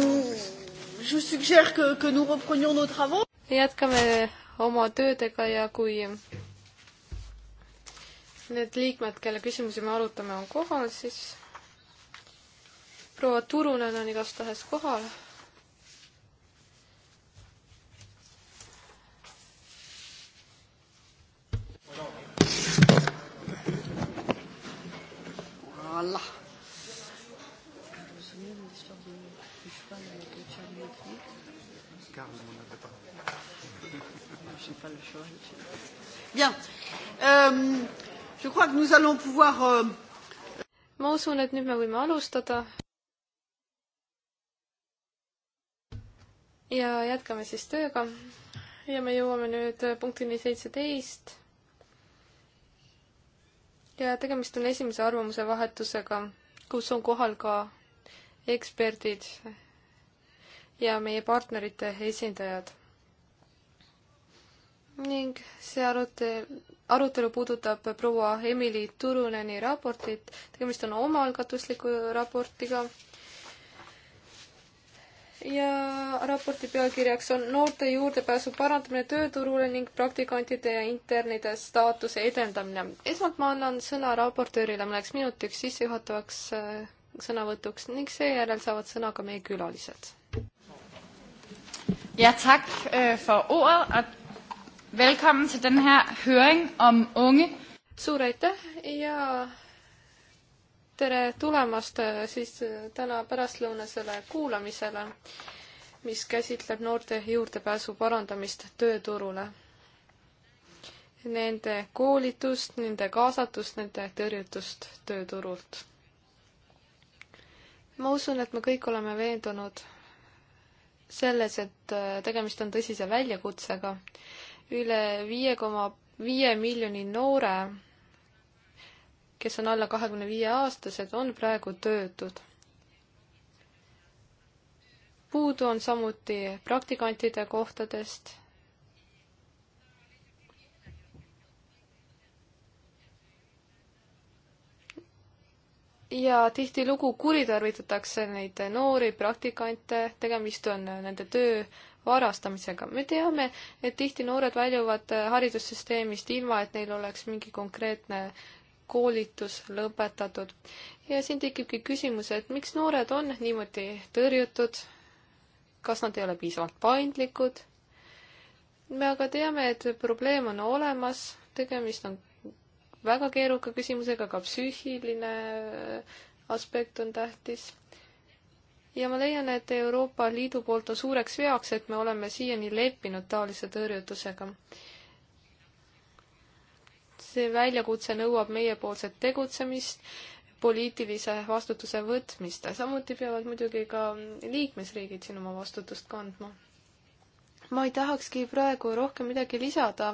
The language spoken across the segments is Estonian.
Euh, je suggère que, que nous reprenions nos travaux. jätkame oma töödega ja kui need liikmed, kelle küsimusi me arutame, on kohal, siis proua Turunen on igastahes kohal. Allah j'ai pas le choix. Bien. Euh, je crois que nous allons pouvoir. Euh... ma usun, et nüüd me võime alustada. ja jätkame siis tööga. ja me jõuame nüüd punktini seitseteist. ja tegemist on esimese arvamuse vahetusega, kus on kohal ka eksperdid ja meie partnerite esindajad ning see arutelu, arutelu puudutab proua Emily Turuneni raportit, tegemist on omaalgatusliku raportiga. ja raporti pealkirjaks on noorte juurdepääsu parandamine tööturule ning praktikantide ja internide staatuse edendamine. esmalt ma annan sõna raportöörile mõneks minutiks sissejuhatavaks äh, sõnavõtuks ning seejärel saavad sõna ka meie külalised. ja tak äh, for ordet Velkommen til den her høring om unge. suur aitäh ja tere tulemast äh, siis äh, täna pärastlõunasele kuulamisele, mis käsitleb noorte juurdepääsu parandamist tööturule. Nende koolitust, nende kaasatust, nende tõrjutust tööturult. ma usun, et me kõik oleme veendunud selles, et äh, tegemist on tõsise väljakutsega üle viie koma viie miljoni noore, kes on alla kahekümne viie aastased, on praegu töötud. puudu on samuti praktikantide kohtadest. ja tihtilugu kuritarvitatakse neid noori praktikante, tegemist on nende töö varastamisega. me teame, et tihti noored väljuvad äh, haridussüsteemist ilma, et neil oleks mingi konkreetne koolitus lõpetatud. ja siin tekibki küsimus, et miks noored on niimoodi tõrjutud, kas nad ei ole piisavalt paindlikud, me aga teame, et probleem on olemas, tegemist on väga keeruka küsimusega, ka psüühiline äh, aspekt on tähtis ja ma leian, et Euroopa Liidu poolt on suureks veaks, et me oleme siiani leppinud taolise tõrjutusega. see väljakutse nõuab meiepoolset tegutsemist, poliitilise vastutuse võtmist, samuti peavad muidugi ka liikmesriigid siin oma vastutust kandma. ma ei tahakski praegu rohkem midagi lisada.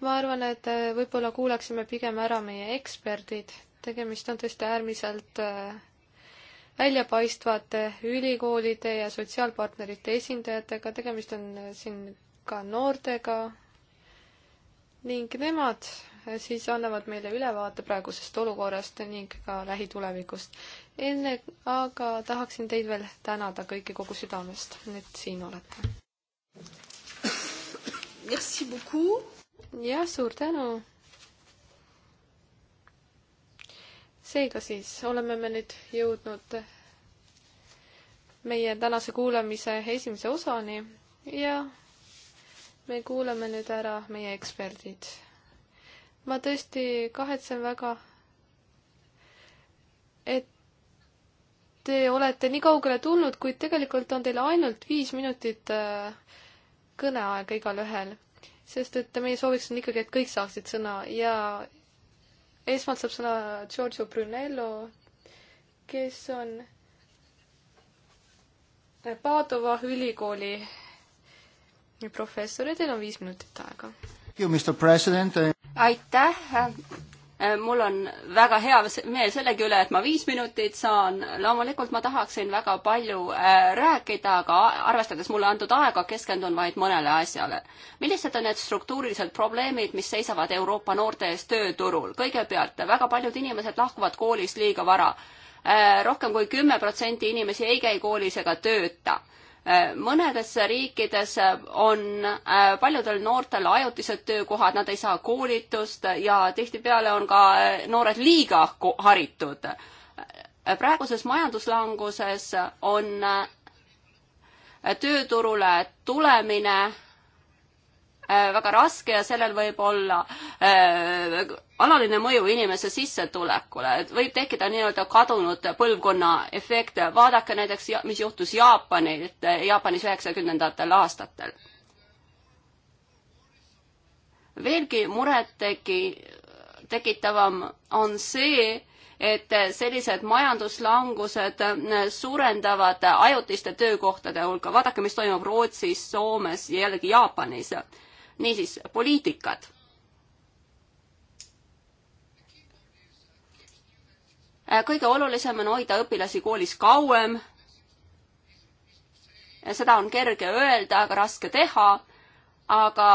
ma arvan, et võib-olla kuulaksime pigem ära meie eksperdid, tegemist on tõesti äärmiselt äh, väljapaistvate ülikoolide ja sotsiaalpartnerite esindajatega, tegemist on äh, siin ka noortega ning nemad äh, siis annavad meile ülevaate praegusest olukorrast ning ka lähitulevikust. enne aga tahaksin teid veel tänada kõiki kogu südamest, et siin olete. jah, suur tänu seega siis oleme me nüüd jõudnud meie tänase kuulamise esimese osani ja me kuulame nüüd ära meie eksperdid. ma tõesti kahetsen väga, et te olete nii kaugele tulnud, kuid tegelikult on teil ainult viis minutit äh, kõneaega igalühel, sest et meie sooviks on ikkagi, et kõik saaksid sõna ja esmalt saab sõna Giorgio Brunello, kes on Padova ülikooli professor ja teil on viis minutit aega. aitäh, Äh, mul on väga hea meel sellegi üle, et ma viis minutit saan. loomulikult ma tahaksin väga palju äh, rääkida, aga arvestades mulle antud aega, keskendun vaid mõnele asjale. millised on need struktuurilised probleemid, mis seisavad Euroopa noorte ees tööturul? kõigepealt, väga paljud inimesed lahkuvad koolist liiga vara äh, rohkem kui kümme protsenti inimesi ei käi koolis ega tööta mõnedes riikides on äh, paljudel noortel ajutised töökohad, nad ei saa koolitust ja tihtipeale on ka äh, noored liiga haritud. Äh, praeguses majanduslanguses on tööturule tulemine Äh, väga raske ja sellel võib olla äh, alaline mõju inimese sissetulekule, et võib tekkida nii-öelda kadunud põlvkonna efekt. vaadake näiteks, mis juhtus Jaapani, äh, Jaapanis üheksakümnendatel aastatel. veelgi muret tegi, tekitavam on see, et sellised majanduslangused suurendavad ajutiste töökohtade hulka. vaadake, mis toimub Rootsis, Soomes ja jällegi Jaapanis niisiis, poliitikad. kõige olulisem on hoida õpilasi koolis kauem. seda on kerge öelda, aga raske teha. aga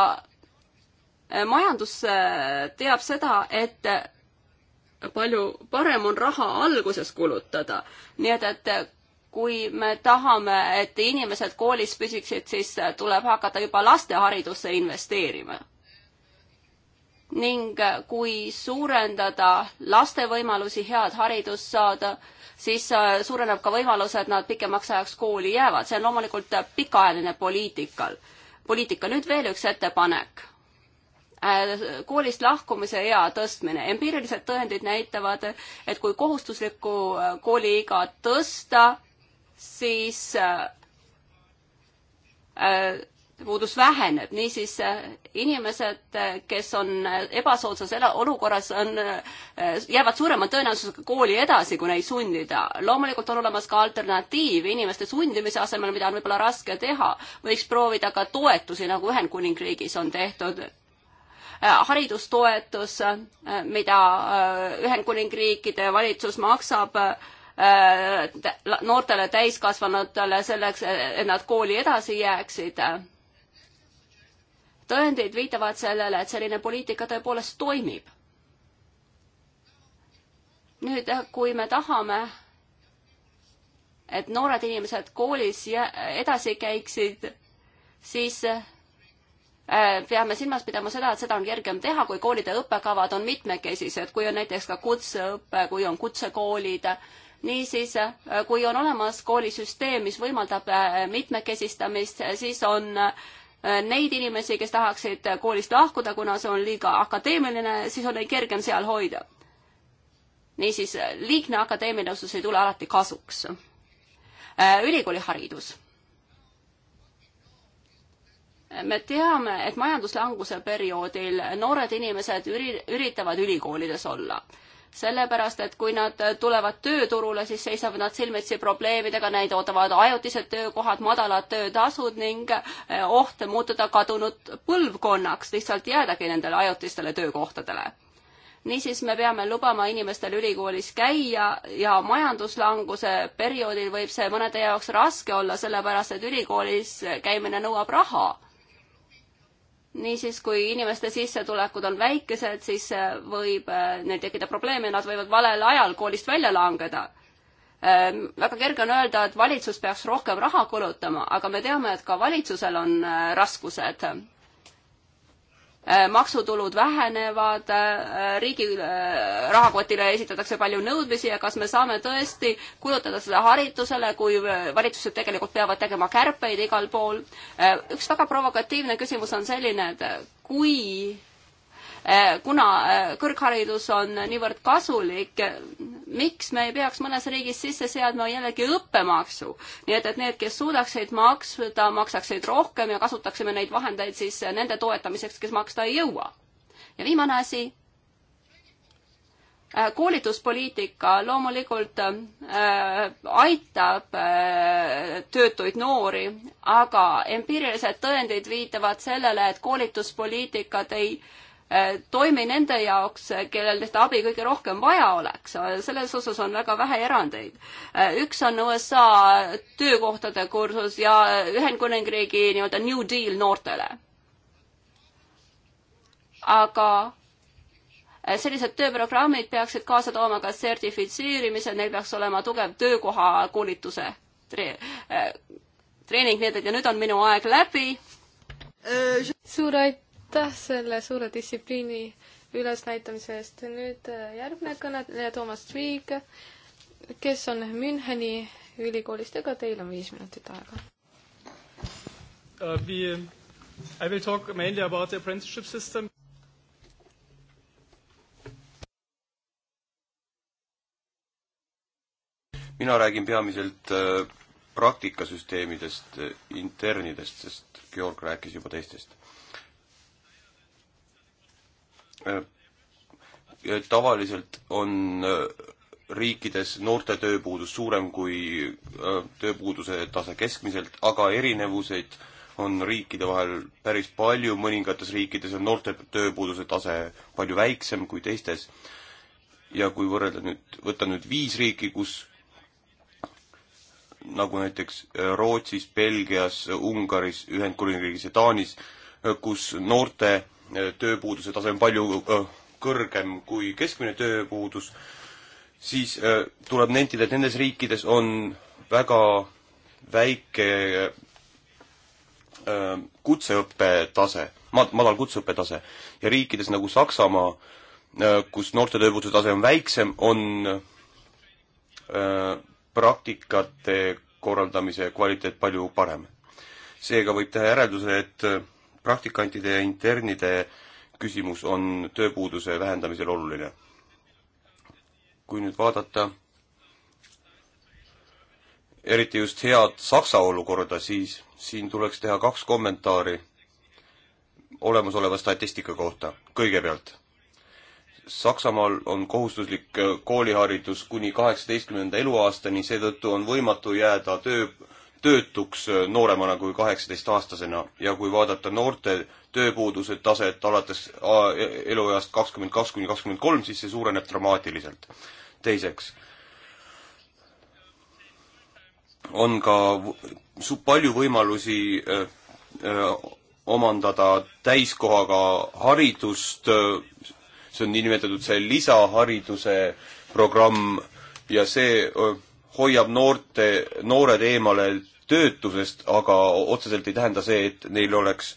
majandus äh, teab seda, et palju parem on raha alguses kulutada. nii et, et kui me tahame, et inimesed koolis püsiksid, siis tuleb hakata juba laste haridusse investeerima. ning kui suurendada laste võimalusi head haridust saada, siis äh, suureneb ka võimalus, et nad pikemaks ajaks kooli jäävad. see on loomulikult pikaajaline poliitikal, poliitika. nüüd veel üks ettepanek äh, koolist lahkumise ea tõstmine. empiirilised tõendid näitavad, et kui kohustuslikku äh, kooliiga tõsta, siis äh, äh, puudus väheneb, niisiis äh, inimesed, kes on ebasoodsas olukorras, on, jäävad suurema tõenäosusega kooli edasi, kui neid sundida. loomulikult on olemas ka alternatiiv, inimeste sundimise asemel, mida on võib-olla raske teha, võiks proovida ka toetusi, nagu Ühendkuningriigis on tehtud. haridustoetus, mida Ühendkuningriikide valitsus maksab Äh, noortele täiskasvanutele selleks, et nad kooli edasi jääksid. tõendid viitavad sellele, et selline poliitika tõepoolest toimib. nüüd, kui me tahame, et noored inimesed koolis edasi käiksid, siis äh, peame silmas pidama seda, et seda on kergem teha, kui koolide õppekavad on mitmekesised, kui on näiteks ka kutseõpe, kui on kutsekoolid niisiis, äh, kui on olemas koolisüsteem, mis võimaldab äh, mitmekesistamist, äh, siis on neid inimesi, kes tahaksid koolist lahkuda, kuna see on liiga akadeemiline, siis on neid kergem seal hoida. niisiis, liigne akadeemilisus ei tule alati kasuks. ülikooliharidus. me teame, et majanduslanguse perioodil noored inimesed üri-, üritavad ülikoolides olla sellepärast et kui nad tulevad tööturule, siis seisavad nad silmitsi probleemidega, neid ootavad ajutised töökohad, madalad töötasud ning eh, oht muutuda kadunud põlvkonnaks, lihtsalt jäädagi nendele ajutistele töökohtadele niisiis me peame lubama inimestel ülikoolis käia ja majanduslanguse perioodil võib see mõnede jaoks raske olla, sellepärast et ülikoolis käimine nõuab raha niisiis, kui inimeste sissetulekud on väikesed, siis äh, võib äh, neil tekkida probleeme, nad võivad valel ajal koolist välja langeda. Ähm, väga kerge on öelda, et valitsus peaks rohkem raha kulutama, aga me teame, et ka valitsusel on äh, raskused Äh, maksutulud vähenevad, äh, riigi äh, rahakotile esitatakse palju nõudmisi ja kas me saame tõesti kulutada seda haridusele, kui valitsused tegelikult peavad tegema kärpeid igal pool. üks väga provokatiivne küsimus on selline, et kui kuna kõrgharidus on niivõrd kasulik, miks me ei peaks mõnes riigis sisse seadma jällegi õppemaksu, nii et, et need, kes suudaksid maksta, maksaksid rohkem ja kasutaksime neid vahendeid siis nende toetamiseks, kes maksta ei jõua. ja viimane asi, äh, koolituspoliitika loomulikult äh, aitab äh, töötuid noori, aga empiirilised tõendid viitavad sellele, et koolituspoliitikad ei äh, Äh, toimi nende jaoks, kellel seda abi kõige rohkem vaja oleks. selles osas on väga vähe erandeid. Äh, üks on USA töökohtade kursus ja Ühendkuningriigi nii-öelda New Deal noortele. aga äh, sellised tööprogrammid peaksid kaasa tooma ka sertifitseerimise, neil peaks olema tugev töökoha koolituse tre treening, nii et, et ja nüüd on minu aeg läbi. suur aitäh! aitäh selle suure distsipliini ülesnäitamise eest. nüüd äh, järgmine kõneleja Toomas Triig, kes on Müncheni ülikoolist, ega teil on viis minutit aega uh,? We, I will talk mainly about the apprenticeship system. mina räägin peamiselt äh, praktikasüsteemidest, internidest, sest Georg rääkis juba teistest Äh, tavaliselt on äh, riikides noorte tööpuudus suurem kui äh, tööpuuduse tase keskmiselt, aga erinevuseid on riikide vahel päris palju, mõningates riikides on noorte tööpuuduse tase palju väiksem kui teistes. ja kui võrrelda nüüd, võtta nüüd viis riiki, kus nagu näiteks Rootsis, Belgias, Ungaris, Ühendkuningriigis ja Taanis, kus noorte tööpuuduse tase on palju kõrgem kui keskmine tööpuudus, siis tuleb nentida, et nendes riikides on väga väike kutseõppetase, madal kutseõppetase ja riikides nagu Saksamaa, kus noorte tööpuuduse tase on väiksem, on praktikate korraldamise kvaliteet palju parem. seega võib teha järelduse, et praktikantide ja internide küsimus on tööpuuduse vähendamisel oluline. kui nüüd vaadata eriti just head Saksa olukorda, siis siin tuleks teha kaks kommentaari olemasoleva statistika kohta. kõigepealt, Saksamaal on kohustuslik kooliharidus kuni kaheksateistkümnenda eluaastani, seetõttu on võimatu jääda töö töötuks äh, nooremana kui kaheksateistaastasena ja kui vaadata noorte tööpuuduse taset alates äh, e-, elueast kakskümmend kaks kuni kakskümmend kolm, siis see suureneb dramaatiliselt. teiseks on ka palju võimalusi öö, äh, öö, omandada täiskohaga haridust, see on niinimetatud see lisahariduse programm ja see öö, hoiab noorte, noored eemale töötusest, aga otseselt ei tähenda see, et neil oleks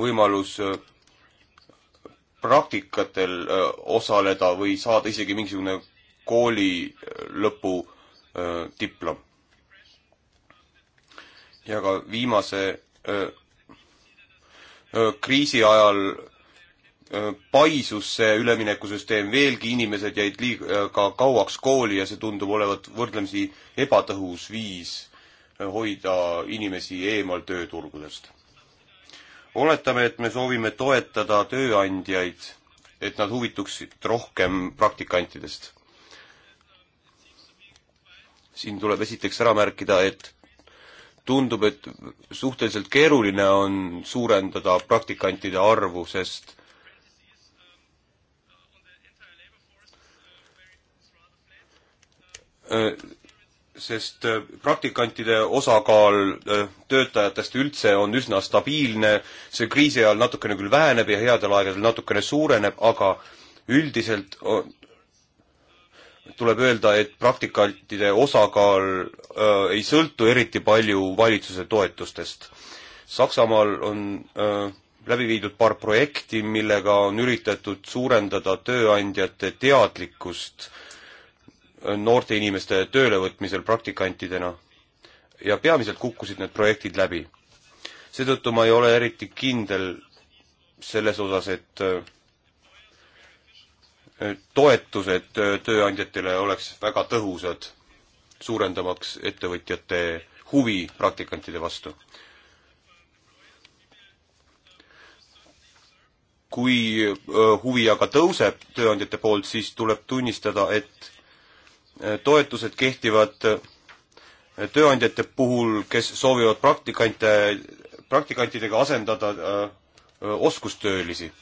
võimalus äh, praktikatel äh, osaleda või saada isegi mingisugune kooli äh, lõpu diplom. ja ka viimase kriisi ajal paisus see üleminekusüsteem veelgi, inimesed jäid liiga kauaks kooli ja see tundub olevat võrdlemisi ebatõhus viis hoida inimesi eemal tööturgudest. oletame, et me soovime toetada tööandjaid, et nad huvituksid rohkem praktikantidest. siin tuleb esiteks ära märkida, et tundub, et suhteliselt keeruline on suurendada praktikantide arvu, sest sest äh, praktikantide osakaal äh, töötajatest üldse on üsna stabiilne, see kriisi ajal natukene küll väheneb ja headel aegadel natukene suureneb, aga üldiselt on, äh, tuleb öelda, et praktikantide osakaal öö, ei sõltu eriti palju valitsuse toetustest. Saksamaal on öö, läbi viidud paar projekti, millega on üritatud suurendada tööandjate teadlikkust öö, noorte inimeste töölevõtmisel praktikantidena ja peamiselt kukkusid need projektid läbi. seetõttu ma ei ole eriti kindel selles osas, et toetused tööandjatele oleks väga tõhusad, suurendamaks ettevõtjate huvi praktikantide vastu. kui huvi aga tõuseb tööandjate poolt, siis tuleb tunnistada, et toetused kehtivad eh, tööandjate puhul, kes soovivad praktikante, praktikantidega asendada eh, eh, oskustöölisi.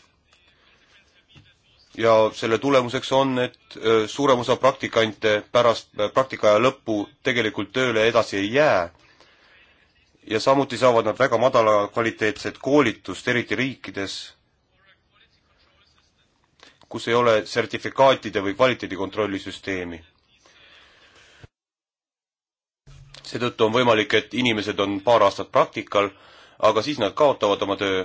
ja selle tulemuseks on, et suurem osa praktikante pärast praktikaja lõppu tegelikult tööle edasi ei jää ja samuti saavad nad väga madala kvaliteetset koolitust, eriti riikides, kus ei ole sertifikaatide või kvaliteedikontrolli süsteemi. seetõttu on võimalik, et inimesed on paar aastat praktikal, aga siis nad kaotavad oma töö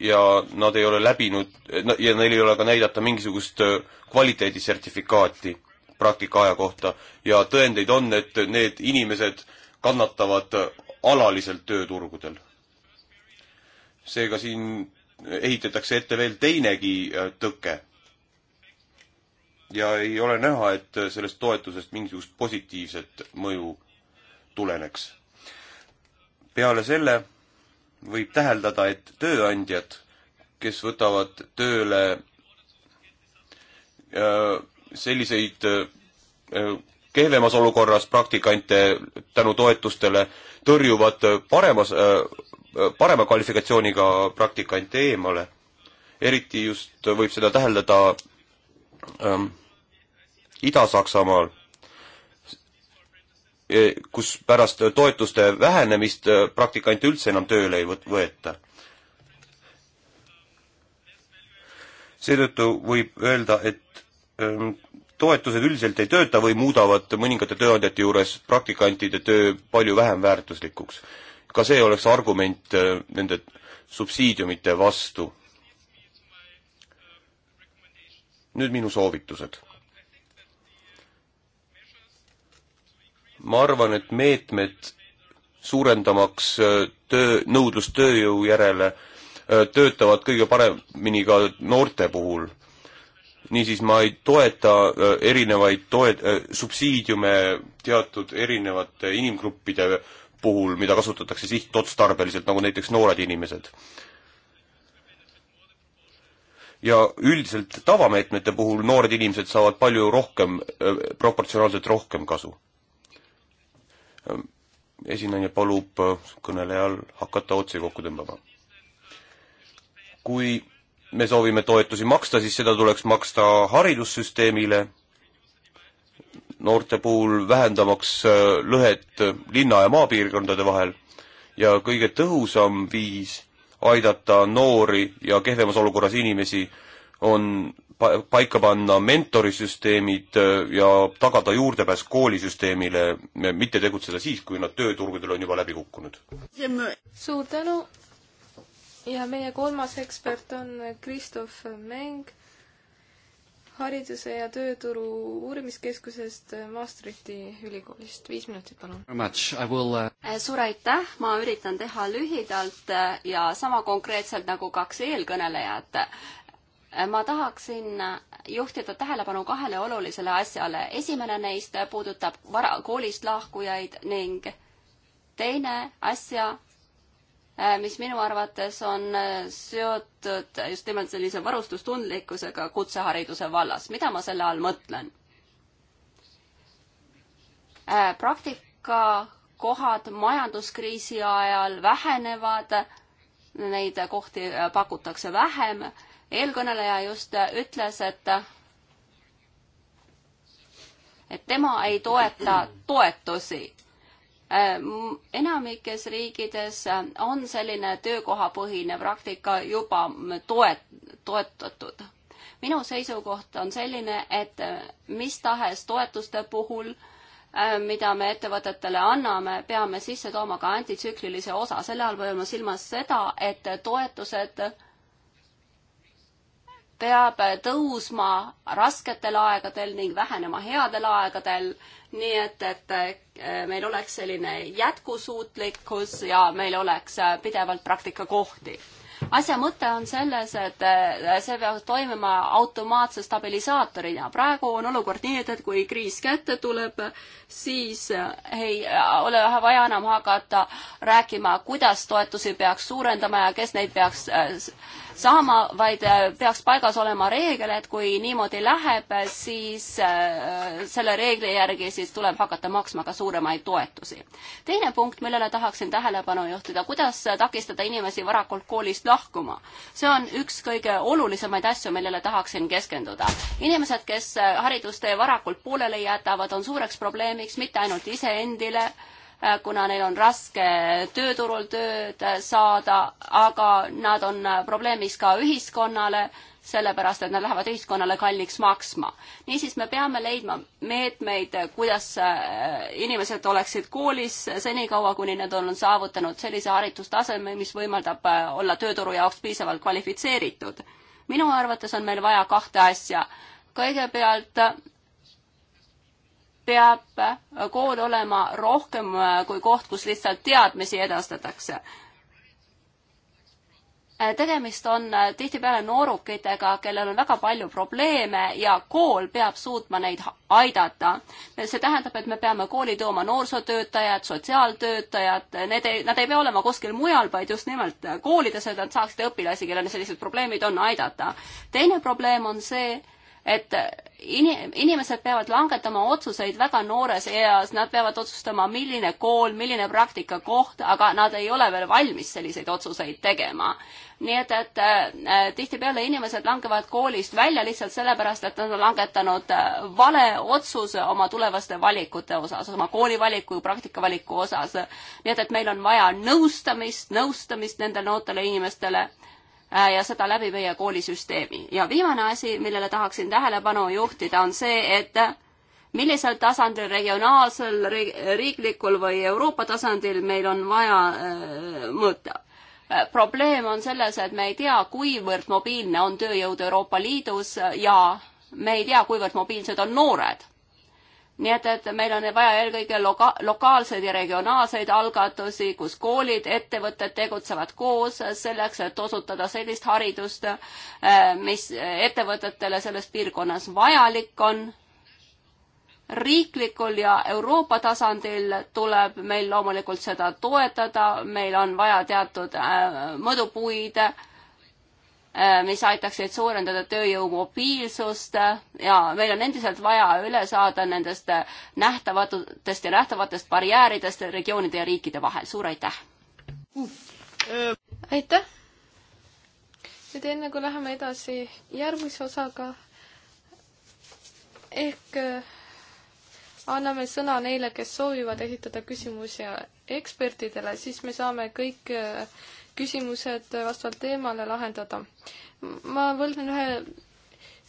ja nad ei ole läbinud ja neil ei ole ka näidata mingisugust äh, kvaliteedisertifikaati praktikaaja kohta ja tõendeid on, et need inimesed kannatavad äh, alaliselt tööturgudel. seega siin ehitatakse ette veel teinegi äh, tõke ja ei ole näha, et sellest toetusest mingisugust positiivset mõju tuleneks. peale selle võib täheldada, et tööandjad, kes võtavad tööle äh, selliseid äh, kehvemas olukorras praktikante tänu toetustele, tõrjuvad paremas, äh, parema kvalifikatsiooniga praktikante eemale. eriti just võib seda täheldada ähm, Ida-Saksamaal, e, kus pärast toetuste vähenemist e, praktikante üldse enam tööle ei võeta. seetõttu võib öelda, et ähm, toetused üldiselt ei tööta või muudavad mõningate tööandjate juures praktikantide töö palju vähem väärtuslikuks. ka see oleks argument e, nende subsiidiumite vastu. nüüd minu soovitused. ma arvan, et meetmed suurendamaks äh, töö, nõudlust tööjõu järele äh, töötavad kõige paremini ka noorte puhul. niisiis ma ei toeta äh, erinevaid toe-, subsiidiume teatud erinevate inimgruppide puhul, mida kasutatakse sihtotstarbeliselt, nagu näiteks noored inimesed ja üldiselt tavameetmete puhul noored inimesed saavad palju rohkem, proportsionaalselt rohkem kasu. esinejana palub kõnelejal hakata otsi kokku tõmbama. kui me soovime toetusi maksta, siis seda tuleks maksta haridussüsteemile, noorte puhul vähendamaks lõhet linna ja maapiirkondade vahel ja kõige tõhusam viis aidata noori ja kehvemas olukorras inimesi, on pa-, paika panna mentorisüsteemid äh, ja tagada juurdepääs koolisüsteemile, mitte tegutseda siis, kui nad tööturgudel on juba läbi kukkunud. suur tänu ja meie kolmas ekspert on Kristof Meng hariduse ja tööturu uurimiskeskusest Maastrichti ülikoolist. viis minutit, palun. Uh... Äh, suur aitäh, ma üritan teha lühidalt äh, ja sama konkreetselt nagu kaks eelkõnelejat. Äh, ma tahaksin juhtida tähelepanu kahele olulisele asjale. esimene neist puudutab vara, koolist lahkujaid ning teine asja Äh, mis minu arvates on äh, seotud just nimelt sellise varustustundlikkusega kutsehariduse vallas. mida ma selle all mõtlen? Äh, praktikakohad majanduskriisi ajal vähenevad, neid kohti pakutakse vähem. eelkõneleja just ütles, et et tema ei toeta toetusi Äh, enamikes riikides äh, on selline töökohapõhine praktika juba toet-, toetatud. minu seisukoht on selline, et äh, mis tahes toetuste puhul, mida me ettevõtetele anname, peame sisse tooma ka antitsüklilise osa. selle all võime silmas seda, et toetused peab tõusma rasketel aegadel ning vähenema headel aegadel, nii et, et e, meil oleks selline jätkusuutlikkus ja meil oleks pidevalt praktikakohti asja mõte on selles, et see peab toimima automaatse stabilisaatorina. praegu on olukord nii, et, et kui kriis kätte tuleb, siis ei ole vaja enam hakata rääkima, kuidas toetusi peaks suurendama ja kes neid peaks saama, vaid peaks paigas olema reegel, et kui niimoodi läheb, siis selle reegli järgi siis tuleb hakata maksma ka suuremaid toetusi. teine punkt, millele tahaksin tähelepanu juhtida, kuidas takistada inimesi varakult koolist lahkuma. see on üks kõige olulisemaid asju, millele tahaksin keskenduda. inimesed, kes äh, haridustee varakult pooleli jätavad, on suureks probleemiks mitte ainult iseendile, äh, kuna neil on raske tööturul tööd äh, saada, aga nad on probleemiks ka ühiskonnale sellepärast et nad lähevad ühiskonnale kalliks maksma. niisiis me peame leidma meetmeid, kuidas äh, inimesed oleksid koolis senikaua, kuni nad on saavutanud sellise haridustaseme, mis võimaldab äh, olla tööturu jaoks piisavalt kvalifitseeritud. minu arvates on meil vaja kahte asja. kõigepealt äh, peab kool olema rohkem kui koht, kus lihtsalt teadmisi edastatakse Äh, tegemist on äh, tihtipeale noorukitega, kellel on väga palju probleeme ja kool peab suutma neid aidata. see tähendab, et me peame kooli tooma noorsootöötajad, sotsiaaltöötajad, äh, need ei, nad ei pea olema kuskil mujal, vaid just nimelt koolides, et nad saaksid õpilasi, kellel sellised probleemid on, aidata. teine probleem on see, et in-, inimesed peavad langetama otsuseid väga noores eas, nad peavad otsustama, milline kool, milline praktikakoht, aga nad ei ole veel valmis selliseid otsuseid tegema. nii et, et äh, tihtipeale inimesed langevad koolist välja lihtsalt sellepärast, et nad on langetanud äh, vale otsuse oma tulevaste valikute osas, oma koolivaliku, praktikavaliku osas. nii et, et meil on vaja nõustamist, nõustamist nendele noortele inimestele Äh, ja seda läbi meie koolisüsteemi. ja viimane asi, millele tahaksin tähelepanu juhtida, on see, et äh, millisel tasandil, regionaalsel, riiklikul või Euroopa tasandil meil on vaja äh, mõõta. probleem on selles, et me ei tea, kuivõrd mobiilne on tööjõud Euroopa Liidus ja me ei tea, kuivõrd mobiilsed on noored nii et, et meil on vaja eelkõige loka-, lokaalseid ja regionaalseid algatusi, kus koolid, ettevõtted tegutsevad koos selleks, et osutada sellist haridust, eh, mis ettevõtetele selles piirkonnas vajalik on. riiklikul ja Euroopa tasandil tuleb meil loomulikult seda toetada, meil on vaja teatud eh, mõõdupuid äh, Äh, mis aitaksid suurendada tööjõu mobiilsust äh, ja meil on endiselt vaja üle saada nendest äh, nähtavatutest ja nähtavatest barjääridest regioonide ja riikide vahel. suur aitäh! aitäh! nüüd enne kui läheme edasi järgmise osaga ehk anname sõna neile, kes soovivad esitada küsimusi ekspertidele, siis me saame kõik äh, küsimused vastavalt teemale lahendada. ma võlgnen ühe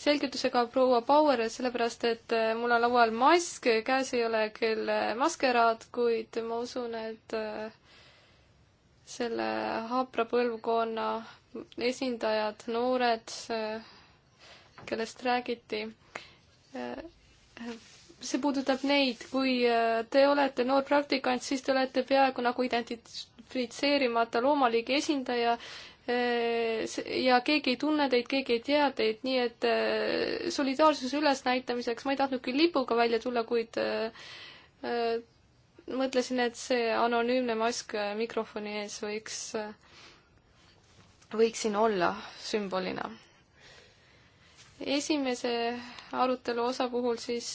selgitusega proua Bauer, sellepärast et mul on laual mask, käes ei ole küll maskeraad, kuid ma usun, et äh, selle hapra põlvkonna esindajad, noored, äh, kellest räägiti, äh, see puudutab neid, kui te olete noor praktikant, siis te olete peaaegu nagu identi-, identifitseerimata loomaliigi esindaja eh, ja keegi ei tunne teid, keegi ei tea teid, nii et eh, solidaarsuse ülesnäitamiseks ma ei tahtnud küll lipuga välja tulla, kuid eh, mõtlesin, et see anonüümne mask mikrofoni ees võiks, võiks siin olla sümbolina. esimese arutelu osa puhul siis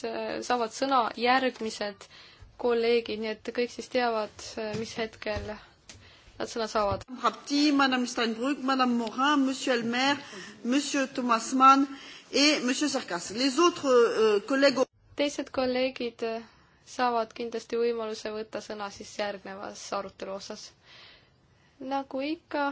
saavad sõna järgmised kolleegid, nii et kõik siis teavad, mis hetkel nad sõna saavad. Rapti, madame Steinbrück, madame Morin, monsieur Elmer, monsieur Thomas Mann et monsieur Sarkas. Les autres euh, collègues. teised kolleegid äh, saavad kindlasti võimaluse võtta sõna siis järgnevas arutelu osas. nagu ikka,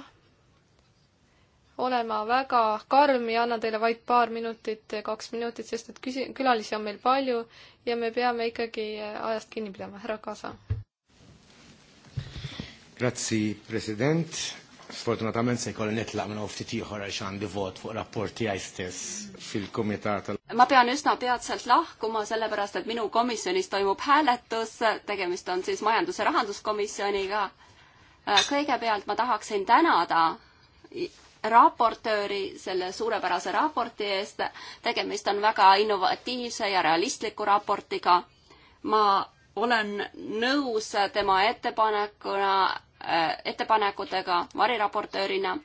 olen ma väga karm ja annan teile vaid paar minutit, äh, kaks minutit, sest et küsi-, külalisi on meil palju ja me peame ikkagi äh, ajast kinni pidama. härra Kasa Grazzi, President. Sfortunatament se jkolli nitlaq minn ftit ieħor għax għandi vot fuq rapporti għaj stess fil-Kumitat tal ma pean üsna peatselt lahkuma, sellepärast et minu komisjonis toimub hääletus, tegemist on siis majandus- ja rahanduskomisjoniga. kõigepealt ma tahaksin tänada raportööri selle suurepärase raporti eest, tegemist on väga innovatiivse ja realistliku raportiga. ma olen nõus tema ettepanekuna Äh, ettepanekutega variraportöörina.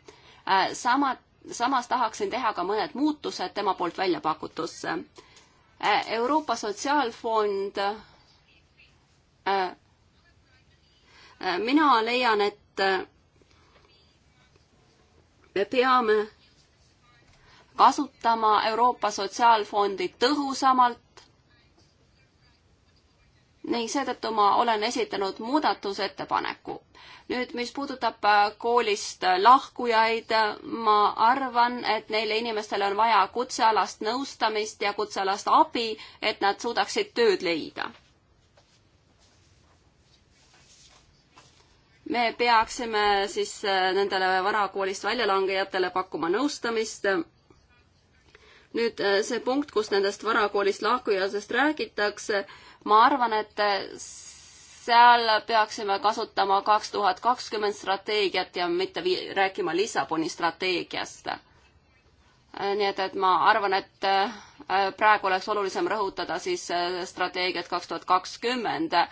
Äh, sama, samas tahaksin teha ka mõned muutused tema poolt välja pakutusse. Äh, Euroopa Sotsiaalfond. mina leian, et me peame kasutama Euroopa Sotsiaalfondi tõhusamalt, ning seetõttu ma olen esitanud muudatusettepaneku. nüüd, mis puudutab äh, koolist äh, lahkujaid, ma arvan, et neile inimestele on vaja kutsealast nõustamist ja kutsealast abi, et nad suudaksid tööd leida me peaksime siis äh, nendele varakoolist väljalangejatele pakkuma nõustamist. nüüd see punkt, kus nendest varakoolist lahkujatest räägitakse, ma arvan, et seal peaksime kasutama kaks tuhat kakskümmend strateegiat ja mitte vii-, rääkima Lissaboni strateegiast. nii et, et ma arvan, et äh, praegu oleks olulisem rõhutada siis äh, strateegiat kaks tuhat kakskümmend, äh,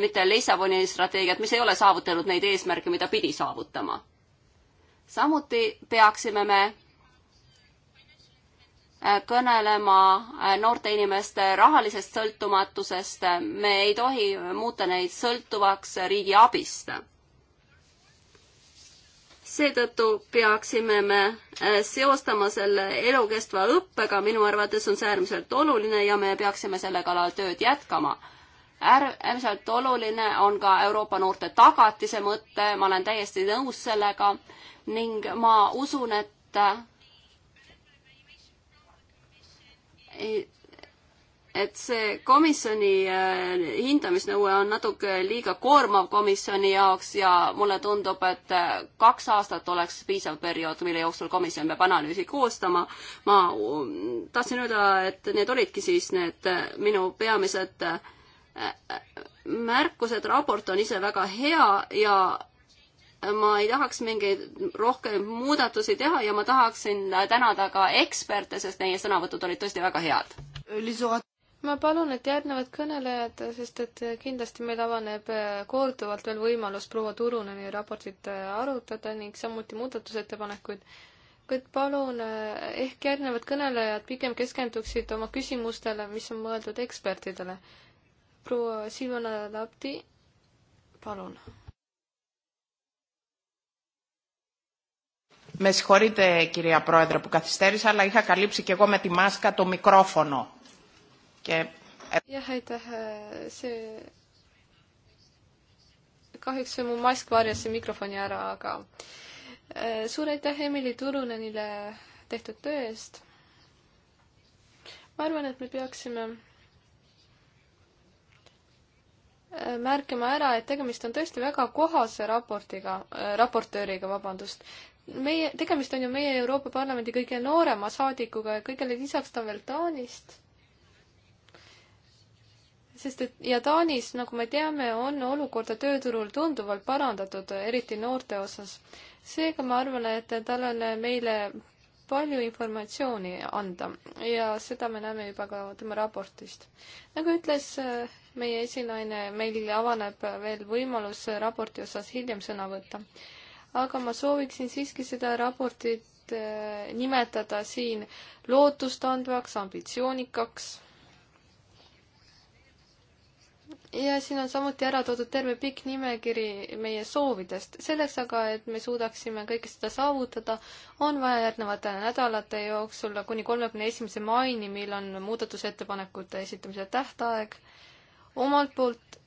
mitte Lissaboni strateegiat, mis ei ole saavutanud neid eesmärke, mida pidi saavutama. samuti peaksime me Äh, kõnelema äh, noorte inimeste rahalisest sõltumatusest, me ei tohi muuta neid sõltuvaks riigi abist. seetõttu peaksime me äh, seostama selle elukestva õppega, minu arvates on see äärmiselt oluline ja me peaksime selle kallal tööd jätkama äär-, äärmiselt oluline on ka Euroopa noorte tagatise mõte, ma olen täiesti nõus sellega ning ma usun, et et see komisjoni äh, hindamisnõue on natuke liiga koormav komisjoni jaoks ja mulle tundub, et äh, kaks aastat oleks piisav periood, mille jooksul komisjon peab analüüsi koostama. ma mm, tahtsin öelda, et need olidki siis need äh, minu peamised märkused, raport on ise väga hea ja ma ei tahaks mingeid rohkem muudatusi teha ja ma tahaksin tänada ka eksperte, sest neie sõnavõtud olid tõesti väga head. ma palun, et järgnevad kõnelejad, sest et kindlasti meil avaneb korduvalt veel võimalus proua Turuneni raportit arutada ning samuti muudatusettepanekuid. kuid palun, ehk järgnevad kõnelejad pigem keskenduksid oma küsimustele, mis on mõeldud ekspertidele. proua Silvana Lapti, palun Με συγχωρείτε κυρία Πρόεδρε που καθυστέρησα, αλλά είχα καλύψει και εγώ με τη μάσκα το μικρόφωνο. Και... jah, aitäh, see, kahjuks mu mask varjas see mikrofoni ära, aga suur aitäh Emily Turunenile tehtud töö eest. ma arvan, et me peaksime märkima ära, et tegemist on tõesti väga kohase raportiga äh,, raportööriga, vabandust, meie, tegemist on ju meie Euroopa Parlamendi kõige noorema saadikuga ja kõigele lisaks ta on veel Taanist. sest et ja Taanis, nagu me teame, on olukorda tööturul tunduvalt parandatud, eriti noorte osas. seega ma arvan, et tal on meile palju informatsiooni anda ja seda me näeme juba ka tema raportist. nagu ütles äh, meie esinaine, meil avaneb veel võimalus raporti osas hiljem sõna võtta aga ma sooviksin siiski seda raportit äh, nimetada siin lootustandvaks, ambitsioonikaks. ja siin on samuti ära toodud terve pikk nimekiri meie soovidest. selleks aga, et me suudaksime kõike seda saavutada, on vaja järgnevate nädalate jooksul kuni kolmekümne esimese maini, mil on muudatusettepanekute esitamise tähtaeg, omalt poolt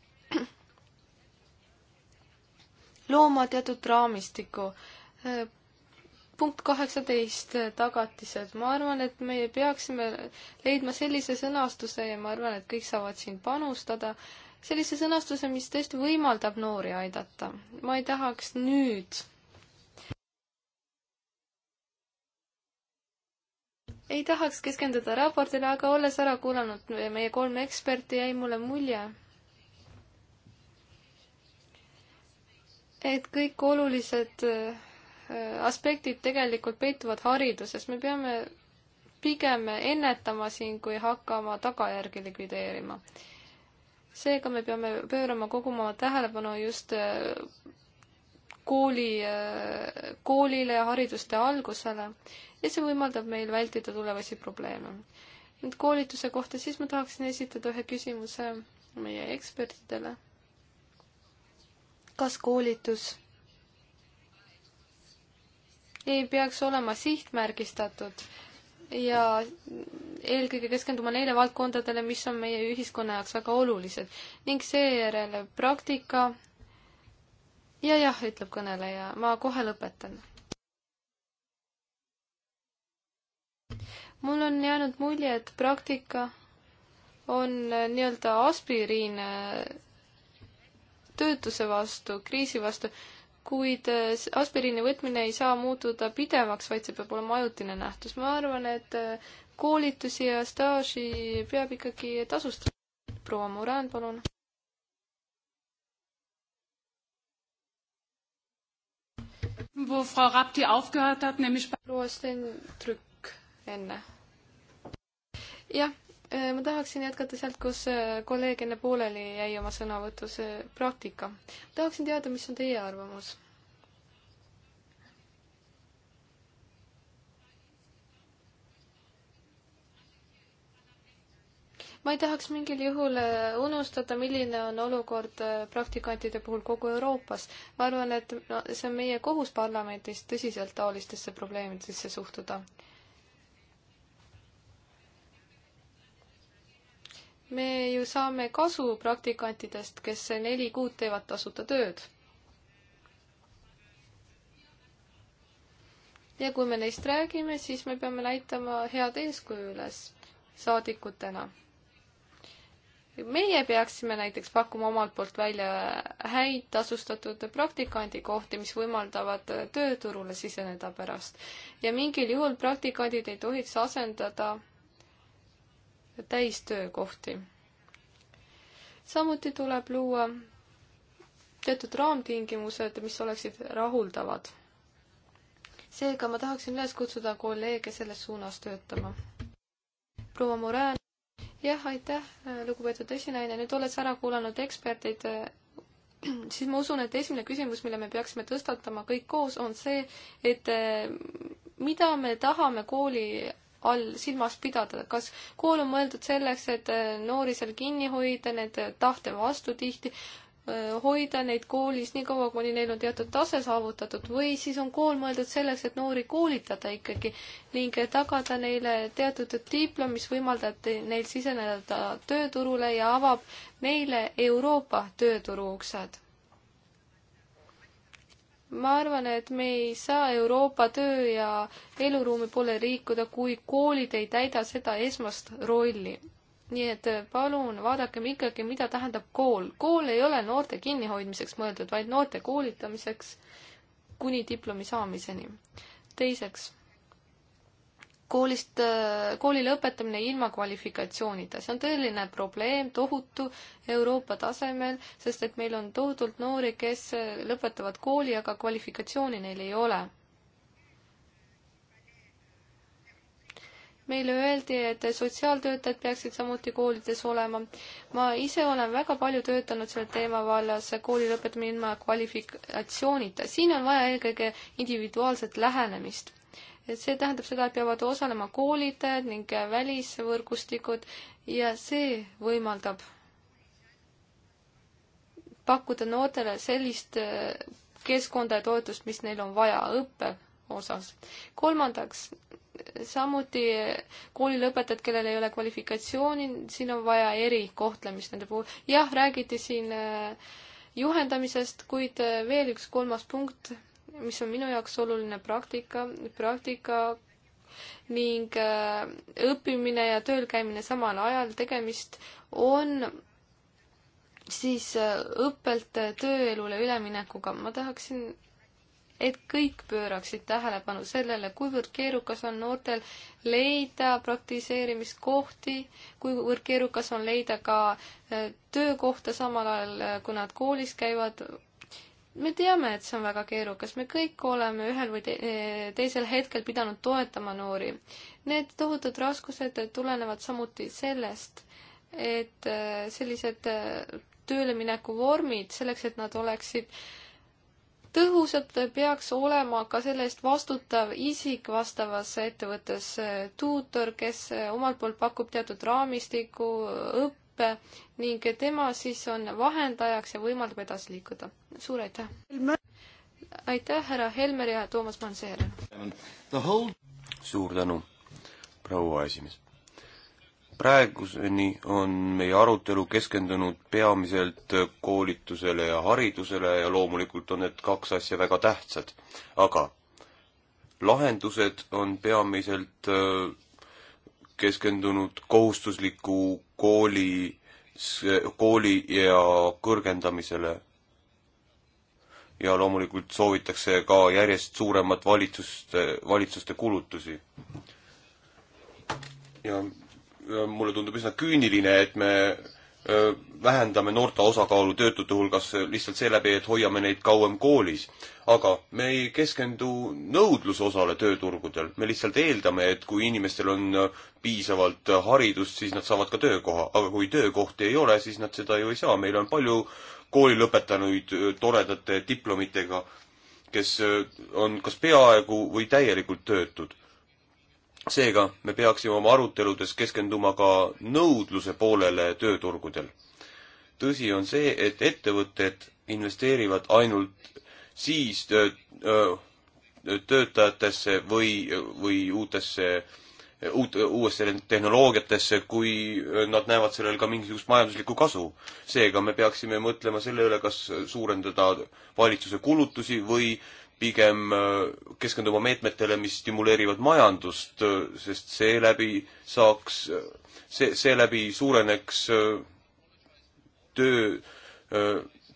looma teatud raamistiku. punkt kaheksateist, tagatised. ma arvan, et me peaksime leidma sellise sõnastuse ja ma arvan, et kõik saavad siin panustada, sellise sõnastuse, mis tõesti võimaldab noori aidata. ma ei tahaks nüüd ei tahaks keskenduda raportile, aga olles ära kuulanud meie kolm eksperti, jäi mulle mulje, et kõik olulised äh, aspektid tegelikult peituvad hariduses, me peame pigem ennetama siin, kui hakkama tagajärgi likvideerima. seega me peame pöörama kogu oma tähelepanu just äh, kooli, äh, koolile ja hariduste algusele ja see võimaldab meil vältida tulevasi probleeme. nüüd koolituse kohta, siis ma tahaksin esitada ühe küsimuse meie ekspertidele kas koolitus ei peaks olema sihtmärgistatud ja eelkõige keskenduma neile valdkondadele, mis on meie ühiskonna jaoks väga olulised ning seejärel praktika. ja jah, ütleb kõneleja, ma kohe lõpetan. mul on jäänud mulje, et praktika on äh, nii-öelda aspiriin äh, töötuse vastu, kriisi vastu, kuid äh, aspiriini võtmine ei saa muutuda pidevaks, vaid see peab olema ajutine nähtus. ma arvan, et äh, koolitusi ja staaži peab ikkagi tasustama. proua Murand, palun. proua Sten Trükk enne. jah Äh, ma tahaksin jätkata sealt, kus äh, kolleeg enne pooleli jäi oma sõnavõtus, äh, praktika. tahaksin teada, mis on teie arvamus? ma ei tahaks mingil juhul unustada, milline on olukord praktikantide puhul kogu Euroopas. ma arvan, et no, see on meie kohus parlamendis tõsiselt taolistesse probleemidesse suhtuda me ju saame kasu praktikantidest, kes neli kuud teevad tasuta tööd. ja kui me neist räägime, siis me peame näitama head eeskuju üles saadikutena. meie peaksime näiteks pakkuma omalt poolt välja häid tasustatud praktikandi kohti, mis võimaldavad tööturule siseneda pärast. ja mingil juhul praktikandid ei tohiks asendada täistöökohti. samuti tuleb luua teatud raamtingimused, mis oleksid rahuldavad. seega ma tahaksin üles kutsuda kolleege selles suunas töötama. proua Moran, jah, aitäh, lugupeetud esinaine, nüüd oled sa ära kuulanud eksperdid, siis ma usun, et esimene küsimus, mille me peaksime tõstatama kõik koos, on see, et eh, mida me tahame kooli all silmas pidada, kas kool on mõeldud selleks, et äh, noori seal kinni hoida, nende äh, tahte vastu tihti äh, hoida neid koolis nii kaua, kuni neil on teatud tase saavutatud või siis on kool mõeldud selleks, et noori koolitada ikkagi ning tagada neile teatud diplom, mis võimaldab neil siseneda tööturule ja avab neile Euroopa tööturu uksed ma arvan, et me ei saa Euroopa töö ja eluruumi poole liikuda, kui koolid ei täida seda esmast rolli. nii et eh, palun vaadakem ikkagi, mida tähendab kool. kool ei ole noorte kinnihoidmiseks mõeldud, vaid noorte koolitamiseks kuni diplomi saamiseni. teiseks koolist, äh, kooli lõpetamine ilma kvalifikatsioonita, see on tõeline probleem, tohutu Euroopa tasemel, sest et meil on tohutult noori, kes äh, lõpetavad kooli, aga kvalifikatsiooni neil ei ole meile öeldi, et sotsiaaltöötajad peaksid samuti koolides olema. ma ise olen väga palju töötanud selle teema vallas, kooli lõpetamine ilma kvalifikatsioonita. siin on vaja eelkõige individuaalset lähenemist see tähendab seda, et peavad osalema koolid ning välisvõrgustikud ja see võimaldab pakkuda noortele sellist äh, keskkonda ja toetust, mis neil on vaja õppe osas. kolmandaks, samuti äh, koolilõpetajad, kellel ei ole kvalifikatsiooni, siin on vaja erikohtlemist nende puhul. jah, räägiti siin äh, juhendamisest, kuid veel üks kolmas punkt mis on minu jaoks oluline praktika, praktika ning äh, õppimine ja tööl käimine samal ajal, tegemist on siis äh, õppelt äh, tööelule üleminekuga. ma tahaksin, et kõik pööraksid tähelepanu sellele, kuivõrd keerukas on noortel leida praktiseerimiskohti, kuivõrd keerukas on leida ka töökohta samal ajal, kui nad koolis käivad me teame, et see on väga keerukas, me kõik oleme ühel või te teisel hetkel pidanud toetama noori. Need tohutud raskused tulenevad samuti sellest, et äh, sellised äh, töölemineku vormid, selleks et nad oleksid tõhusad, peaks olema ka selle eest vastutav isik vastavas ettevõttes, äh, tuutor, kes omalt poolt pakub teatud raamistiku, õppe, õppe ning tema siis on vahendajaks ja võimaldab edasi liikuda. suur aitäh! aitäh, härra Helmer ja Toomas Manseer! Whole... suur tänu, proua esimees! praeguseni on meie arutelu keskendunud peamiselt koolitusele ja haridusele ja loomulikult on need kaks asja väga tähtsad, aga lahendused on peamiselt äh, keskendunud kohustusliku kooli, kooli ja kõrgendamisele. ja loomulikult soovitakse ka järjest suuremat valitsust, valitsuste kulutusi. ja mulle tundub üsna küüniline, et me vähendame noorte osakaalu töötute hulgas lihtsalt seeläbi, et hoiame neid kauem koolis. aga me ei keskendu nõudluse osale tööturgudel, me lihtsalt eeldame, et kui inimestel on piisavalt haridust, siis nad saavad ka töökoha, aga kui töökohti ei ole, siis nad seda ju ei saa, meil on palju kooli lõpetanuid toredate diplomitega, kes on kas peaaegu või täielikult töötud seega me peaksime oma aruteludes keskenduma ka nõudluse poolele tööturgudel. tõsi on see, et ettevõtted investeerivad ainult siis töö, töötajatesse või, või uutesse, uut, uuesse tehnoloogiatesse, kui nad näevad sellel ka mingisugust majanduslikku kasu. seega me peaksime mõtlema selle üle, kas suurendada valitsuse kulutusi või äh, pigem äh, keskenduma meetmetele, mis stimuleerivad majandust, äh, sest seeläbi saaks, äh, see, seeläbi suureneks töö,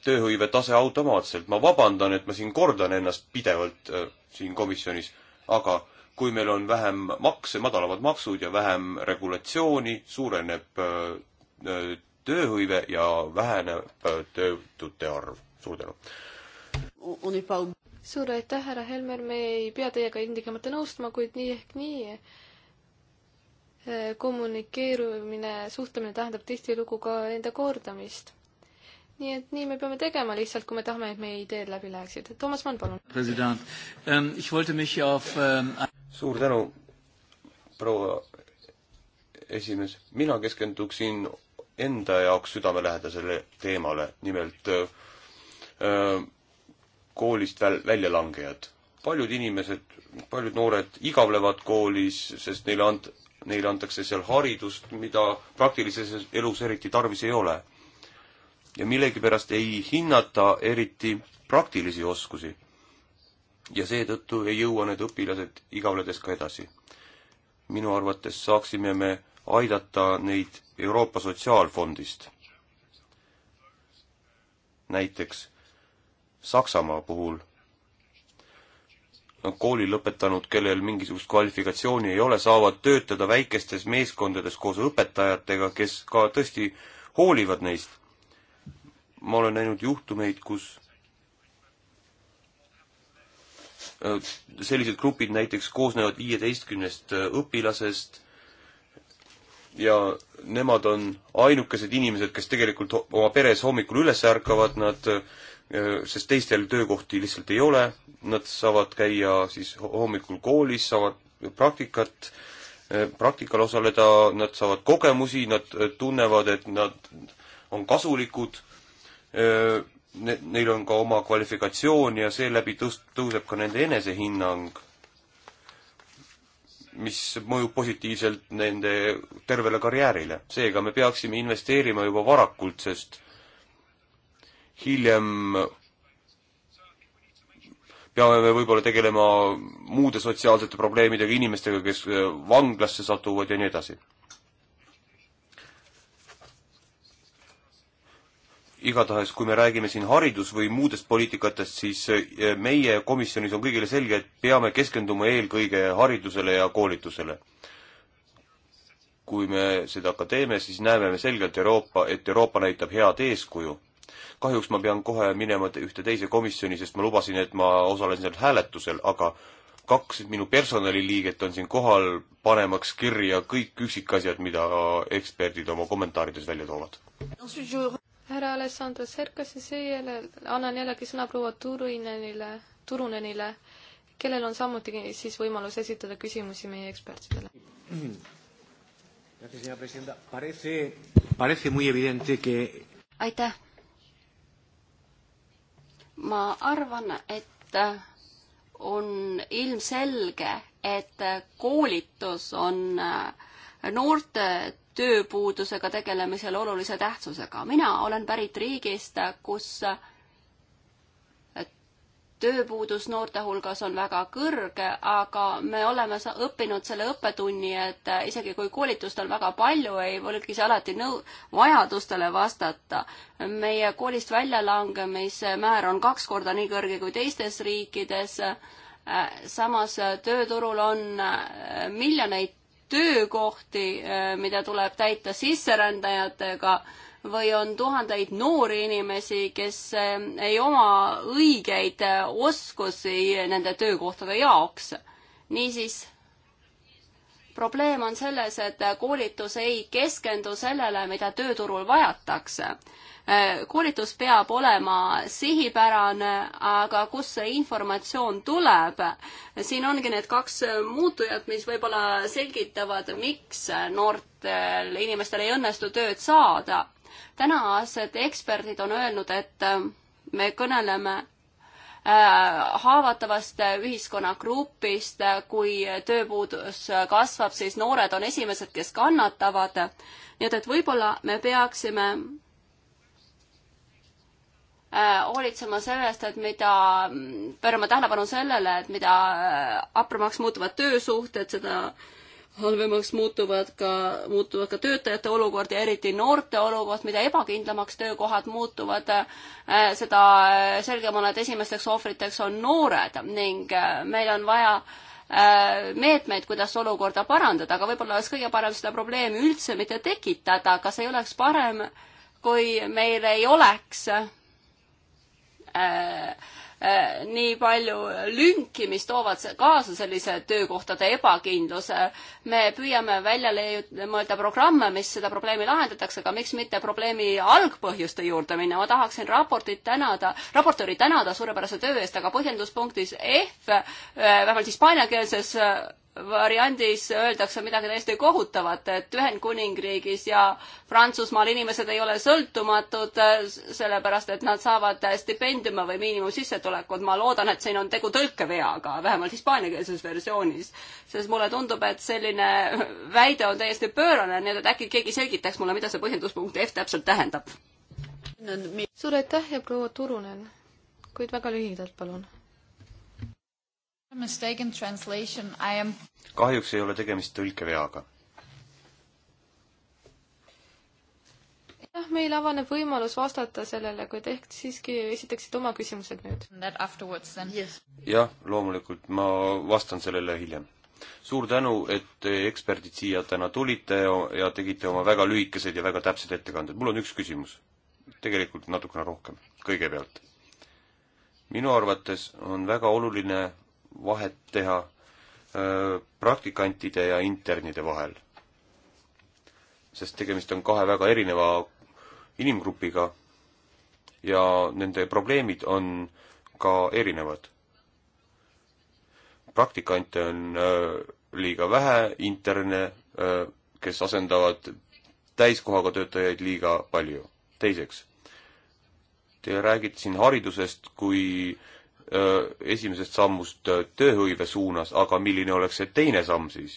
tööhõive tase automaatselt. ma vabandan, et ma siin kordan ennast pidevalt siin komisjonis, aga kui meil on vähem makse, madalamad maksud ja vähem regulatsiooni, suureneb tööhõive ja väheneb töötute arv. suur tänu! suur aitäh, härra Helmer, me ei pea teiega ilmtingimata nõustuma, kuid nii ehk nii eh, kommunikeerumine, suhtlemine tähendab tihtilugu ka enda kordamist. nii et nii me peame tegema lihtsalt, kui me tahame, et meie ideed läbi läheksid. Toomas Mann, palun. president ähm,, ich wollte mich auf ähm... suur tänu, proua esimees. mina keskenduksin enda jaoks südamelähedasele teemale, nimelt äh, äh koolist väl-, väljalangejad. paljud inimesed, paljud noored igavlevad koolis, sest neile ant-, neile antakse seal haridust, mida praktilises elus eriti tarvis ei ole. ja millegipärast ei hinnata eriti praktilisi oskusi. ja seetõttu ei jõua need õpilased igavledes ka edasi. minu arvates saaksime me aidata neid Euroopa Sotsiaalfondist. näiteks Saksamaa puhul nad kooli lõpetanud, kellel mingisugust kvalifikatsiooni ei ole, saavad töötada väikestes meeskondades koos õpetajatega, kes ka tõesti hoolivad neist. ma olen näinud juhtumeid, kus äh, sellised grupid näiteks koosnevad viieteistkümnest äh, õpilasest ja nemad on ainukesed inimesed, kes tegelikult oma peres hommikul üles ärkavad, nad äh, sest teistel töökohti lihtsalt ei ole, nad saavad käia siis hommikul koolis, saavad praktikat, eh, praktikal osaleda, nad saavad kogemusi, nad eh, tunnevad, et nad on kasulikud, eh, neil on ka oma kvalifikatsioon ja seeläbi tõus-, tõuseb ka nende enesehinnang, mis mõjub positiivselt nende tervele karjäärile. seega me peaksime investeerima juba varakult, sest hiljem peame me võib-olla tegelema muude sotsiaalsete probleemidega, inimestega, kes eh, vanglasse satuvad ja nii edasi. igatahes, kui me räägime siin haridus- või muudest poliitikatest, siis eh, meie komisjonis on kõigile selge, et peame keskenduma eelkõige haridusele ja koolitusele. kui me seda ka teeme, siis näeme me selgelt Euroopa, et Euroopa näitab head eeskuju kahjuks ma pean kohe minema ühte teise komisjoni, sest ma lubasin, et ma osalen seal hääletusel, aga kaks minu personaliliiget on siin kohal, panemaks kirja kõik üksikasjad, mida eksperdid oma kommentaarides välja toovad. härra Alessandro Serkas ja seejärel annan jällegi sõna proua Turunenile, Turunenile, kellel on samuti siis võimalus esitada küsimusi meie ekspertidele. aitäh ma arvan, et on ilmselge, et koolitus on noorte tööpuudusega tegelemisel olulise tähtsusega. mina olen pärit riigist, kus tööpuudus noorte hulgas on väga kõrge, aga me oleme õppinud selle õppetunni, et isegi kui koolitust on väga palju, ei pruugi see alati nõu-, vajadustele vastata. meie koolist väljalangemise määr on kaks korda nii kõrge kui teistes riikides. samas tööturul on miljoneid töökohti, mida tuleb täita sisserändajatega või on tuhandeid noori inimesi, kes eh, ei oma õigeid eh, oskusi nende töökohtade jaoks. niisiis, probleem on selles, et koolitus ei keskendu sellele, mida tööturul vajatakse eh, koolitus peab olema sihipärane, aga kust see informatsioon tuleb? siin ongi need kaks muutujat, mis võib-olla selgitavad, miks noortel inimestel ei õnnestu tööd saada tänased eksperdid on öelnud, et äh, me kõneleme äh, haavatavast ühiskonnagrupist, äh, kui tööpuudus kasvab, siis noored on esimesed, kes kannatavad. nii et, et võib-olla me peaksime hoolitsema selle eest, et mida, pöörama tähelepanu sellele, et mida hapramaks muutuvad töösuhted, seda halvemaks muutuvad ka, muutuvad ka töötajate olukord ja eriti noorte olukord, mida ebakindlamaks töökohad muutuvad, äh, seda selgemana, et esimesteks ohvriteks on noored ning äh, meil on vaja äh, meetmeid, kuidas olukorda parandada, aga võib-olla oleks kõige parem seda probleemi üldse mitte tekitada, kas ei oleks parem, kui meil ei oleks äh, Äh, nii palju lünki, mis toovad kaasa sellise töökohtade ebakindluse. me püüame välja mõelda programme, mis seda probleemi lahendatakse, aga miks mitte probleemi algpõhjuste juurde minna. ma tahaksin raportit tänada, raportööri tänada suurepärase töö eest, aga põhjenduspunktis F, äh, vähemalt hispaaniakeelses äh, variandis öeldakse midagi täiesti kohutavat, et Ühendkuningriigis ja Prantsusmaal inimesed ei ole sõltumatud, sellepärast et nad saavad stipendiume või miinimumsissetulekut. ma loodan, et siin on tegu tõlkeveaga, vähemalt hispaaniakeelses versioonis, sest mulle tundub, et selline väide on täiesti pöörane, nii et äkki keegi selgitaks mulle, mida see põhjenduspunkt F täpselt tähendab. suur aitäh ja proua Turunen, kuid väga lühidalt, palun Am... kahjuks ei ole tegemist tõlkeveaga. jah, meil avaneb võimalus vastata sellele, kuid ehk siiski esitaksid oma küsimused nüüd. jah, loomulikult, ma vastan sellele hiljem suur tänu, et eksperdid siia täna tulite ja tegite oma väga lühikesed ja väga täpsed ettekanded. mul on üks küsimus, tegelikult natukene rohkem, kõigepealt. minu arvates on väga oluline vahet teha äh, praktikantide ja internide vahel. sest tegemist on kahe väga erineva inimgrupiga ja nende probleemid on ka erinevad. praktikante on äh, liiga vähe, interne, äh, kes asendavad täiskohaga töötajaid liiga palju. teiseks, te räägite siin haridusest kui äh, Äh, esimesest sammust äh, tööhõive suunas, aga milline oleks see teine samm siis,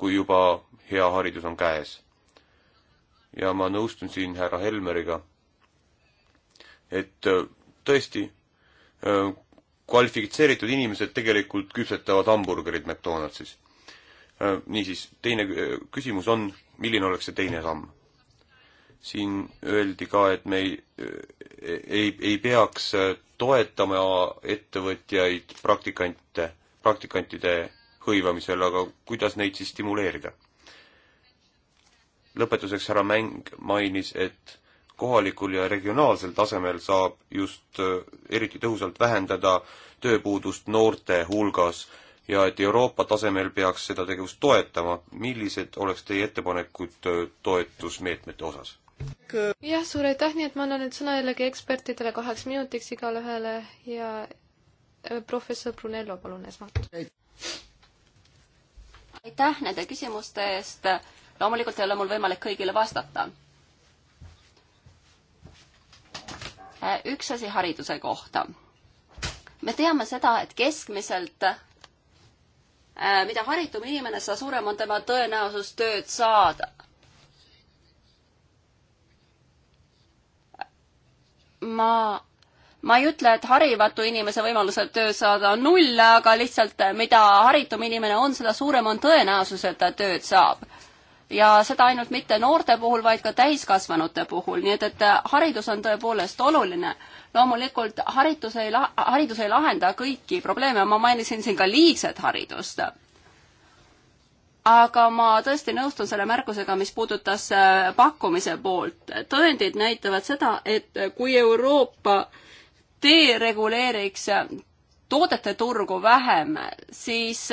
kui juba hea haridus on käes? ja ma nõustun siin härra Helmeriga, et äh, tõesti, kvalifitseeritud inimesed tegelikult küpsetavad hamburgerid McDonaldsis. niisiis, teine küsimus on, milline oleks see teine samm? siin öeldi ka, et me ei, ei, ei peaks toetama ettevõtjaid praktikante, praktikantide hõivamisel, aga kuidas neid siis stimuleerida? lõpetuseks härra Mäng mainis, et kohalikul ja regionaalsel tasemel saab just äh, eriti tõhusalt vähendada tööpuudust noorte hulgas ja et Euroopa tasemel peaks seda tegevust toetama. millised oleks teie ettepanekud äh, toetusmeetmete osas? jah, suur aitäh, nii et ma annan nüüd sõna jällegi ekspertidele kaheks minutiks igale ühele ja äh, professor Brunello, palun esmalt. aitäh nende küsimuste eest. loomulikult ei ole mul võimalik kõigile vastata. Äh, üks asi hariduse kohta. me teame seda, et keskmiselt äh, mida haritum inimene, seda suurem on tema tõenäosus tööd saada ma, ma ei ütle, et harimatu inimese võimalused tööd saada on null, aga lihtsalt eh, mida haritum inimene on, seda suurem on tõenäosus, et ta tööd saab. ja seda ainult mitte noorte puhul, vaid ka täiskasvanute puhul, nii et, et eh, haridus on tõepoolest oluline. loomulikult haritus ei la-, haridus ei lahenda kõiki probleeme, ma mainisin siin ka liigset haridust aga ma tõesti nõustun selle märkusega, mis puudutas äh, pakkumise poolt. tõendid näitavad seda, et kui Euroopa dereguleeriks toodete turgu vähem, siis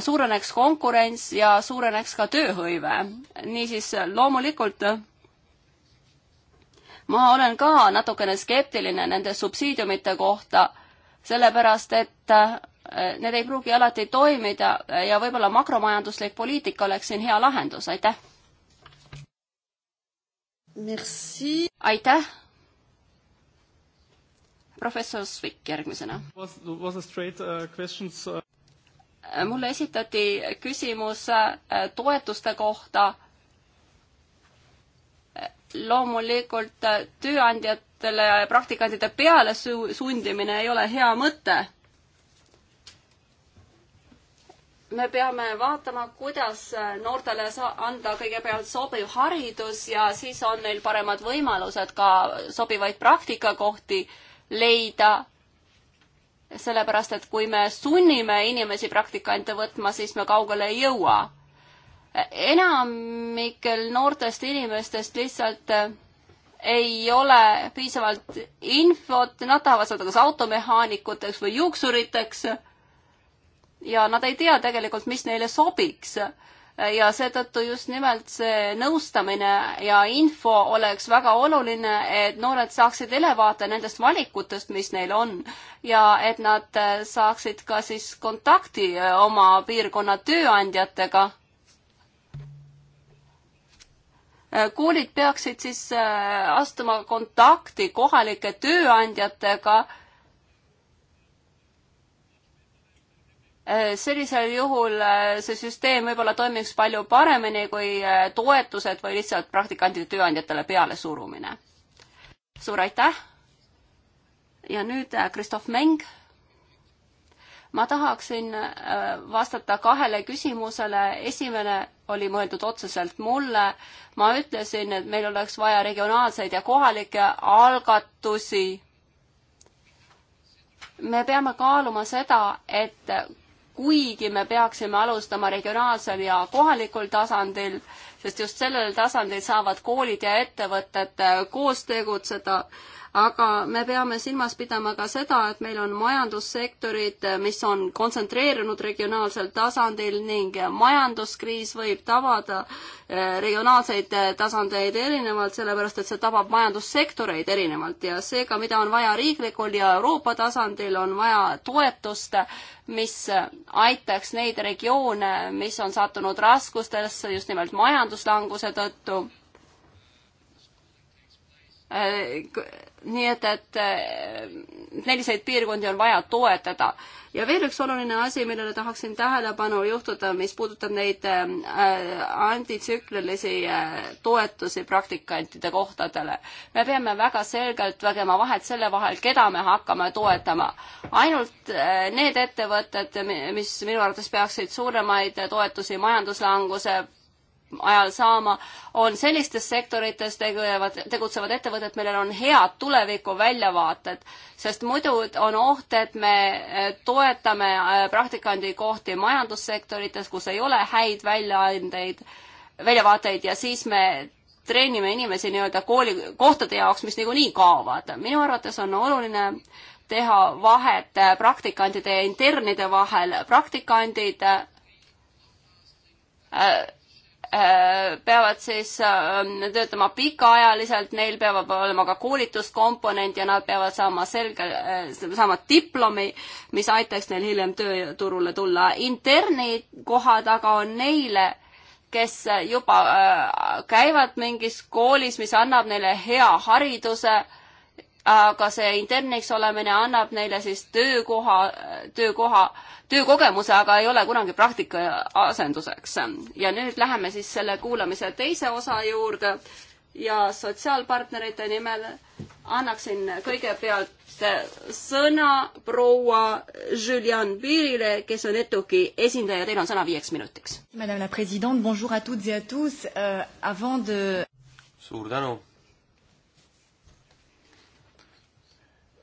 suureneks konkurents ja suureneks ka tööhõive. niisiis loomulikult ma olen ka natukene skeptiline nende subsiidiumite kohta, sellepärast et Äh, need ei pruugi alati toimida äh, ja võib-olla makromajanduslik poliitika oleks siin hea lahendus, aitäh! aitäh! professor Svik järgmisena. Uh, uh, äh, mulle esitati küsimus toetuste kohta. loomulikult tööandjatele praktikandide peale su-, sundimine ei ole hea mõte me peame vaatama, kuidas noortele anda kõigepealt sobiv haridus ja siis on neil paremad võimalused ka sobivaid praktikakohti leida. sellepärast, et kui me sunnime inimesi praktikante võtma, siis me kaugele ei jõua. enamikel noortest inimestest lihtsalt ei ole piisavalt infot, nad tahavad saada kas automehaanikuteks või juuksuriteks ja nad ei tea tegelikult, mis neile sobiks. ja seetõttu just nimelt see nõustamine ja info oleks väga oluline, et noored saaksid ülevaate nendest valikutest, mis neil on ja et nad saaksid ka siis kontakti oma piirkonna tööandjatega koolid peaksid siis äh, astuma kontakti kohalike tööandjatega Äh, sellisel juhul äh, see süsteem võib-olla toimiks palju paremini kui äh, toetused või lihtsalt praktikantide tööandjatele pealesurumine. suur aitäh! ja nüüd Kristof Meng. ma tahaksin vastata kahele küsimusele, esimene oli mõeldud otseselt mulle. ma ütlesin, et meil oleks vaja regionaalseid ja kohalikke algatusi. me peame kaaluma seda, et kuigi me peaksime alustama regionaalsel ja kohalikul tasandil, sest just sellel tasandil saavad koolid ja ettevõtted äh, koos tegutseda aga me peame silmas pidama ka seda, et meil on majandussektorid, mis on kontsentreerunud regionaalsel tasandil ning majanduskriis võib tabada eh, regionaalseid eh, tasandeid erinevalt, sellepärast et see tabab majandussektoreid erinevalt ja seega, mida on vaja riiklikul ja Euroopa tasandil, on vaja toetust, mis eh, aitaks neid regioone, mis on sattunud raskustesse just nimelt majanduslanguse tõttu nii et, et selliseid piirkondi on vaja toetada. ja veel üks oluline asi, millele tahaksin tähelepanu juhtuda, mis puudutab neid äh, antitsüklilisi äh, toetusi praktikantide kohtadele. me peame väga selgelt tegema vahet selle vahel, keda me hakkame toetama. ainult äh, need ettevõtted, mis minu arvates peaksid suuremaid toetusi majanduslanguse ajal saama, on sellistes sektorites tegevad, tegutsevad ettevõtted, millel on head tulevikuväljavaated, sest muidu on oht, et me eh, toetame eh, praktikandikohti majandussektorites, kus ei ole häid väljaandeid, väljavaateid ja siis me treenime inimesi nii-öelda koolikohtade jaoks, mis niikuinii kaovad. minu arvates on oluline teha vahet eh, praktikantide ja internide vahel. praktikandid äh, Äh, peavad siis äh, töötama pikaajaliselt, neil peab olema ka koolituskomponent ja nad peavad saama selge, äh, saama diplomi, mis aitaks neil hiljem tööturule tulla. interni kohad aga on neile, kes juba käivad mingis koolis, mis annab neile hea hariduse aga see interniks olemine annab neile siis töökoha, töökoha, töökogemuse, aga ei ole kunagi praktika asenduseks. ja nüüd läheme siis selle kuulamise teise osa juurde ja sotsiaalpartnerite nimel annaksin kõigepealt sõna proua Julian Piirile, kes on ETUK-i esindaja, teil on sõna viieks minutiks. Madame la president, bonjour à toutes et à tous uh,, avant de suur tänu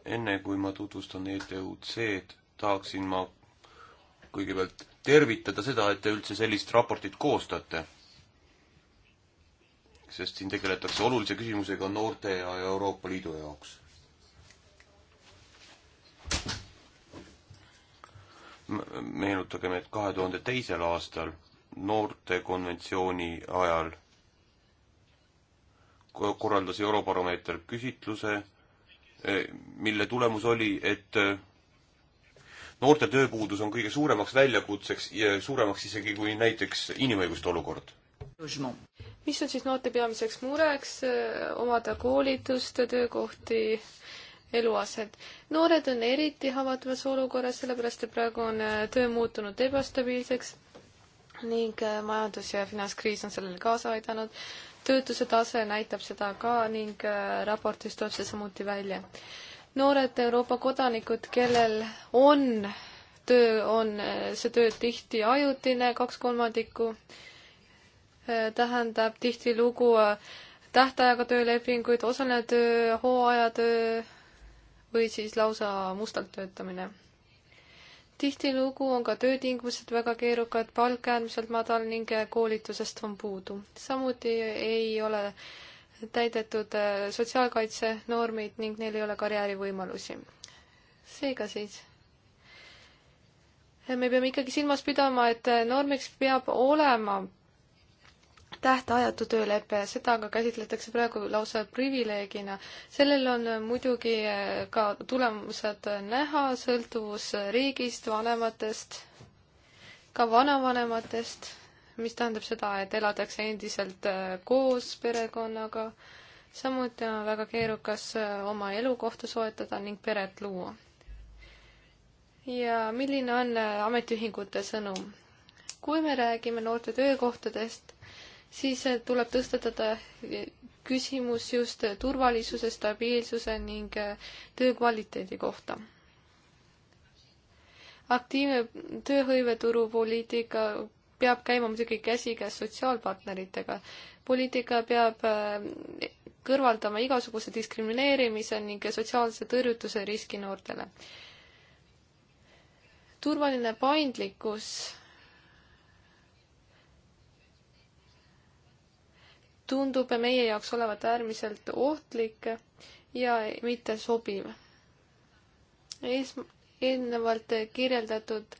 enne kui ma tutvustan ETUC-d, tahaksin ma kõigepealt tervitada seda, et te üldse sellist raportit koostate. sest siin tegeletakse olulise küsimusega noorte ja Euroopa Liidu jaoks. meenutagem, et kahe tuhande teisel aastal noortekonventsiooni ajal korraldas Eurobaromeeter küsitluse Eh, mille tulemus oli, et eh, noorte tööpuudus on kõige suuremaks väljakutseks, suuremaks isegi kui näiteks inimõiguste olukord. mis on siis noorte peamiseks mureks, eh, omada koolitust, töökohti, eluaset. noored on eriti haavatavas olukorras, sellepärast et praegu on töö muutunud ebastabiilseks ning majandus- ja finantskriis on sellele kaasa aidanud töötuse tase näitab seda ka ning äh, raportis tuleb see samuti välja. noored Euroopa kodanikud, kellel on töö, on äh, see töö tihti ajutine, kaks kolmandikku äh, tähendab tihtilugu tähtajaga töölepinguid, osaline töö, hooajatöö või siis lausa mustalt töötamine tihtilugu on ka töötingimused väga keerukad, palk äärmiselt madal ning koolitusest on puudu. samuti ei ole täidetud äh, sotsiaalkaitsenormid ning neil ei ole karjäärivõimalusi. seega siis me peame ikkagi silmas pidama, et äh, normiks peab olema tähtajatu töölepe, seda aga käsitletakse praegu lausa privileegina. sellel on muidugi eh, ka tulemused näha, sõltuvus riigist, vanematest, ka vanavanematest, mis tähendab seda, et elatakse endiselt eh, koos perekonnaga, samuti on väga keerukas eh, oma elukohta soetada ning peret luua. ja milline on ametiühingute sõnum? kui me räägime noorte töökohtadest siis eh, tuleb tõstatada eh, küsimus just eh, turvalisuse, stabiilsuse ning töökvaliteedi kohta. aktiivne tööhõiveturupoliitika peab käima muidugi käsikäes sotsiaalpartneritega. poliitika peab kõrvaldama igasuguse diskrimineerimise ning sotsiaalse tõrjutuse riski noortele. turvaline paindlikkus tundub meie jaoks olevat äärmiselt ohtlik ja mitte sobiv. ees, eelnevalt kirjeldatud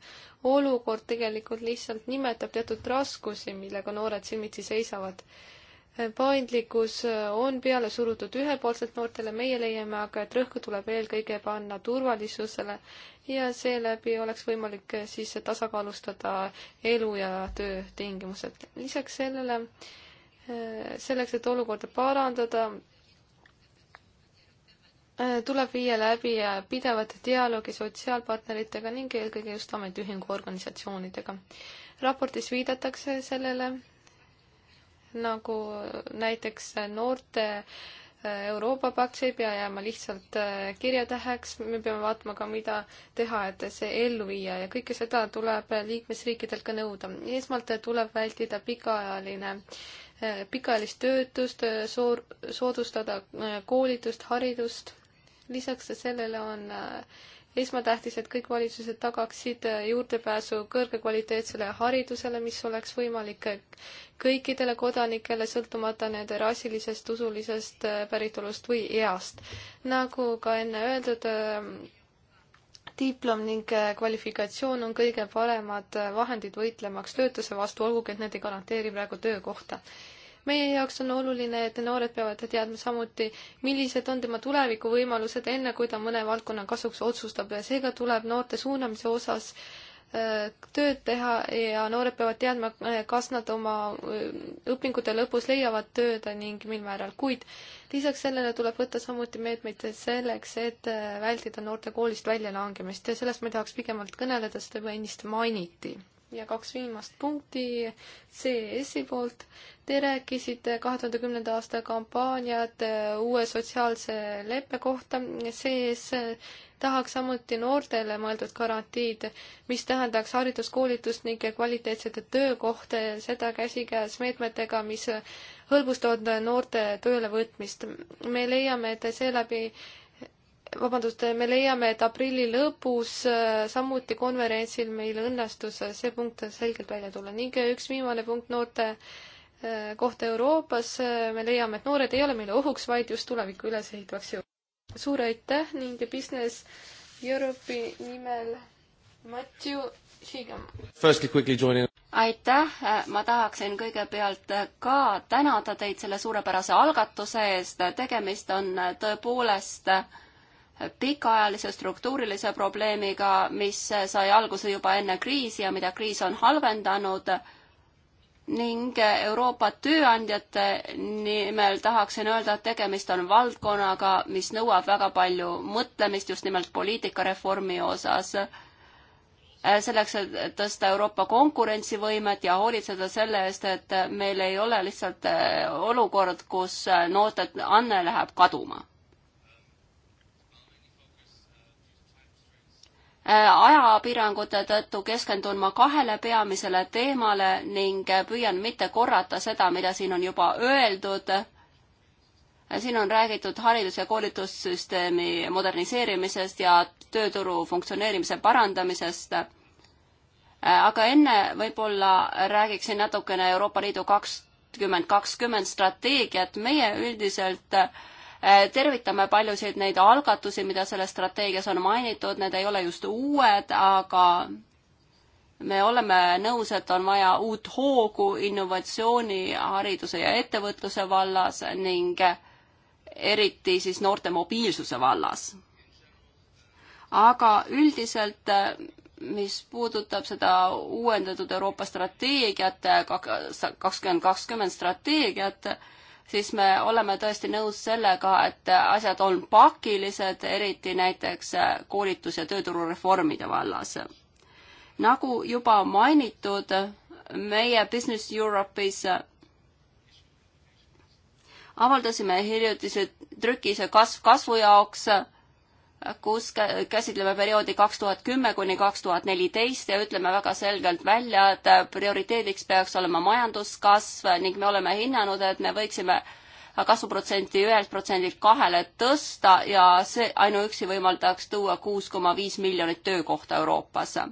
olukord tegelikult lihtsalt nimetab teatud raskusi, millega noored silmitsi seisavad. paindlikkus on peale surutud ühepoolselt noortele, meie leiame aga, et rõhku tuleb eelkõige panna turvalisusele ja seeläbi oleks võimalik siis tasakaalustada elu ja töötingimused. lisaks sellele äh, selleks, et olukorda parandada, tuleb viia läbi pidevat dialoogi sotsiaalpartneritega ning eelkõige just ametiühingu organisatsioonidega. raportis viidatakse sellele, nagu näiteks noorte Euroopa pakt, see ei pea jääma lihtsalt äh, kirjatäheks, me peame vaatama ka, mida teha, et see ellu viia ja kõike seda tuleb liikmesriikidelt ka nõuda. esmalt tuleb vältida pikaajaline, äh, pikaajalist töötust, äh, soor-, soodustada koolitust, haridust, lisaks sellele on esmatähtis, et kõik valitsused tagaksid juurdepääsu kõrgekvaliteetsele haridusele, mis oleks võimalik kõikidele kodanikele, sõltumata nende rassilisest, usulisest äh, päritolust või east. nagu ka enne öeldud, äh, diplom ning äh, kvalifikatsioon on kõige paremad vahendid võitlemaks töötuse vastu, olgugi et need ei garanteeri praegu töökohta meie jaoks on oluline, et noored peavad teadma samuti, millised on tema tulevikuvõimalused, enne kui ta mõne valdkonna kasuks otsustab ja seega tuleb noorte suunamise osas äh, tööd teha ja noored peavad teadma, äh, kas nad oma äh, õpingute lõpus leiavad tööd ning mil määral, kuid lisaks sellele tuleb võtta samuti meetmeid selleks, et vältida noorte koolist väljalangemist ja sellest ma tahaks pigemalt kõneleda, seda juba ennist mainiti ja kaks viimast punkti CS-i poolt. Te rääkisite kahe tuhande kümnenda aasta kampaaniat äh, uue sotsiaalse leppe kohta. CS tahaks samuti noortele mõeldud garantiid, mis tähendaks hariduskoolitust ning kvaliteetsete töökohta ja seda käsikäes meetmetega, mis hõlbustavad noorte töölevõtmist. me leiame, et seeläbi vabandust, me leiame, et aprilli lõpus äh, samuti konverentsil meil õnnestus äh, see punkt selgelt välja tulla ning üks viimane punkt noorte äh, kohta Euroopas, me leiame, et noored ei ole meile ohuks, vaid just tuleviku ülesehitavaks jõuks. suur aitäh ning Business Europe'i nimel Mattiu Higam. aitäh, ma tahaksin kõigepealt ka tänada teid selle suurepärase algatuse eest, tegemist on tõepoolest äh, pikaajalise struktuurilise probleemiga, mis sai alguse juba enne kriisi ja mida kriis on halvendanud ning Euroopa tööandjate nimel tahaksin öelda, et tegemist on valdkonnaga, mis nõuab väga palju mõtlemist just nimelt poliitikareformi osas. selleks, et tõsta Euroopa konkurentsivõimet ja hoolitseda selle eest, et meil ei ole lihtsalt olukord, kus noorte anne läheb kaduma Äh, ajapiirangute tõttu keskendun ma kahele peamisele teemale ning äh, püüan mitte korrata seda, mida siin on juba öeldud. Äh, siin on räägitud haridus- ja koolitussüsteemi moderniseerimisest ja tööturu funktsioneerimise parandamisest aga enne võib-olla räägiksin natukene Euroopa Liidu kakskümmend kakskümmend strateegiat. meie üldiselt äh, Eh, tervitame paljusid neid algatusi, mida selles strateegias on mainitud, need ei ole just uued, aga me oleme nõus, et on vaja uut hoogu innovatsiooni, hariduse ja ettevõtluse vallas ning eriti siis noorte mobiilsuse vallas. aga üldiselt eh, mis puudutab seda uuendatud Euroopa strateegiat, eh, kakskümmend kakskümmend strateegiat, siis me oleme tõesti nõus sellega, et asjad on pakilised, eriti näiteks koolitus- ja tööturureformide vallas. nagu juba mainitud, meie Business Europe'is avaldasime hiljutise trükise kasv kasvu jaoks kus käsitleme perioodi kaks tuhat kümme kuni kaks tuhat neliteist ja ütleme väga selgelt välja, et prioriteediks peaks olema majanduskasv ning me oleme hinnanud, et me võiksime kasvuprotsenti ühelt protsendilt kahele tõsta ja see ainuüksi võimaldaks tuua kuus koma viis miljonit töökohta Euroopasse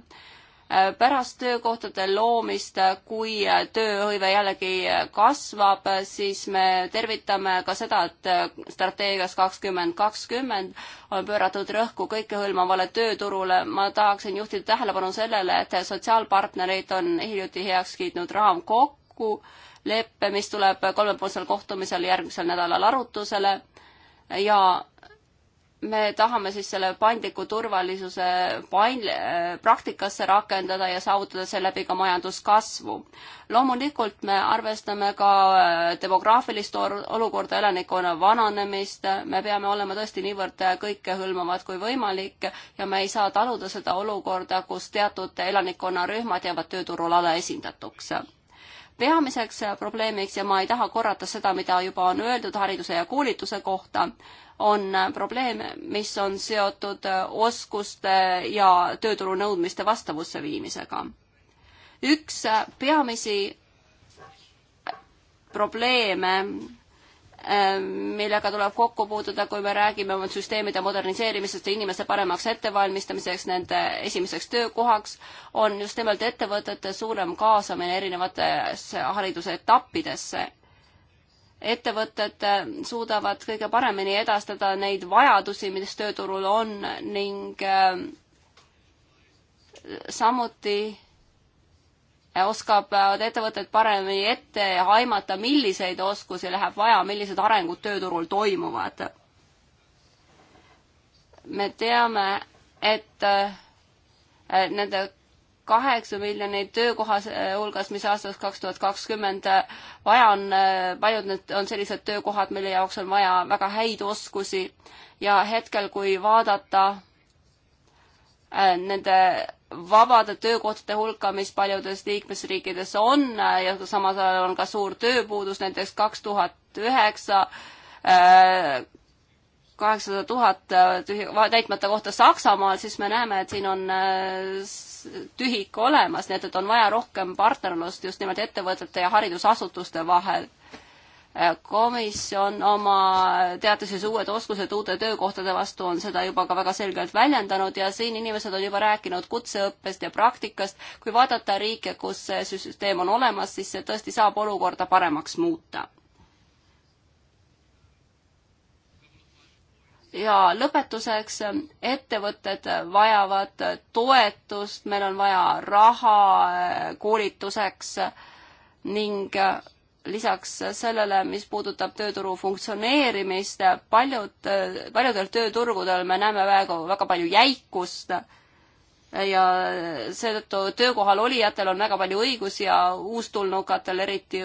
Äh, pärast töökohtade loomist, äh, kui äh, tööhõive jällegi kasvab, siis me tervitame ka seda, et strateegias kakskümmend kakskümmend on pööratud rõhku kõikehõlmavale tööturule. ma tahaksin juhtida tähelepanu sellele, et sotsiaalpartnerid on hiljuti heaks kiitnud raamkokku leppe, mis tuleb kolmepoolsel kohtumisel järgmisel nädalal arutusele ja me tahame siis selle paindliku turvalisuse pain-, äh, praktikasse rakendada ja saavutada seeläbi ka majanduskasvu. loomulikult me arvestame ka äh, demograafilist olukorda, elanikkonna vananemist, me peame olema tõesti niivõrd äh, kõikehõlmavad kui võimalik ja me ei saa taluda seda olukorda, kus teatud elanikkonnarühmad jäävad tööturul alaesindatuks peamiseks probleemiks ja ma ei taha korrata seda, mida juba on öeldud hariduse ja koolituse kohta, on probleem, mis on seotud äh, oskuste ja tööturu nõudmiste vastavusse viimisega. üks äh, peamisi äh, probleeme, millega tuleb kokku puutuda, kui me räägime oma süsteemide moderniseerimisest ja inimeste paremaks ettevalmistamiseks, nende esimeseks töökohaks, on just nimelt ettevõtete suurem kaasamine erinevatesse hariduse etappidesse ettevõtted äh, suudavad kõige paremini edastada neid vajadusi, mis tööturul on ning äh, samuti äh, oskavad ettevõtted paremini ette aimata, milliseid oskusi läheb vaja, millised arengud tööturul toimuvad. me teame, et nende kaheksa miljonit töökoha äh, hulgas, mis aastast kaks tuhat kakskümmend äh, vaja on, äh, paljud need on sellised töökohad, mille jaoks on vaja väga häid oskusi ja hetkel, kui vaadata nende vabade töökohtade hulka, mis paljudes liikmesriikides on ja samas ajal on ka suur tööpuudus, näiteks kaks tuhat üheksa kaheksasada tuhat täitmata kohta Saksamaal, siis me näeme, et siin on tühik olemas, nii et, et on vaja rohkem partnerlust just nimelt ettevõtete ja haridusasutuste vahel. komisjon oma teatises Uued oskused uute töökohtade vastu on seda juba ka väga selgelt väljendanud ja siin inimesed on juba rääkinud kutseõppest ja praktikast. kui vaadata riike, kus see süsteem on olemas, siis see tõesti saab olukorda paremaks muuta ja lõpetuseks, ettevõtted vajavad toetust, meil on vaja raha eh, koolituseks ning eh, lisaks sellele, mis puudutab tööturu funktsioneerimist, paljud, eh, paljudel tööturgudel me näeme väga, väga palju jäikust ja seetõttu töökohal olijatel on väga palju õigusi ja uustulnukatel eriti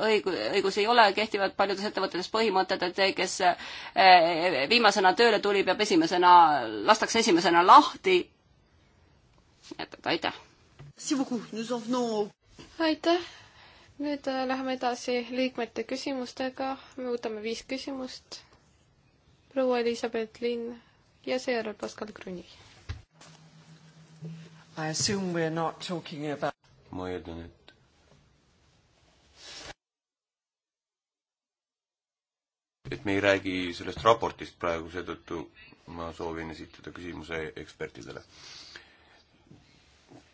õigu-, õigus ei ole, kehtivad paljudes ettevõtetes põhimõtted, et kes eh, viimasena tööle tuli, peab esimesena, lastakse esimesena lahti. et, et aitäh. aitäh. nüüd äh, läheme edasi liikmete küsimustega. me võtame viis küsimust. proua Elizabeth Linn ja seejärel Pascal Grüni. I assume we are not talking about ma eeldan, et et me ei räägi sellest raportist praegu, seetõttu ma soovin esitada küsimuse ekspertidele.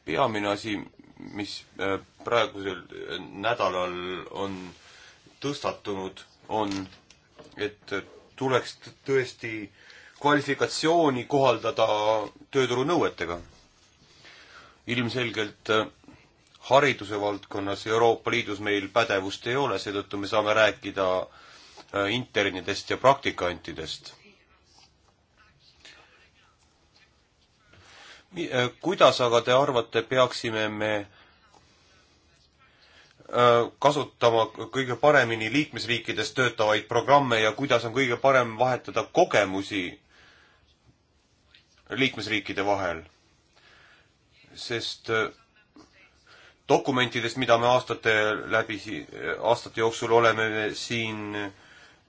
peamine asi, mis äh, praegusel äh, nädalal on tõstatunud, on, et tuleks tõesti kvalifikatsiooni kohaldada tööturu nõuetega. ilmselgelt äh, hariduse valdkonnas Euroopa Liidus meil pädevust ei ole, seetõttu me saame rääkida äh, Äh, internidest ja praktikantidest. Äh, kuidas aga te arvate, peaksime me äh, kasutama kõige paremini liikmesriikides töötavaid programme ja kuidas on kõige parem vahetada kogemusi liikmesriikide vahel. sest dokumentidest, mida me aastate läbi, aastate jooksul oleme siin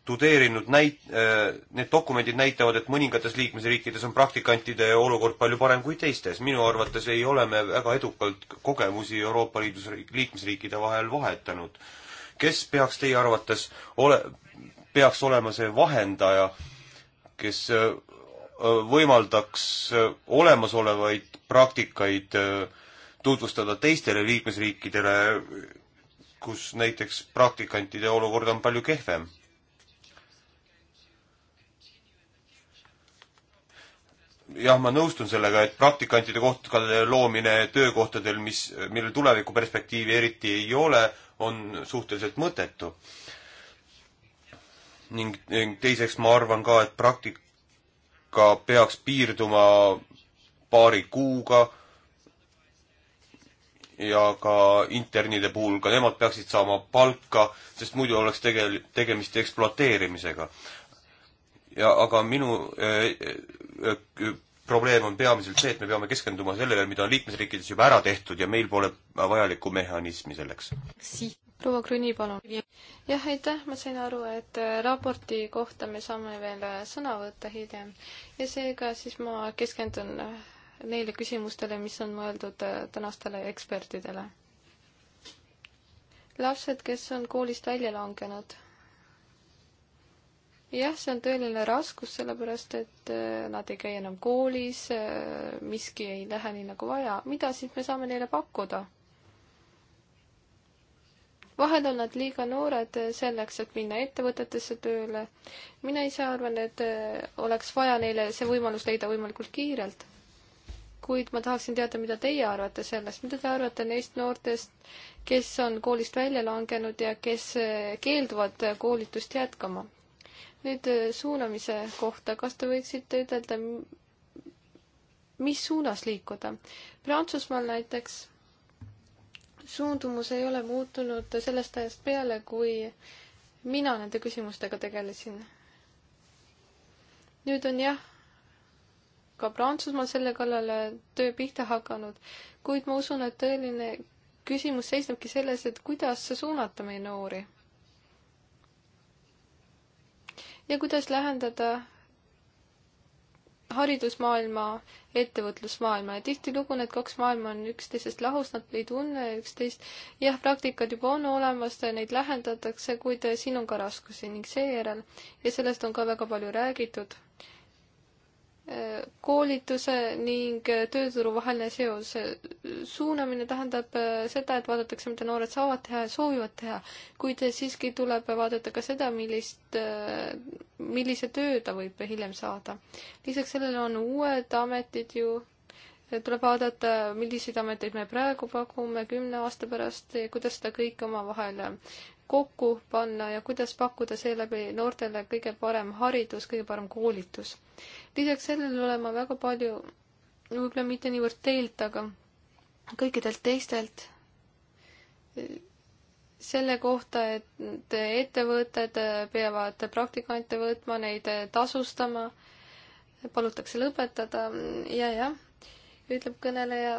tudeerinud näit-, äh, need dokumendid näitavad, et mõningates liikmesriikides on praktikantide olukord palju parem kui teistes. minu arvates ei ole me väga edukalt kogemusi Euroopa Liidus liikmesriikide vahel vahetanud. kes peaks teie arvates ole-, peaks olema see vahendaja, kes äh, äh, võimaldaks olemasolevaid praktikaid tutvustada teistele liikmesriikidele, kus näiteks praktikantide olukord on palju kehvem? jah, ma nõustun sellega, et praktikantide kohtade loomine töökohtadel, mis, millel tulevikuperspektiivi eriti ei ole, on suhteliselt mõttetu. ning teiseks ma arvan ka, et praktika peaks piirduma paari kuuga ja ka internide puhul, ka nemad peaksid saama palka, sest muidu oleks tegel-, tegemist ekspluateerimisega ja aga minu äh, äh, probleem on peamiselt see, et me peame keskenduma sellele, mida on liikmesriikides juba ära tehtud ja meil pole vajalikku mehhanismi selleks. proua Krüni, palun. jah, aitäh, ma sain aru, et eh, raporti kohta me saame veel sõna võtta hiljem ja seega siis ma keskendun neile küsimustele, mis on mõeldud tänastele ekspertidele. lapsed, kes on koolist välja langenud jah, see on tõeline raskus, sellepärast et äh, nad ei käi enam koolis, äh, miski ei lähe nii nagu vaja. mida siis me saame neile pakkuda? vahel on nad liiga noored äh, selleks, et minna ettevõtetesse tööle. mina ise arvan, et oleks vaja neile see võimalus leida võimalikult kiirelt. kuid ma tahaksin teada, mida teie arvate sellest, mida te arvate neist noortest, kes on koolist välja langenud ja kes keelduvad koolitust jätkama? nüüd äh, suunamise kohta, kas te võiksite ütelda, mis suunas liikuda? Prantsusmaal näiteks suundumus ei ole muutunud sellest ajast peale, kui mina nende küsimustega tegelesin. nüüd on jah, ka Prantsusmaal selle kallale äh, töö pihta hakanud, kuid ma usun, et tõeline küsimus seisnebki selles, et kuidas suunata meie noori ja kuidas lähendada haridusmaailma, ettevõtlusmaailma ja tihtilugu need kaks maailma on üksteisest lahus, nad ei tunne üksteist. jah, praktikad juba on olemas, neid lähendatakse, kuid eh, siin on ka raskusi ning seejärel ja sellest on ka väga palju räägitud koolituse ning tööturu vaheline seos. suunamine tähendab äh, seda, et vaadatakse, mida noored saavad teha ja soovivad teha, kuid siiski tuleb vaadata ka seda, millist, äh, millise töö ta võib hiljem saada. lisaks sellele on uued ametid ju, äh, tuleb vaadata, milliseid ameteid me praegu pakume kümne aasta pärast ja kuidas seda kõike omavahel kokku panna ja kuidas pakkuda seeläbi noortele kõige parem haridus, kõige parem koolitus. lisaks sellele olen ma väga palju, võib-olla mitte niivõrd teilt, aga kõikidelt teistelt selle kohta, et ettevõtted peavad praktikante võtma, neid tasustama, palutakse lõpetada ja, jah, ütleb kõneleja,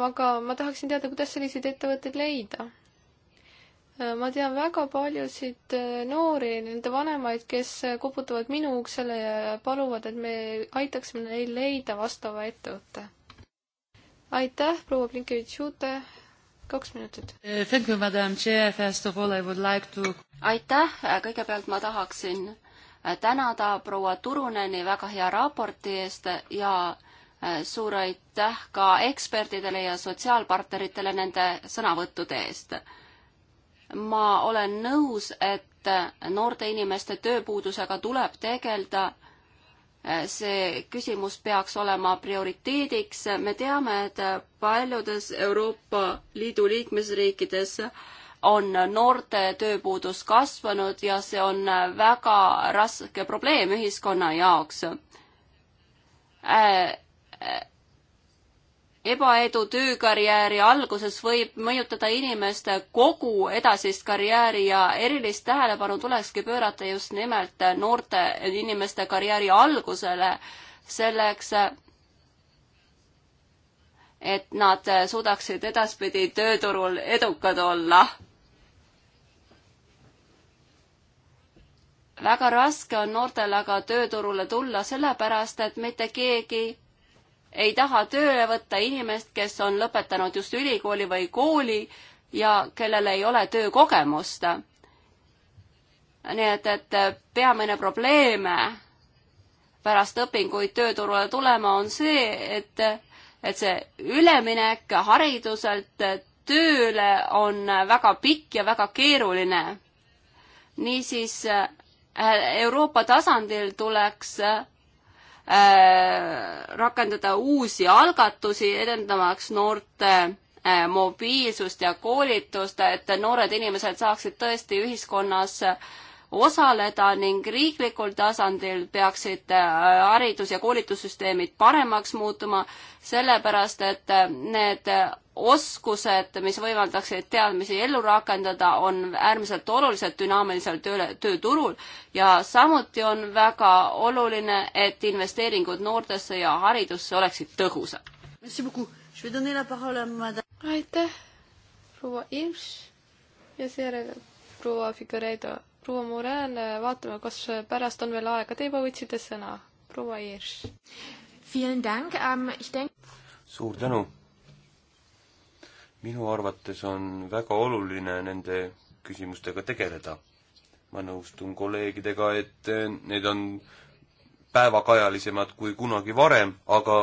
aga ma tahaksin teada, kuidas selliseid ettevõtteid leida ma tean väga paljusid äh, noori, nende vanemaid, kes äh, koputavad minu uksele ja paluvad, et me aitaksime neil leida vastava ettevõtte. aitäh, proua Blinkevitš-Jute, kaks minutit. Eh, thank you, madam chair, first of all I would like to aitäh, kõigepealt ma tahaksin äh, tänada proua Turuneni väga hea raporti eest ja suur aitäh ka ekspertidele ja sotsiaalpartneritele nende sõnavõttude eest ma olen nõus, et noorte inimeste tööpuudusega tuleb tegeleda. see küsimus peaks olema prioriteediks. me teame, et paljudes Euroopa Liidu liikmesriikides on noorte tööpuudus kasvanud ja see on väga raske probleem ühiskonna jaoks äh, äh, ebaedu töökarjääri alguses võib mõjutada inimeste kogu edasist karjääri ja erilist tähelepanu tulekski pöörata just nimelt noorte inimeste karjääri algusele, selleks et nad suudaksid edaspidi tööturul edukad olla. väga raske on noortel aga tööturule tulla, sellepärast et mitte keegi ei taha tööle võtta inimest, kes on lõpetanud just ülikooli või kooli ja kellel ei ole töökogemust. nii et, et peamine probleem pärast õpinguid tööturule tulema on see, et, et see üleminek hariduselt tööle on väga pikk ja väga keeruline. niisiis Euroopa tasandil tuleks Äh, rakendada uusi algatusi, edendamaks noorte äh, mobiilsust ja koolitust, et noored inimesed saaksid tõesti ühiskonnas osaleda ning riiklikul tasandil peaksid äh, haridus- ja koolitussüsteemid paremaks muutuma, sellepärast et need oskused, mis võimaldaksid teadmisi ellu rakendada, on äärmiselt olulised dünaamilisel töö, tööturul ja samuti on väga oluline, et investeeringud noortesse ja haridusse oleksid tõhusad. aitäh, proua Irš ja seejärel proua Figueredo. proua Murel, vaatame, kas pärast on veel aega, te juba võtsite sõna. proua Irš. Ähm, suur tänu minu arvates on väga oluline nende küsimustega tegeleda. ma nõustun kolleegidega, et eh, need on päevakajalisemad kui kunagi varem, aga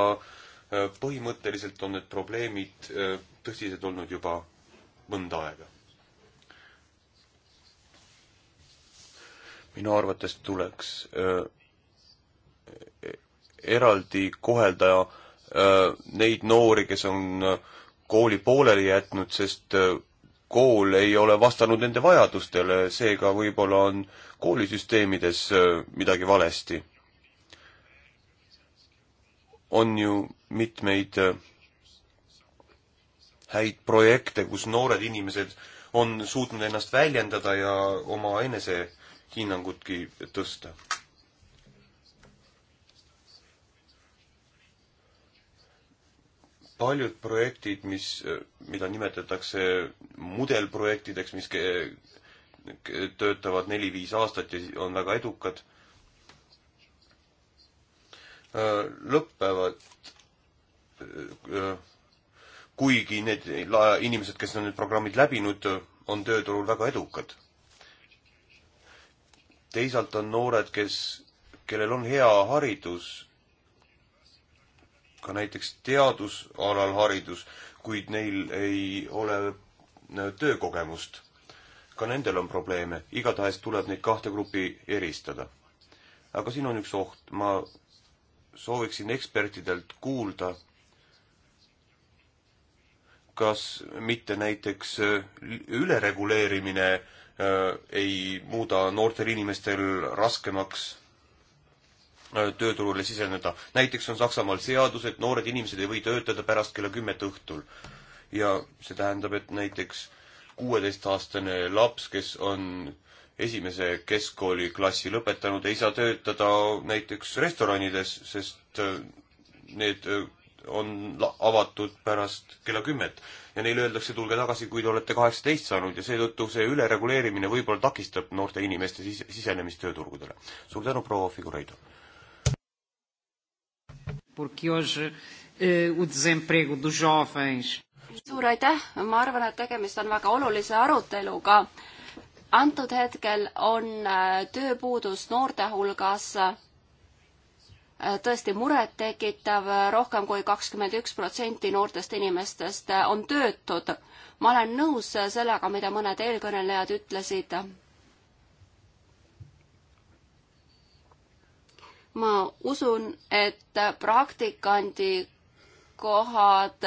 eh, põhimõtteliselt on need probleemid eh, tõsised olnud juba mõnda aega. minu arvates tuleks eraldi kohelda neid noori, kes on äh, kooli pooleli jätnud, sest äh, kool ei ole vastanud nende vajadustele, seega võib-olla on koolisüsteemides äh, midagi valesti. on ju mitmeid äh, häid projekte, kus noored inimesed on suutnud ennast väljendada ja oma enesehinnangutki tõsta paljud projektid, mis, mida nimetatakse mudelprojektideks, mis töötavad neli-viis aastat ja on väga edukad, äh, lõpevad, äh, äh, kuigi need inimesed, kes on need programmid läbinud, on tööturul väga edukad. teisalt on noored, kes, kellel on hea haridus ka näiteks teadusalal haridus, kuid neil ei ole töökogemust. ka nendel on probleeme, igatahes tuleb neid kahte gruppi eristada. aga siin on üks oht, ma sooviksin ekspertidelt kuulda, kas mitte näiteks äh, ülereguleerimine äh, ei muuda noortel inimestel raskemaks Äh, tööturule siseneda. näiteks on Saksamaal seadus, et noored inimesed ei või töötada pärast kella kümmet õhtul. ja see tähendab, et näiteks kuueteistaastane laps, kes on esimese keskkooliklassi lõpetanud, ei saa töötada näiteks restoranides, sest äh, need äh, on avatud pärast kella kümmet ja neile öeldakse, tulge tagasi, kui te olete kaheksateist saanud ja seetõttu see ülereguleerimine võib-olla takistab noorte inimeste sis sisenemist tööturgudele. suur tänu, proua Figureido! porque hoje eh, o desemprego dos jovens. suur aitäh, ma arvan, et tegemist on väga olulise aruteluga. antud hetkel on eh, tööpuudus noorte hulgas eh, tõesti murettekitav, rohkem kui kakskümmend üks protsenti noortest inimestest on töötud. ma olen nõus sellega, mida mõned eelkõnelejad ütlesid ma usun, et praktikandi kohad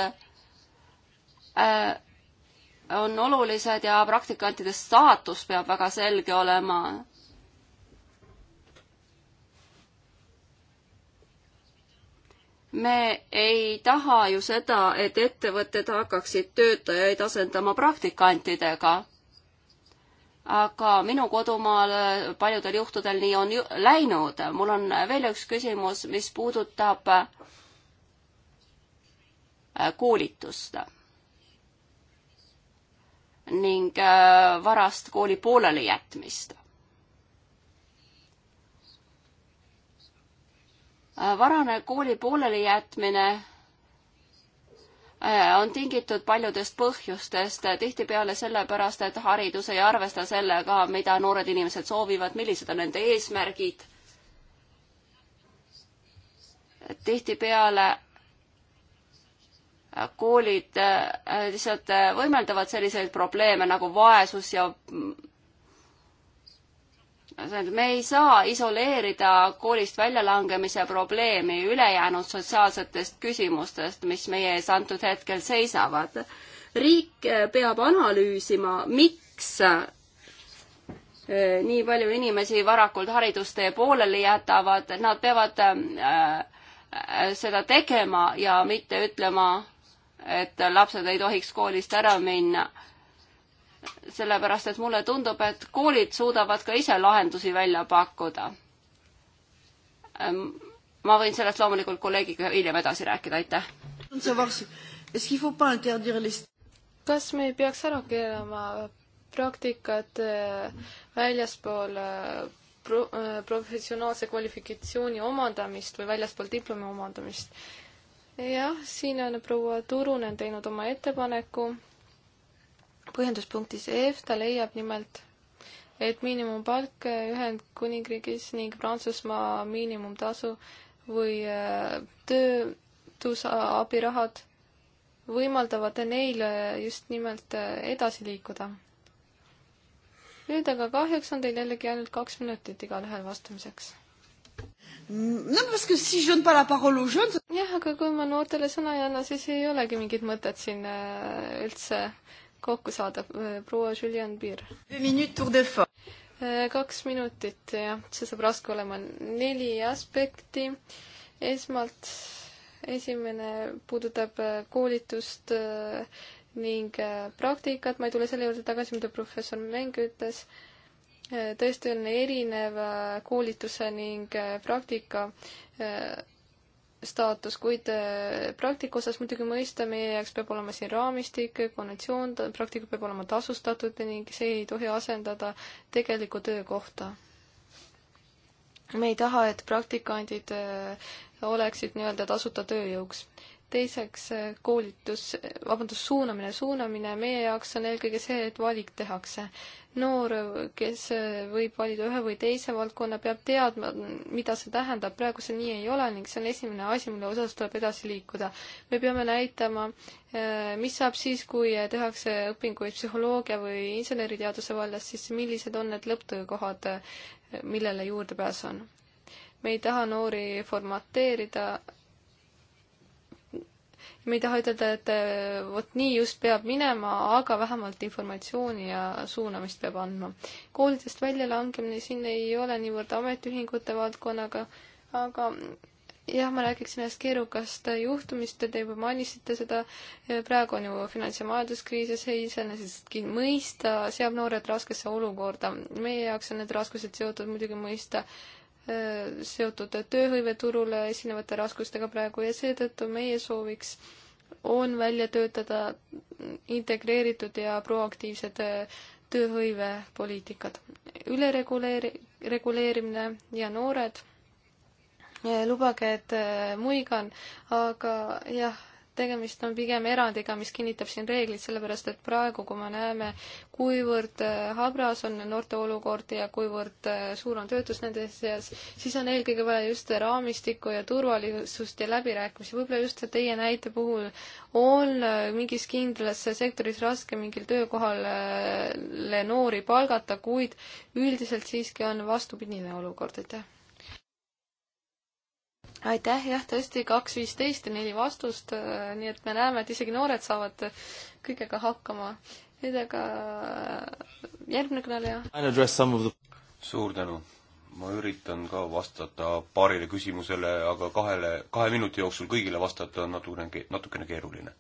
äh, on olulised ja praktikantide staatus peab väga selge olema me ei taha ju seda, et ettevõtted hakkaksid töötajaid asendama praktikantidega aga minu kodumaal paljudel juhtudel nii on ju läinud. mul on veel üks küsimus, mis puudutab äh, koolitust ning äh, varast kooli pooleli jätmist. Äh, varane kooli pooleli jätmine Äh, on tingitud paljudest põhjustest, äh, tihtipeale sellepärast, et haridus ei arvesta sellega, mida noored inimesed soovivad, millised on nende eesmärgid. tihtipeale äh, koolid lihtsalt võimeldavad selliseid probleeme nagu vaesus ja mm, me ei saa isoleerida koolist väljalangemise probleemi ülejäänud sotsiaalsetest küsimustest, mis meie ees antud hetkel seisavad. riik eh, peab analüüsima, miks eh, nii palju inimesi varakult haridustee pooleli jätavad, nad peavad eh, seda tegema ja mitte ütlema, et lapsed ei tohiks koolist ära minna sellepärast et mulle tundub, et koolid suudavad ka ise lahendusi välja pakkuda. Ehm, ma võin sellest loomulikult kolleegiga hiljem edasi rääkida, aitäh. kas me ei peaks ära keelama praktikad eh, väljaspool eh, pro-, eh, professionaalse kvalifikatsiooni omandamist või väljaspool diplomi omandamist? jah, siin on proua Turunen teinud oma ettepaneku põhjenduspunktis F ta leiab nimelt, et miinimumpalk Ühendkuningriigis ning Prantsusmaa miinimumtasu või äh, töötusabirahad võimaldavad neil äh, just nimelt äh, edasi liikuda. nüüd aga kahjuks on teil jällegi ainult kaks minutit igalühel vastamiseks. jah, aga kui ma noortele sõna ei anna, siis ei olegi mingit mõtet siin üldse kokku saada. Äh, proua Julian Piir. Äh, kaks minutit, jah, see saab raske olema. neli aspekti. esmalt, esimene puudutab äh, koolitust ning praktikat, ma ei tule selle juurde tagasi, mida professor Mäng ütles tõesti on erinev koolituse ning praktika staatus, kuid äh, praktika osas muidugi mõista, meie jaoks peab olema siin raamistik, konventsioon, praktika peab olema tasustatud ning see ei tohi asendada tegelikku töökohta. me ei taha, et praktikandid äh, oleksid nii-öelda tasuta tööjõuks teiseks eh, koolitus, eh, vabandust, suunamine, suunamine meie jaoks on eelkõige see, et valik tehakse. noor, kes eh, võib valida ühe või teise valdkonna, peab teadma, mida see tähendab, praegu see nii ei ole ning see on esimene asi, mille osas tuleb edasi liikuda. me peame näitama, mis saab siis, kui tehakse õpinguid psühholoogia või inseneriteaduse vallas, siis millised on need lõpptöökohad, millele juurdepääs on. me ei taha noori formateerida me ei taha ütelda, et eh, vot nii just peab minema, aga vähemalt informatsiooni ja suunamist peab andma. koolidest väljalangemine siin ei ole niivõrd ametiühingute valdkonnaga, aga jah, ma räägiksin ühest keerukast juhtumist, te juba mainisite seda, praegu on ju finants- ja majanduskriis ja see iseenesestki mõista seab noored raskesse olukorda. meie jaoks on need raskused seotud muidugi mõista Äh, seotud tööhõiveturule esinevate raskustega praegu ja seetõttu meie sooviks on välja töötada integreeritud ja proaktiivsed äh, tööhõivepoliitikad. ülereguleeri-, reguleerimine ja noored, äh, lubage, et muigan, aga jah, tegemist on pigem erandiga, mis kinnitab siin reeglid, sellepärast et praegu, kui me näeme, kuivõrd äh, habras on noorte olukord ja kuivõrd äh, suur on töötus nende seas, siis on eelkõige vaja just raamistikku ja turvalisust ja läbirääkimisi. võib-olla just teie näite puhul on äh, mingis kindlas sektoris raske mingil töökohale noori palgata, kuid üldiselt siiski on vastupidine olukord, aitäh aitäh, jah, tõesti kaks viisteist ja neli vastust, äh, nii et me näeme, et isegi noored saavad kõigega hakkama. nüüd aga äh, järgmine kõneleja. suur tänu. ma üritan ka vastata paarile küsimusele, aga kahele, kahe minuti jooksul kõigile vastata on natukene, natukene keeruline.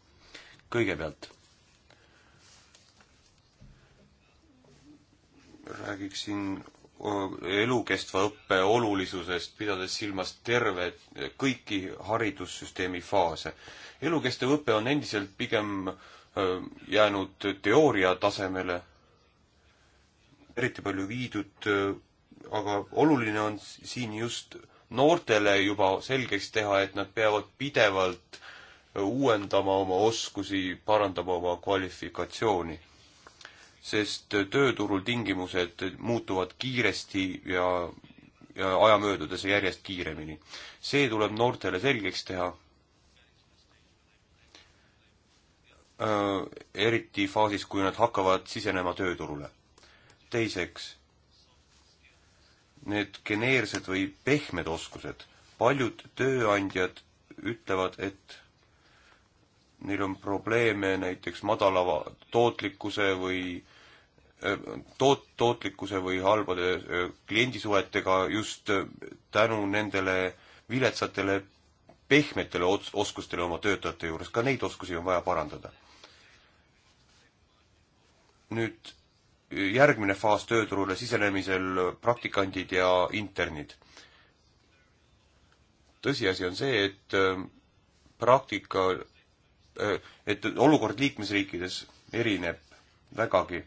kõigepealt räägiksin elukestva õppe olulisusest, pidades silmas terve, kõiki haridussüsteemi faase. elukestev õpe on endiselt pigem jäänud teooria tasemele, eriti palju viidud, aga oluline on siin just noortele juba selgeks teha, et nad peavad pidevalt uuendama oma oskusi, parandama oma kvalifikatsiooni sest tööturul tingimused muutuvad kiiresti ja, ja aja möödudes järjest kiiremini. see tuleb noortele selgeks teha äh,, eriti faasis, kui nad hakkavad sisenema tööturule. teiseks, need geneersed või pehmed oskused. paljud tööandjad ütlevad, et neil on probleeme näiteks madala tootlikkuse või toot-, tootlikkuse või halbade kliendisuhetega just tänu nendele viletsatele pehmetele ots-, oskustele oma töötajate juures, ka neid oskusi on vaja parandada. nüüd järgmine faas tööturule sisenemisel praktikandid ja internid. tõsiasi on see, et praktikal Äh, et olukord liikmesriikides erineb vägagi.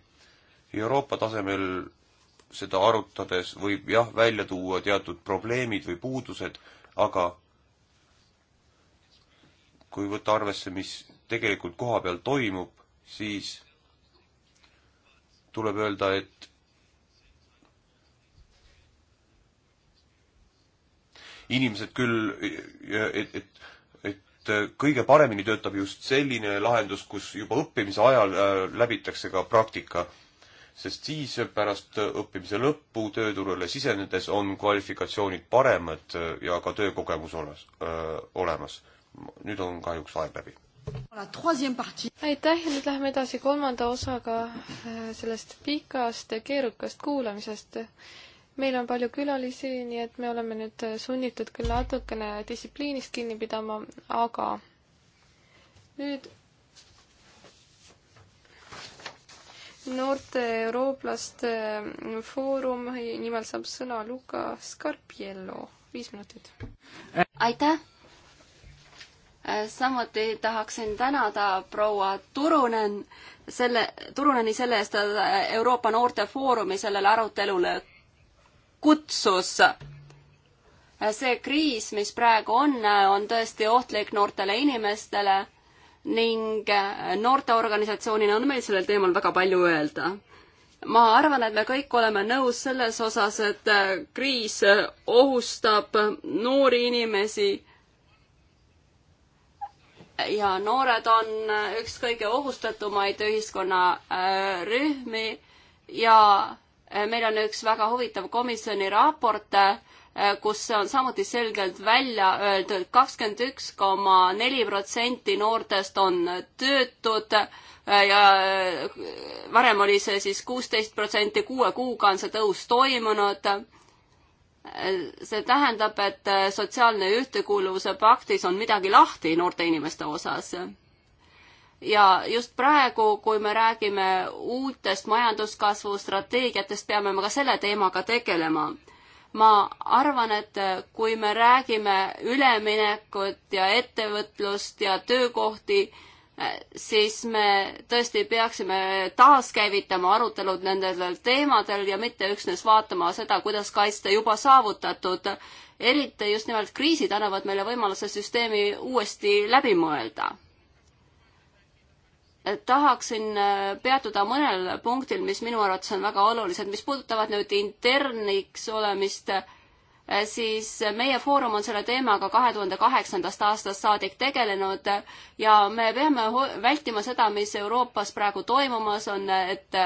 Euroopa tasemel seda arutades võib jah, välja tuua teatud probleemid või puudused, aga kui võtta arvesse, mis tegelikult koha peal toimub, siis tuleb öelda, et inimesed küll, et, et Äh, kõige paremini töötab just selline lahendus, kus juba õppimise ajal äh, läbitakse ka praktika. sest siis pärast äh, õppimise lõppu tööturule sisenedes on kvalifikatsioonid paremad ja ka töökogemus oles, öö, olemas. nüüd on kahjuks aeg läbi. aitäh ja nüüd läheme edasi kolmanda osaga sellest pikast ja keerukast kuulamisest meil on palju külalisi, nii et me oleme nüüd sunnitud küll natukene distsipliinist kinni pidama, aga nüüd noorte eurooplaste mm, foorum, nimelt saab sõna Luka Scarpiello, viis minutit. aitäh! samuti tahaksin tänada proua Turunen selle, Turuneni selle eest, et Euroopa Noortefoorumi sellele arutelule kutsus. see kriis, mis praegu on, on tõesti ohtlik noortele inimestele ning noorteorganisatsioonina on meil sellel teemal väga palju öelda ma arvan, et me kõik oleme nõus selles osas, et kriis ohustab noori inimesi. ja noored on üks kõige ohustatumaid ühiskonnarühmi äh, ja Äh, meil on üks väga huvitav komisjoni raport, äh, kus on samuti selgelt välja öeldud, kakskümmend üks koma neli protsenti noortest on töötud äh, ja varem oli see siis kuusteist protsenti, kuue kuuga on see tõus toimunud. see tähendab, et sotsiaalne ühtekuuluvuse paktis on midagi lahti noorte inimeste osas ja just praegu, kui me räägime uutest majanduskasvu strateegiatest, peame me ka selle teemaga tegelema. ma arvan, et kui me räägime üleminekut ja ettevõtlust ja töökohti, siis me tõesti peaksime taaskäivitama arutelud nendel teemadel ja mitte üksnes vaatama seda, kuidas kaitsta juba saavutatud. eriti just nimelt kriisid annavad meile võimaluse süsteemi uuesti läbi mõelda tahaksin äh, peatuda mõnel punktil, mis minu arvates on väga olulised, mis puudutavad nüüd interniks olemist, äh, siis meie foorum on selle teemaga kahe tuhande kaheksandast aastast saadik tegelenud ja me peame vältima seda, mis Euroopas praegu toimumas on, et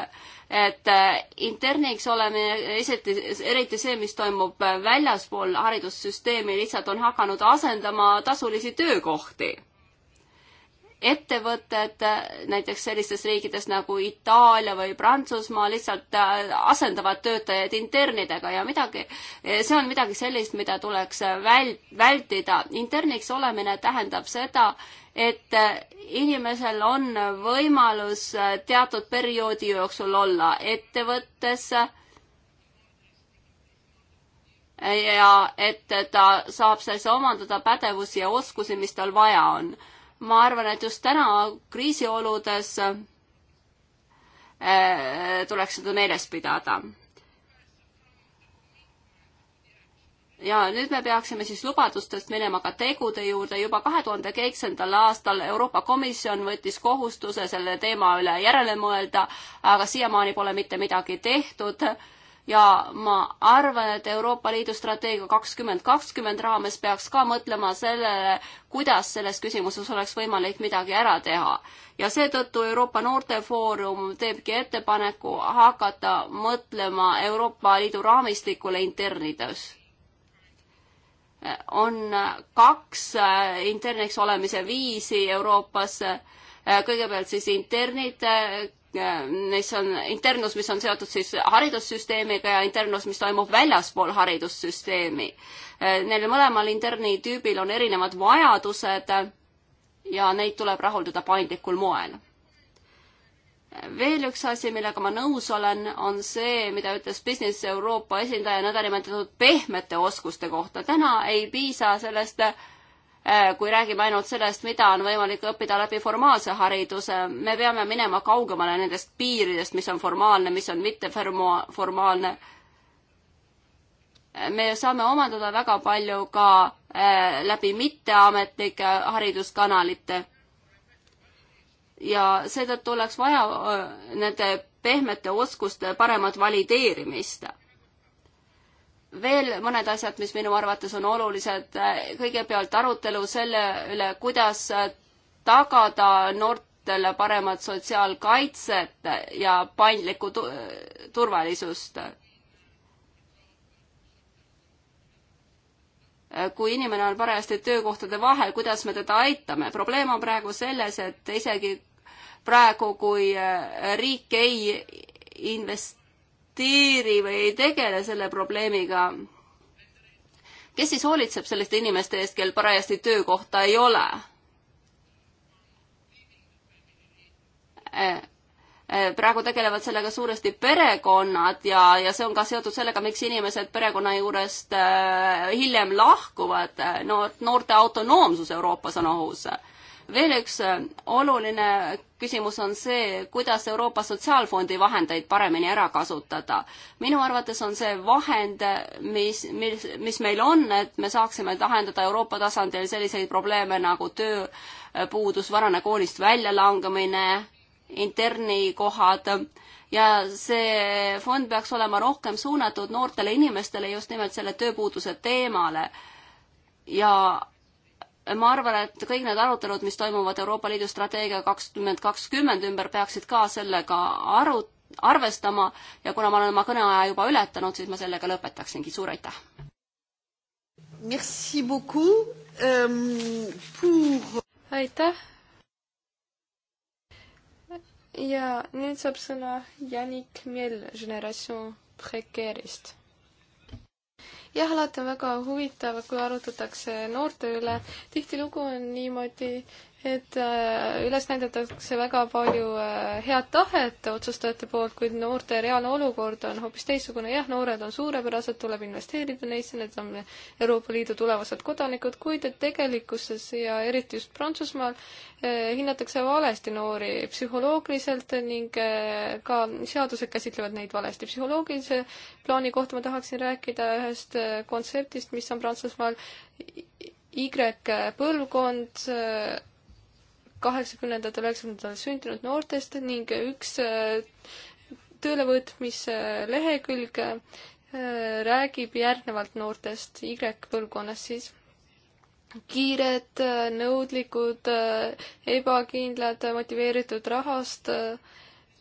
et äh, interniks olemine, esiti, eriti see, mis toimub väljaspool haridussüsteemi, lihtsalt on hakanud asendama tasulisi töökohti ettevõtted näiteks sellistes riikides nagu Itaalia või Prantsusmaa lihtsalt äh, asendavad töötajaid internidega ja midagi, see on midagi sellist, mida tuleks väl-, vältida. interniks olemine tähendab seda, et äh, inimesel on võimalus äh, teatud perioodi jooksul olla ettevõttes ja et ta saab siis omandada pädevusi ja oskusi, mis tal vaja on ma arvan, et just täna kriisioludes äh, tuleks seda meeles pidada. ja nüüd me peaksime siis lubadustest minema ka tegude juurde. juba kahe tuhande kaheksandal aastal Euroopa Komisjon võttis kohustuse selle teema üle järele mõelda, aga siiamaani pole mitte midagi tehtud ja ma arvan, et Euroopa Liidu strateegia kakskümmend kakskümmend raames peaks ka mõtlema sellele, kuidas selles küsimuses oleks võimalik midagi ära teha. ja seetõttu Euroopa Noortefoorum teebki ettepaneku hakata mõtlema Euroopa Liidu raamistikule internides on kaks äh, interniks olemise viisi Euroopas äh, kõigepealt siis internid, äh, Äh, mis on internus, mis on seotud siis haridussüsteemiga ja internus, mis toimub väljaspool haridussüsteemi. Äh, neil mõlemal interni tüübil on erinevad vajadused ja neid tuleb rahuldada paindlikul moel. veel üks asi, millega ma nõus olen, on see, mida ütles Business Euroopa esindaja nõndanimetatud pehmete oskuste kohta. täna ei piisa sellest äh, Äh, kui räägime ainult sellest, mida on võimalik õppida läbi formaalse hariduse, me peame minema kaugemale nendest piiridest, mis on formaalne, mis on mitteformaalne. me saame omandada väga palju ka äh, läbi mitteametlike hariduskanalite. ja seetõttu oleks vaja äh, nende pehmete oskuste paremat valideerimist veel mõned asjad, mis minu arvates on olulised. kõigepealt arutelu selle üle, kuidas tagada noortele paremat sotsiaalkaitset ja paindlikku turvalisust. kui inimene on parajasti töökohtade vahel, kuidas me teda aitame? probleem on praegu selles, et isegi praegu, kui riik ei invest-, aktsepteeri või ei tegele selle probleemiga, kes siis hoolitseb selliste inimeste eest, kel parajasti töökohta ei ole? Äh, äh, praegu tegelevad sellega suuresti perekonnad ja, ja see on ka seotud sellega, miks inimesed perekonna juurest äh, hiljem lahkuvad. no noorte autonoomsus Euroopas on ohus veel üks äh, oluline küsimus on see, kuidas Euroopa Sotsiaalfondi vahendeid paremini ära kasutada. minu arvates on see vahend, mis, mis, mis meil on, et me saaksime lahendada Euroopa tasandil selliseid probleeme nagu tööpuudus, varane koolist väljalangemine, internikohad ja see fond peaks olema rohkem suunatud noortele inimestele just nimelt selle tööpuuduse teemale ja ma arvan, et kõik need arutelud, mis toimuvad Euroopa Liidu strateegia kakskümmend kakskümmend ümber, peaksid ka sellega aru, arvestama ja kuna ma olen oma kõneaja juba ületanud, siis ma sellega lõpetaksingi, suur aitäh! Merci beaucoup um, pour... aitäh! ja nüüd saab sõna Janik Mjell Generatsioon Precairist jah, alati on väga huvitav, kui arutatakse noorte üle. tihtilugu on niimoodi, et üles näidatakse väga palju head tahet otsustajate poolt, kuid noorte reaalne olukord on hoopis teistsugune. jah, noored on suurepärased, tuleb investeerida neisse, need on Euroopa Liidu tulevased kodanikud, kuid et tegelikkuses ja eriti just Prantsusmaal eh, hinnatakse valesti noori psühholoogiliselt ning eh, ka seadused käsitlevad neid valesti. psühholoogilise plaani kohta ma tahaksin rääkida ühest kontseptist, mis on Prantsusmaal Y põlvkond eh, kaheksakümnendatel, üheksakümnendatel sündinud noortest ning üks äh, töölevõtmise äh, lehekülg äh, räägib järgnevalt noortest Y põlvkonnast siis. kiired, nõudlikud, ebakindlad, motiveeritud rahast,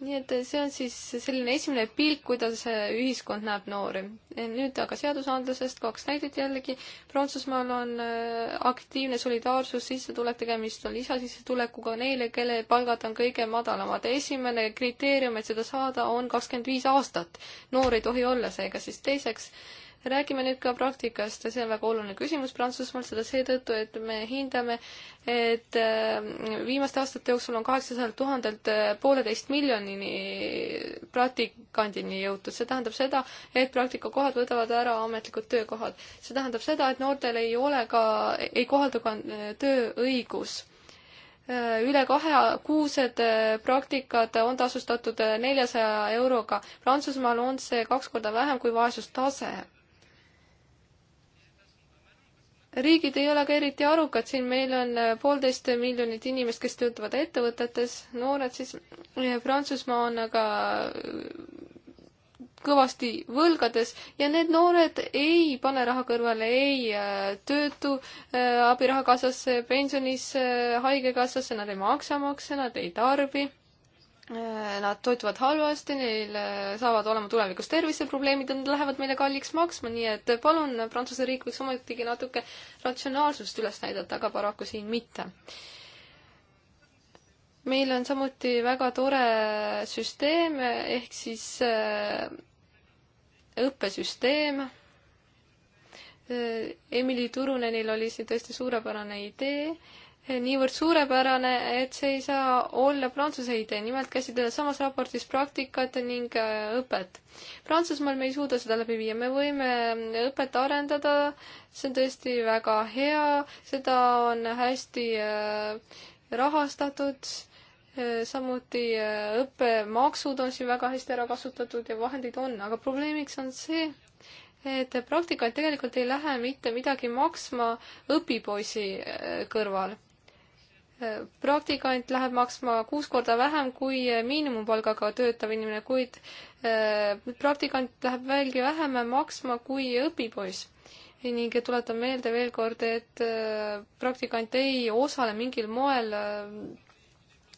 nii et see on siis selline esimene pilk, kuidas ühiskond näeb noori. nüüd aga seadusandlusest kaks näidet jällegi. Prantsusmaal on äh, aktiivne solidaarsus, sissetulek, tegemist on lisasissetulekuga neile, kelle palgad on kõige madalamad. esimene kriteerium, et seda saada, on kakskümmend viis aastat. noor ei tohi olla seega siis teiseks räägime nüüd ka praktikast ja see on väga oluline küsimus Prantsusmaal, seda seetõttu, et me hindame, et äh, viimaste aastate jooksul on kaheksasajalt tuhandelt äh, pooleteist miljonini praktikandini jõutud. see tähendab seda, et praktikakohad võtavad ära ametlikud töökohad. see tähendab seda, et noortel ei ole ka, ei kohaldu ka äh, tööõigus üle kahekuused praktikad on tasustatud neljasaja euroga. Prantsusmaal on see kaks korda vähem kui vaesustase riigid ei ole ka eriti arukad, siin meil on äh, poolteist miljonit inimest, kes töötavad ettevõtetes, noored siis, Prantsusmaa on aga äh, kõvasti võlgades ja need noored ei pane raha kõrvale ei äh, töötu abiraha kassasse, pensionisse, haigekassasse, nad ei maksa makse, nad ei tarbi Nad toituvad halvasti, neil äh, saavad olema tulevikus terviseprobleemid ja nad lähevad meile kalliks maksma, nii et palun, Prantsuse riik võiks ometigi natuke ratsionaalsust üles näidata, aga paraku siin mitte. meil on samuti väga tore süsteem ehk siis äh, õppesüsteem. Äh, Emily Turunenil oli siin tõesti suurepärane idee niivõrd suurepärane, et see ei saa olla Prantsuse idee, nimelt käsitleda samas raportis praktikat ning äh, õpet. Prantsusmaal me ei suuda seda läbi viia, me võime õpet arendada, see on tõesti väga hea, seda on hästi äh, rahastatud, äh, samuti õppemaksud on siin väga hästi ära kasutatud ja vahendeid on, aga probleemiks on see, et praktikaid tegelikult ei lähe mitte midagi maksma õpipoisi kõrval praktikant läheb maksma kuus korda vähem kui miinimumpalgaga töötav inimene, kuid äh, praktikant läheb veelgi vähem maksma kui õpipoiss. ning tuletan meelde veel kord, et äh, praktikant ei osale mingil moel äh,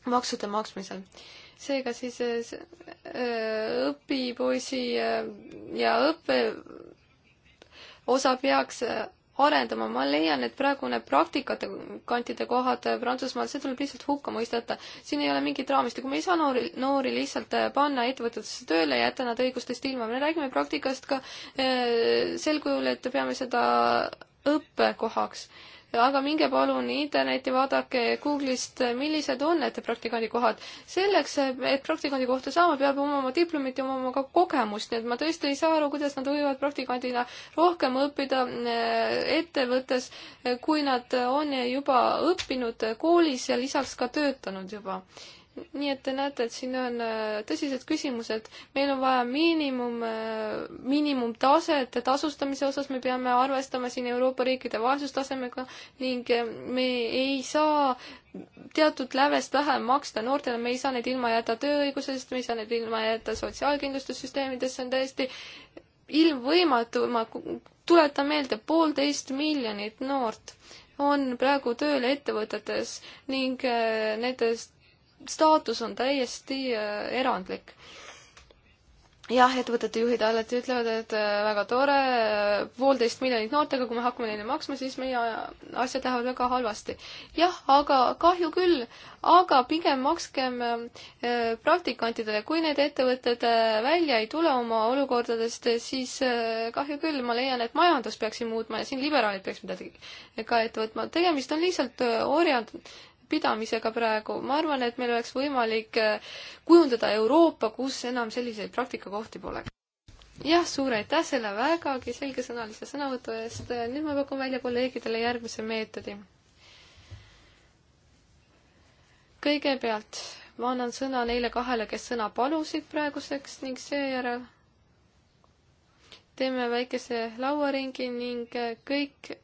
maksude maksmisel. seega siis õpipoisi ja õppe osa peaks arendama. ma leian, et praegune praktikate kantide kohad Prantsusmaal, see tuleb lihtsalt hukka mõisteta. siin ei ole mingit raamistikku, me ei saa noori, noori lihtsalt äh, panna ettevõtetesse tööle ja jätta nad õigustest ilma. me räägime praktikast ka äh, sel kujul, et peame seda õppekohaks aga minge palun interneti, vaadake Google'ist, millised on need praktikandikohad. selleks, et praktikandi kohta saama, peab omama diplomit ja omama ka kogemust, nii et ma tõesti ei saa aru, kuidas nad võivad praktikandina rohkem õppida eh, ettevõttes, eh, kui nad on juba õppinud koolis ja lisaks ka töötanud juba nii et te näete, et siin on äh, tõsised küsimused. meil on vaja miinimum, äh, miinimumtaset tasustamise osas, me peame arvestama siin Euroopa riikide vaesustasemega ning äh, me ei saa teatud lävest vähem maksta noortele, me ei saa neid ilma jätta tööõigusest, me ei saa neid ilma jätta sotsiaalkindlustussüsteemidest, see on täiesti ilmvõimatu, ma tuletan meelde, poolteist miljonit noort on praegu tööl ettevõtetes ning nendest staatus on täiesti äh, erandlik. jah, ettevõtete juhid alati ütlevad, et äh, väga tore, äh, poolteist miljonit noortega, kui me hakkame neile maksma, siis meie asjad lähevad väga halvasti. jah, aga kahju küll, aga pigem makskem praktikantidele, kui need ettevõtted välja ei tule oma olukordadest, siis kahju küll, ma leian, et majandus peaks siin muutma ja siin liberaalid peaks midagi ka ette võtma. tegemist on lihtsalt orjand-, pidamisega praegu. ma arvan, et meil oleks võimalik äh, kujundada Euroopa, kus enam selliseid praktikakohti pole. jah, suur aitäh selle vägagi selgesõnalise sõnavõtu eest. Äh, nüüd ma pakun välja kolleegidele järgmise meetodi. kõigepealt ma annan sõna neile kahele, kes sõna palusid praeguseks ning seejärel teeme väikese lauaringi ning äh, kõik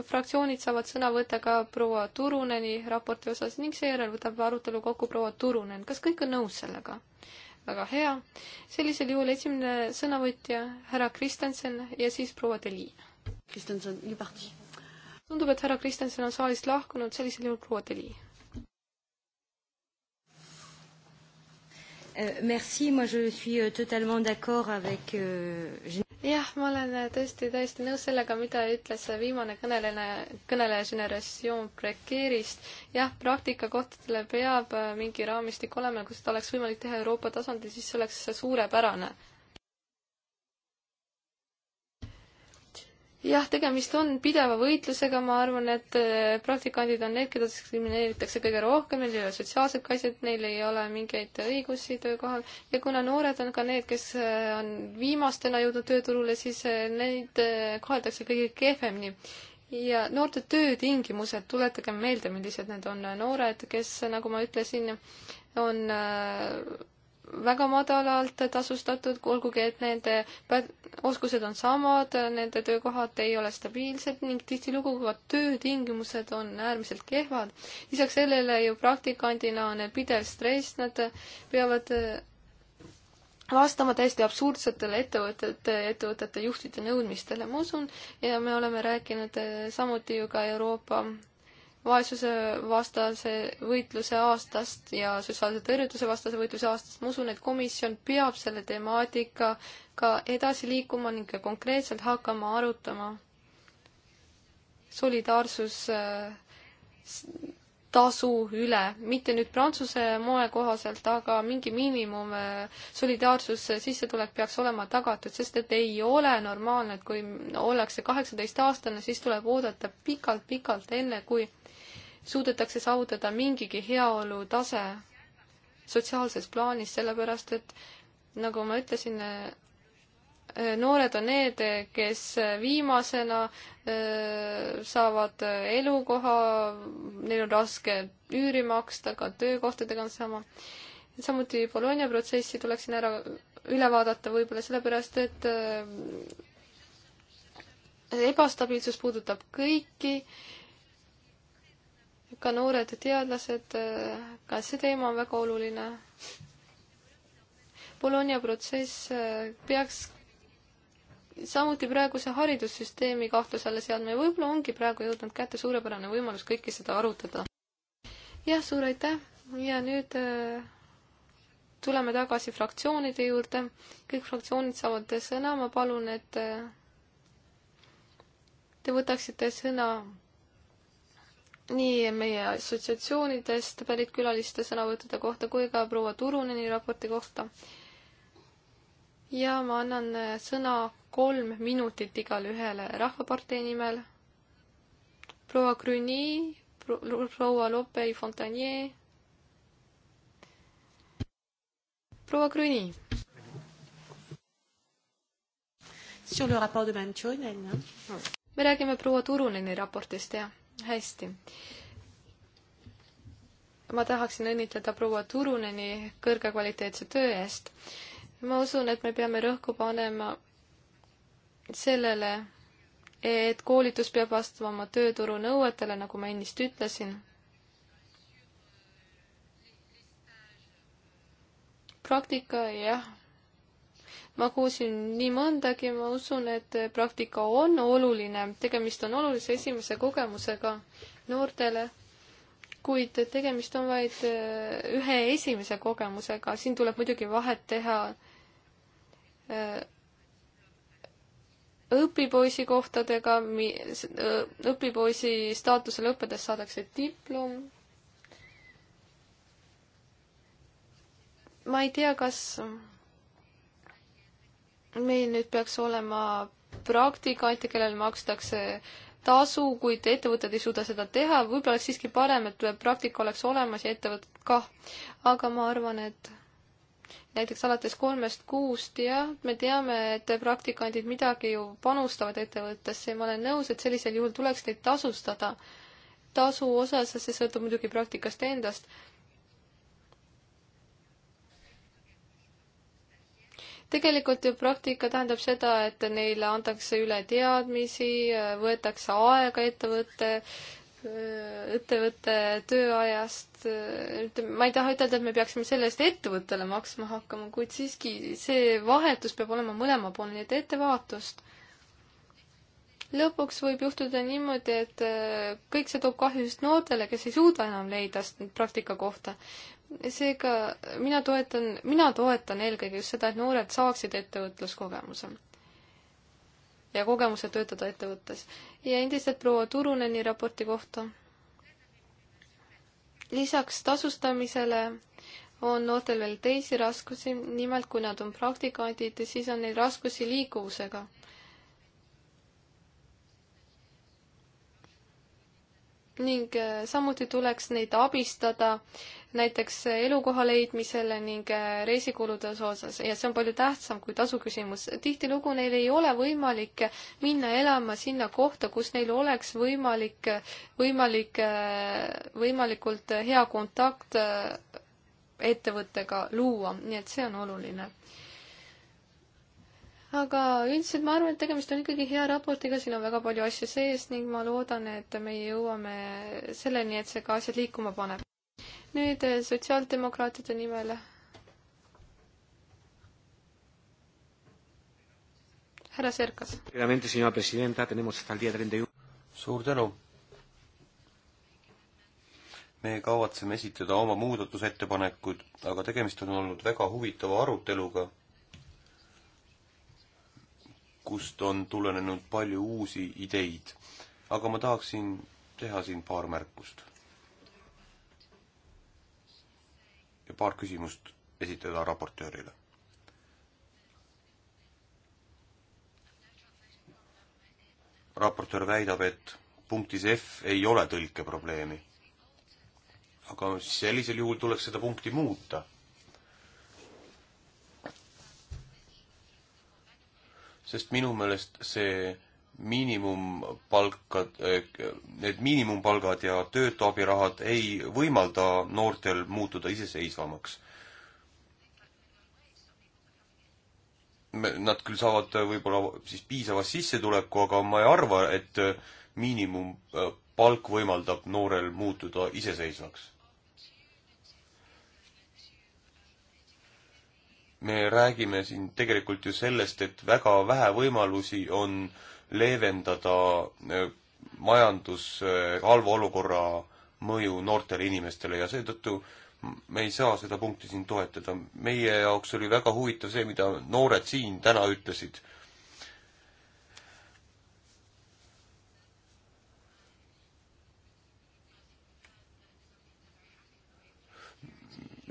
fraktsioonid saavad sõna võtta ka proua Turuneni raporti osas ning seejärel võtab arutelu kokku proua Turunen. kas kõik on nõus sellega? väga hea. sellisel juhul esimene sõnavõtja härra Kristjanson ja siis proua Deli. Kristjanson, nii parti. tundub, et härra Kristjanson on saalist lahkunud, sellisel juhul proua Deli. Euh, merci, moi je suis euh, totalement d'accord avec euh, jah, ma olen äh, tõesti täiesti nõus sellega, mida ütles äh, viimane kõneleja, kõneleja generatsioon prekeerist. jah, praktikakohtadele peab äh, mingi raamistik olema, kui seda oleks võimalik teha Euroopa tasandil, siis see oleks suurepärane. jah, tegemist on pideva võitlusega, ma arvan, et eh, praktikandid on need, keda diskrimineeritakse kõige rohkem, neil ei ole sotsiaalsed kaitsed, neil ei ole mingeid õigusi töökohal ja kuna noored on ka need, kes eh, on viimastena jõudnud tööturule, siis eh, neid koheldakse kõige kehvemini. ja noorte töötingimused, tuletagem meelde, millised need on, noored, kes, nagu ma ütlesin, on väga madalalt tasustatud, olgugi et nende oskused on samad, nende töökohad ei ole stabiilsed ning tihtilugu ka töötingimused on äärmiselt kehvad. lisaks sellele ju praktikandina on neil pidev stress, nad peavad äh, vastama täiesti absurdsetele ettevõtete, ettevõtete juhtide nõudmistele, ma usun, ja me oleme rääkinud äh, samuti ju ka Euroopa vaesusevastase võitluse aastast ja sotsiaalse tõrjutuse vastase võitluse aastast, ma usun, et komisjon peab selle temaatikaga edasi liikuma ning konkreetselt hakkama arutama solidaarsus äh, tasu üle, mitte nüüd prantsuse moe kohaselt, aga mingi miinimum äh, solidaarsus äh, sissetulek peaks olema tagatud, sest et ei ole normaalne, et kui ollakse kaheksateist aastane, siis tuleb oodata pikalt-pikalt enne, kui suudetakse saavutada mingigi heaolu tase sotsiaalses plaanis, sellepärast et nagu ma ütlesin, eh, eh, noored on need, kes viimasena eh, saavad elukoha, neil on raske üüri maksta, ka töökohtadega on sama. samuti Bologna protsessi tuleks siin ära, üle vaadata võib-olla sellepärast, et ebastabiilsus puudutab kõiki ka noored teadlased, ka see teema on väga oluline. Bologna protsess äh, peaks samuti praeguse haridussüsteemi kahtluse alla seadma ja võib-olla ongi praegu jõudnud kätte suurepärane võimalus kõike seda arutada. jah, suur aitäh ja nüüd äh, tuleme tagasi fraktsioonide juurde. kõik fraktsioonid saavad sõna, ma palun, et äh, te võtaksite sõna nii meie assotsiatsioonidest pärit külaliste sõnavõttude kohta kui ka proua Turuneni raporti kohta. ja ma annan sõna kolm minutit igale ühele Rahvapartei nimel. proua Grüni, proua Lopei Fontanier. proua Grüni. me räägime proua Turuneni raportist, jah hästi. ma tahaksin õnnitleda proua Turuneni kõrgekvaliteetse töö eest. ma usun, et me peame rõhku panema sellele, et koolitus peab vastama tööturu nõuetele, nagu ma ennist ütlesin. praktika, jah ma kuulsin nii mõndagi, ma usun, et praktika on oluline, tegemist on olulise esimese kogemusega noortele, kuid tegemist on vaid äh, ühe esimese kogemusega, siin tuleb muidugi vahet teha äh, õpipoisi kohtadega, äh, õpipoisi staatuse lõppedes saadakse diplom. ma ei tea, kas meil nüüd peaks olema praktikante, kellele makstakse tasu, kuid ettevõtted ei suuda seda teha, võib-olla oleks siiski parem, et praktika oleks olemas ja ettevõtted kah. aga ma arvan, et näiteks alates kolmest kuust, jah, me teame, et praktikandid midagi ju panustavad ettevõttesse ja ma olen nõus, et sellisel juhul tuleks neid tasustada. tasu osas, see sõltub muidugi praktikast endast tegelikult ju praktika tähendab seda, et neile antakse üle teadmisi, võetakse aega ettevõtte, ettevõtte tööajast, ütleme, ma ei taha ütelda, et me peaksime selle eest ettevõttele maksma hakkama, kuid siiski see vahetus peab olema mõlemapoolne, nii et ettevaatust. lõpuks võib juhtuda niimoodi, et kõik see toob kahju just noortele, kes ei suuda enam leida praktikakohta seega mina toetan, mina toetan eelkõige just seda, et noored saaksid ettevõtluskogemuse ja kogemuse töötada ettevõttes. ja endiselt proua Turuneni raporti kohta. lisaks tasustamisele on noortel veel teisi raskusi, nimelt kui nad on praktikandid, siis on neil raskusi liikuvusega. ning äh, samuti tuleks neid abistada näiteks elukoha leidmisele ning äh, reisikulude osas ja see on palju tähtsam kui tasuküsimus. tihtilugu neil ei ole võimalik minna elama sinna kohta, kus neil oleks võimalik, võimalik, äh, võimalikult hea kontakt ettevõttega luua, nii et see on oluline aga üldiselt ma arvan, et tegemist on ikkagi hea raportiga, siin on väga palju asju sees ning ma loodan, et me jõuame selleni, et see ka asjad liikuma paneb. nüüd eh, sotsiaaldemokraatide nimel. härra Serkas. suur tänu me kavatseme esitada oma muudatusettepanekud, aga tegemist on olnud väga huvitava aruteluga kust on tulenenud palju uusi ideid. aga ma tahaksin teha siin paar märkust. ja paar küsimust esitada raportöörile. raportöör väidab, et punktis F ei ole tõlkeprobleemi. aga sellisel juhul tuleks seda punkti muuta sest minu meelest see miinimumpalkad, need miinimumpalgad ja töötu abirahad ei võimalda noortel muutuda iseseisvamaks. Nad küll saavad võib-olla siis piisava sissetuleku, aga ma ei arva, et miinimumpalk võimaldab noorel muutuda iseseisvaks. me räägime siin tegelikult ju sellest, et väga vähe võimalusi on leevendada äh, majandus äh, halva olukorra mõju noortele inimestele ja seetõttu me ei saa seda punkti siin toetada. meie jaoks oli väga huvitav see, mida noored siin täna ütlesid.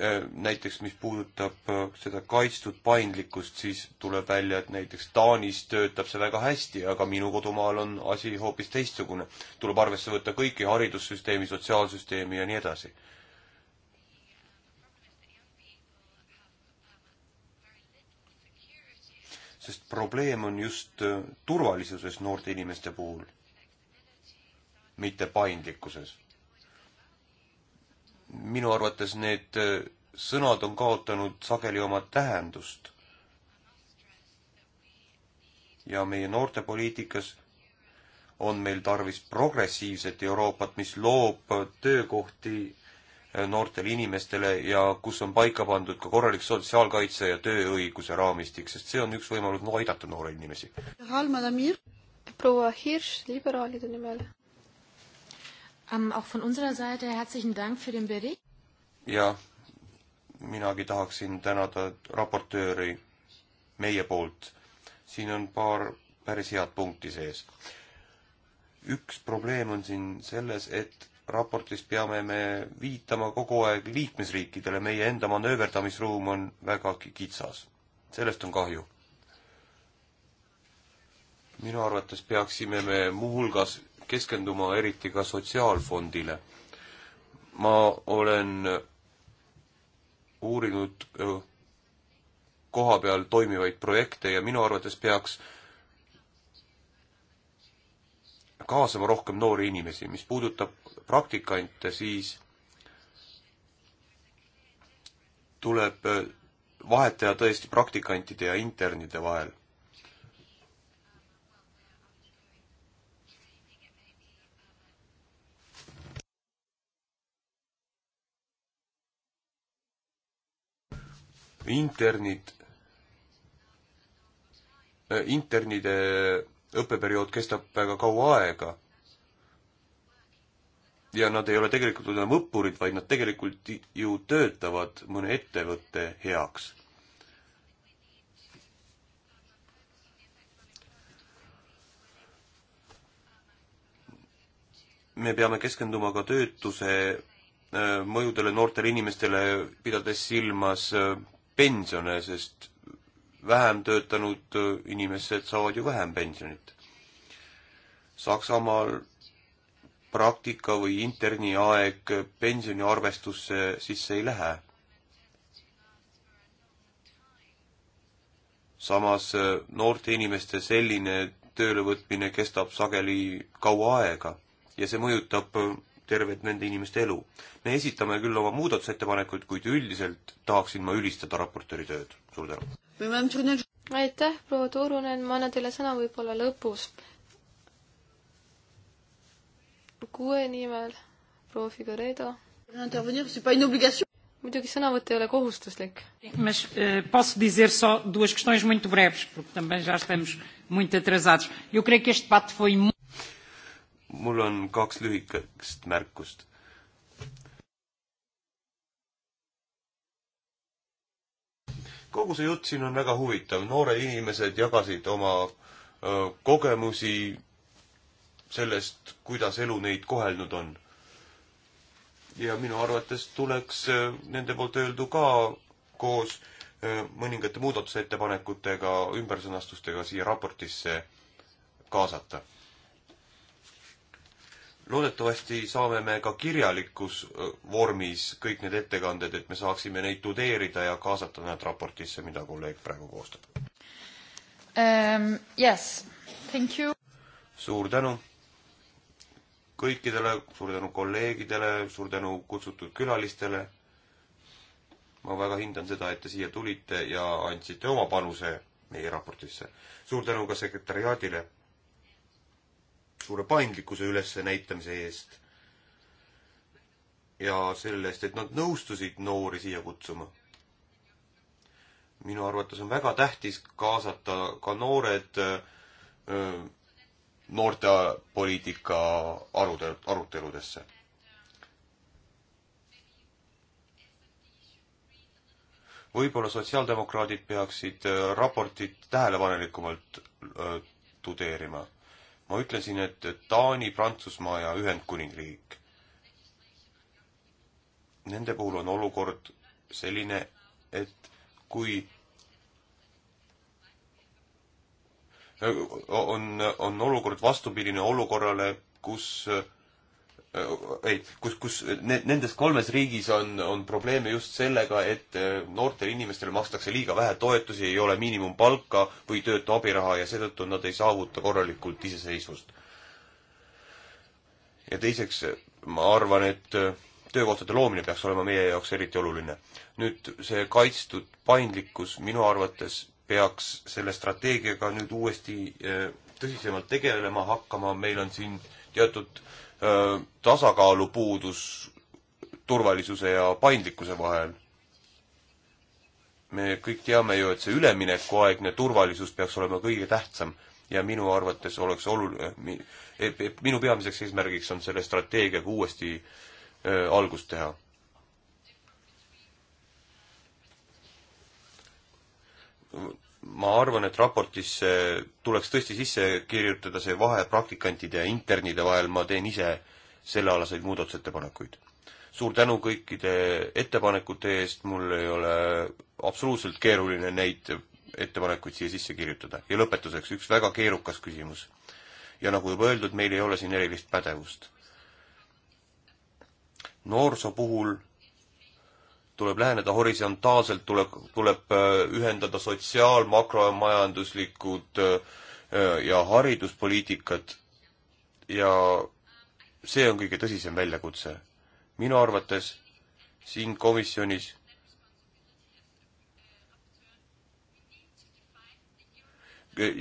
Äh, näiteks mis puudutab äh, seda kaitstud paindlikkust, siis tuleb välja, et näiteks Taanis töötab see väga hästi, aga minu kodumaal on asi hoopis teistsugune. tuleb arvesse võtta kõiki haridussüsteemi, sotsiaalsüsteemi ja nii edasi. sest probleem on just äh, turvalisuses noorte inimeste puhul, mitte paindlikkuses minu arvates need äh, sõnad on kaotanud sageli oma tähendust. ja meie noortepoliitikas on meil tarvis progressiivset Euroopat, mis loob töökohti äh, noortele inimestele ja kus on paika pandud ka korralik sotsiaalkaitse ja tööõiguse raamistik, sest see on üks võimalus no, aidata noori inimesi. proua Hirš liberaalide nimel Ähm, auch von unserer Seite herzlichen Dank für den Bericht. Ja, minagi tahaksin tänada raportööri meie poolt. siin on paar päris head punkti sees. üks probleem on siin selles, et raportis peame me viitama kogu aeg liikmesriikidele, meie enda manööverdamisruum on väga kitsas. sellest on kahju. minu arvates peaksime me muuhulgas keskenduma eriti ka sotsiaalfondile. ma olen uurinud äh, koha peal toimivaid projekte ja minu arvates peaks kaasama rohkem noori inimesi. mis puudutab praktikante, siis tuleb äh, vahetada tõesti praktikantide ja internide vahel. internid, äh, internide õppeperiood kestab väga kaua aega. ja nad ei ole tegelikult enam õppurid, vaid nad tegelikult ju töötavad mõne ettevõtte heaks me peame keskenduma ka töötuse äh, mõjudele noortele inimestele, pidades silmas äh, pensione, sest vähem töötanud äh, inimesed saavad ju vähem pensionit. Saksamaal praktika või interni aeg pensioni arvestusse sisse ei lähe. samas äh, noorte inimeste selline töölevõtmine kestab sageli kaua aega ja see mõjutab äh, tervet nende inimeste elu. me esitame küll oma muudatusettepanekuid, kuid üldiselt tahaksin ma ülistada raportööri tööd. suur tänu! aitäh, proua Turunen, ma annan teile sõna võib-olla lõpus. kuue nimel proua Figueredo. muidugi sõnavõtt ei ole kohustuslik. Mas eh, posso dizer só duas questões muito breves, porque também já estamos muito atrasados. Eu creio que este debate foi mul on kaks lühikest märkust. kogu see jutt siin on väga huvitav, noored inimesed jagasid oma öö, kogemusi sellest, kuidas elu neid kohelnud on. ja minu arvates tuleks öö, nende poolt öeldu ka koos öö, mõningate muudatusettepanekutega, ümbersõnastustega siia raportisse kaasata loodetavasti saame me ka kirjalikus vormis kõik need ettekanded, et me saaksime neid tudeerida ja kaasata nad raportisse, mida kolleeg praegu koostab um,. Yes, thank you. suur tänu kõikidele, suur tänu kolleegidele, suur tänu kutsutud külalistele. ma väga hindan seda, et te siia tulite ja andsite oma panuse meie raportisse. suur tänu ka sekretäriaadile suure paindlikkuse ülesnäitamise eest. ja selle eest, et nad nõustusid noori siia kutsuma. minu arvates on väga tähtis kaasata ka noored noortepoliitika arutel-, aruteludesse. võib-olla sotsiaaldemokraadid peaksid raportit tähelepanelikumalt tudeerima ma ütlesin, et Taani, Prantsusmaa ja Ühendkuningriik. Nende puhul on olukord selline, et kui on, on olukord vastupidine olukorrale, kus Äh, ei, kus, kus ne, nendes kolmes riigis on, on probleeme just sellega, et äh, noortele inimestele makstakse liiga vähe toetusi, ei ole miinimumpalka või töötu abiraha ja seetõttu nad ei saavuta korralikult iseseisvust. ja teiseks, ma arvan, et äh, töökohtade loomine peaks olema meie jaoks eriti oluline. nüüd see kaitstud paindlikkus minu arvates peaks selle strateegiaga nüüd uuesti tõsisemalt tegelema hakkama, meil on siin teatud äh, tasakaalu puudus turvalisuse ja paindlikkuse vahel. me kõik teame ju, et see üleminekuaegne turvalisus peaks olema kõige tähtsam ja minu arvates oleks oluline, eh, e-, minu peamiseks eesmärgiks on selle strateegiaga uuesti algust teha ma arvan, et raportisse tuleks tõesti sisse kirjutada see vahe praktikantide ja internide vahel, ma teen ise sellealaseid muudatusettepanekuid. suur tänu kõikide ettepanekute eest, mul ei ole absoluutselt keeruline neid ettepanekuid siia sisse kirjutada. ja lõpetuseks üks väga keerukas küsimus. ja nagu juba öeldud, meil ei ole siin erilist pädevust. noorsoo puhul tuleb läheneda horisontaalselt, tuleb, tuleb äh, ühendada sotsiaal-, makromajanduslikud äh, äh, ja hariduspoliitikad ja see on kõige tõsisem väljakutse. minu arvates siin komisjonis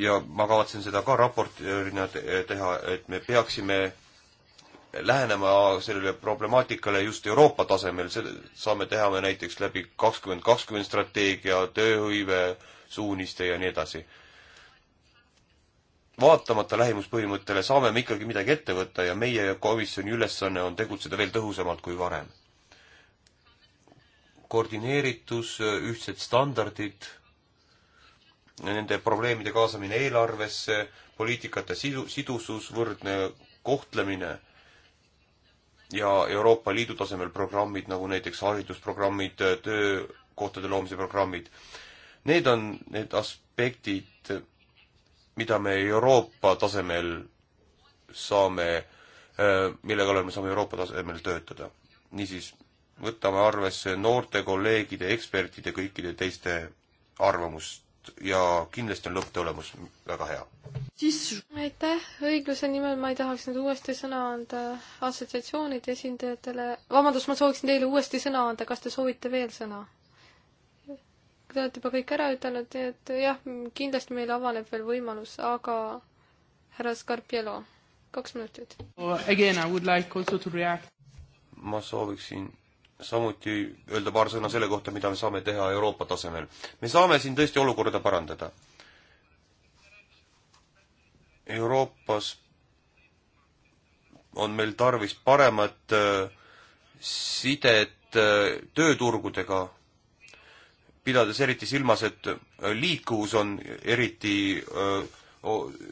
ja ma kavatsen seda ka raportina teha, et me peaksime lähenema sellele problemaatikale just Euroopa tasemel, selle saame teha me näiteks läbi kakskümmend kakskümmend strateegia, tööhõive suuniste ja nii edasi. vaatamata lähimuspõhimõttele saame me ikkagi midagi ette võtta ja meie komisjoni ülesanne on tegutseda veel tõhusamalt kui varem. koordineeritus, ühtsed standardid, nende probleemide kaasamine eelarvesse, poliitikate sidu, sidusus, võrdne kohtlemine ja Euroopa Liidu tasemel programmid, nagu näiteks haridusprogrammid, töökohtade loomise programmid. Need on need aspektid, mida me Euroopa tasemel saame, mille kallal me saame Euroopa tasemel töötada. niisiis, võtame arvesse noorte kolleegide, ekspertide, kõikide teiste arvamust ja kindlasti on lõpptulemus väga hea. aitäh, õigluse nimel ma ei tahaks nüüd uuesti sõna anda assotsiatsioonide esindajatele, vabandust, ma sooviksin teile uuesti sõna anda, kas te soovite veel sõna? Te olete juba kõik ära ütelnud, nii et jah, kindlasti meil avaneb veel võimalus, aga härra Scarpiello, kaks minutit. Again, I would like also to react. ma sooviksin samuti öelda paar sõna selle kohta, mida me saame teha Euroopa tasemel. me saame siin tõesti olukorda parandada. Euroopas on meil tarvis paremat äh, sidet äh, tööturgudega, pidades eriti silmas, et äh, liikuvus on eriti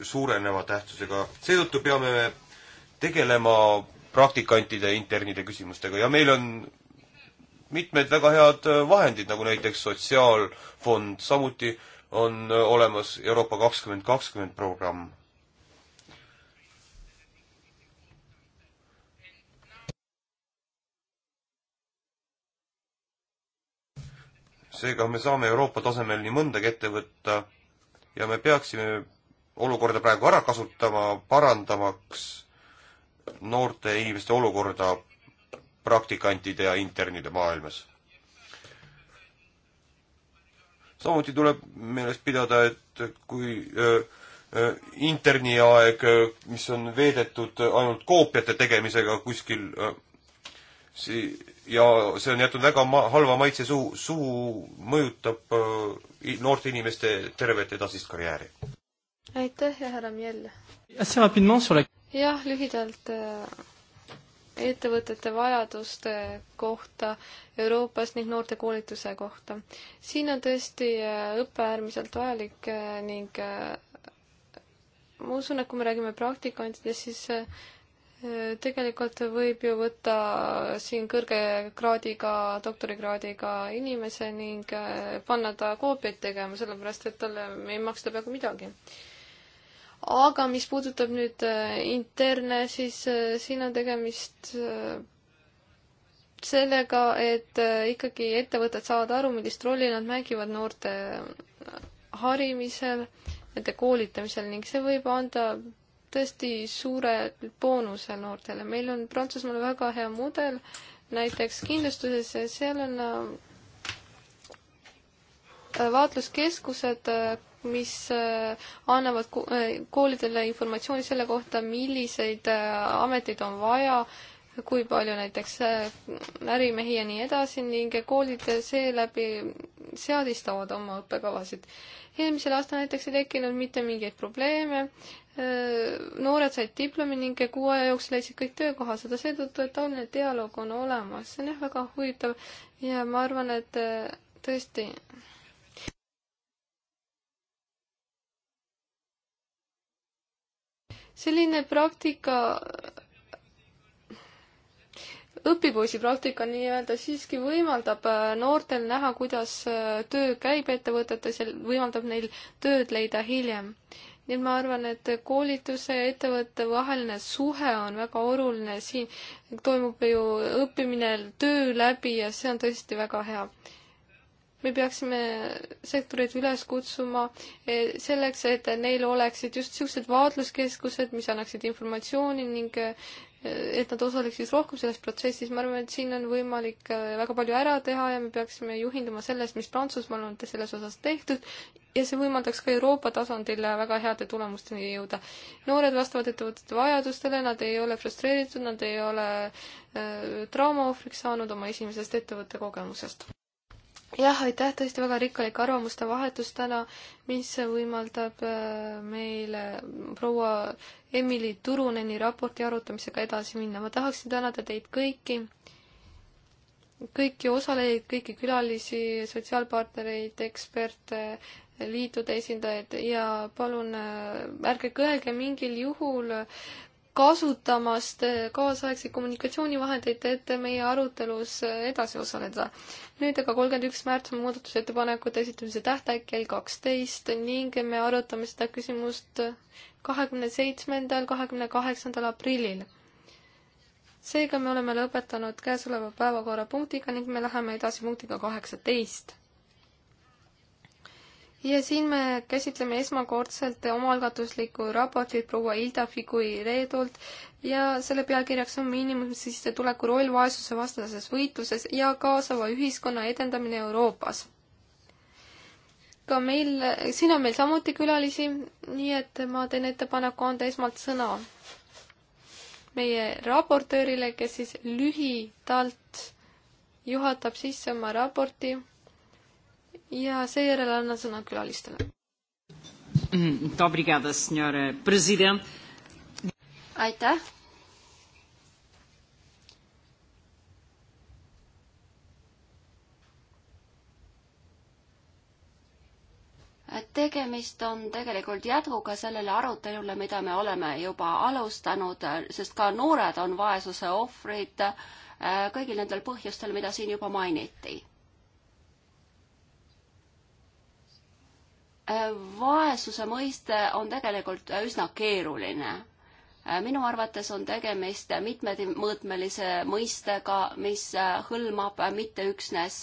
suureneva tähtsusega. seetõttu peame me tegelema praktikantide internide küsimustega ja meil on mitmed väga head äh, vahendid, nagu näiteks Sotsiaalfond, samuti on äh, olemas Euroopa kakskümmend kakskümmend programm. seega me saame Euroopa tasemel nii mõndagi ette võtta ja me peaksime olukorda praegu ära kasutama, parandamaks noorte inimeste olukorda praktikantide ja internide maailmas. samuti tuleb meeles pidada, et kui öö, interni aeg, mis on veedetud ainult koopiate tegemisega kuskil si-, ja see on jätnud väga ma-, halva maitse suhu, suhu mõjutab noorte inimeste tervet edasist karjääri. aitäh ja härra Mjell! jah, lühidalt ettevõtete vajaduste kohta Euroopas ning noorte koolituse kohta. siin on tõesti äh, õpe äärmiselt vajalik äh, ning äh, ma usun, et kui me räägime praktikantidest, siis tegelikult võib ju võtta siin kõrge kraadiga, doktorikraadiga inimese ning panna ta koopiaid tegema, sellepärast et talle ei maksta peaaegu midagi aga mis puudutab nüüd äh, interne, siis äh, siin on tegemist äh, sellega, et ikkagi ettevõtted saavad aru, millist rolli nad mängivad noorte harimisel, nende koolitamisel ning see võib anda tõesti suure boonuse noortele. meil on Prantsusmaal väga hea mudel, näiteks kindlustuses, seal on vaatluskeskused, mis äh, annavad äh, koolidele informatsiooni selle kohta, milliseid äh, ameteid on vaja, kui palju näiteks ärimehi ja nii edasi ning koolid seeläbi seadistavad oma õppekavasid. eelmisel aastal näiteks ei tekkinud mitte mingeid probleeme, noored said diplomi ning kuu aja jooksul leidsid kõik töökoha, seda seetõttu, et taoline dialoog on olemas, see on jah väga huvitav ja ma arvan, et tõesti selline praktika, õpipoisipraktika nii-öelda siiski võimaldab äh, noortel näha, kuidas äh, töö käib ettevõtetes ja võimaldab neil tööd leida hiljem. nii et ma arvan, et koolituse ja ettevõtte vaheline suhe on väga oluline, siin toimub ju õppimine töö läbi ja see on tõesti väga hea me peaksime sektoreid üles kutsuma eh, selleks, et neil oleksid just niisugused vaatluskeskused, mis annaksid informatsiooni ning eh, et nad osaleksid rohkem selles protsessis, ma arvan, et siin on võimalik eh, väga palju ära teha ja me peaksime juhinduma sellest, mis Prantsusmaal on selles osas tehtud ja see võimaldaks ka Euroopa tasandil väga heade tulemusteni jõuda. noored vastavad ettevõtete vajadustele, nad ei ole frustreeritud, nad ei ole äh, traumaohvriks saanud oma esimesest ettevõtte kogemusest jah, aitäh, tõesti väga rikkalik arvamuste vahetus täna, mis võimaldab äh, meile proua Emily Turuneni raporti arutamisega edasi minna. ma tahaksin tänada teid kõiki, kõiki osalejaid, kõiki külalisi, sotsiaalpartnereid, eksperte, liitude esindajaid ja palun äh, ärge kõelge mingil juhul kasutamast kaasaegseid kommunikatsioonivahendeid, et meie arutelus edasi osaleda. nüüd aga kolmkümmend üks märts on muudatusettepanekute esitamise tähtaeg kell kaksteist ning me arutame seda küsimust kahekümne seitsmendal, kahekümne kaheksandal aprillil. seega me oleme lõpetanud käesoleva päevakorrapunktiga ning me läheme edasi punktiga kaheksateist ja siin me käsitleme esmakordselt omaalgatuslikku raportit proua Ilda Figuiredult ja selle pealkirjaks on miinimumsissetuleku roll vaesuse vastases võitluses ja kaasava ühiskonna edendamine Euroopas. ka meil, siin on meil samuti külalisi, nii et ma teen ettepaneku anda esmalt sõna meie raportöörile, kes siis lühidalt juhatab sisse oma raporti ja seejärel annan sõna külalistele. aitäh. tegemist on tegelikult jätkuga sellele arutelule, mida me oleme juba alustanud, sest ka noored on vaesuse ohvrid kõigil nendel põhjustel, mida siin juba mainiti vaesuse mõiste on tegelikult üsna keeruline. minu arvates on tegemist mitmemõõtmelise mõistega, mis hõlmab mitte üksnes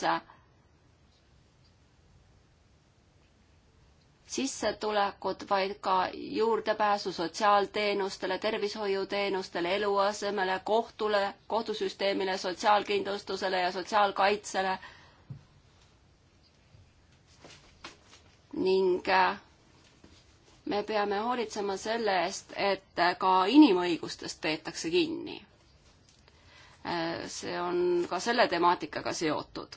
sissetulekut, vaid ka juurdepääsu sotsiaalteenustele, tervishoiuteenustele, eluasemele, kohtule, kohtusüsteemile, sotsiaalkindlustusele ja sotsiaalkaitsele ning äh, me peame hoolitsema selle eest, et äh, ka inimõigustest peetakse kinni. Äh, see on ka selle temaatikaga seotud.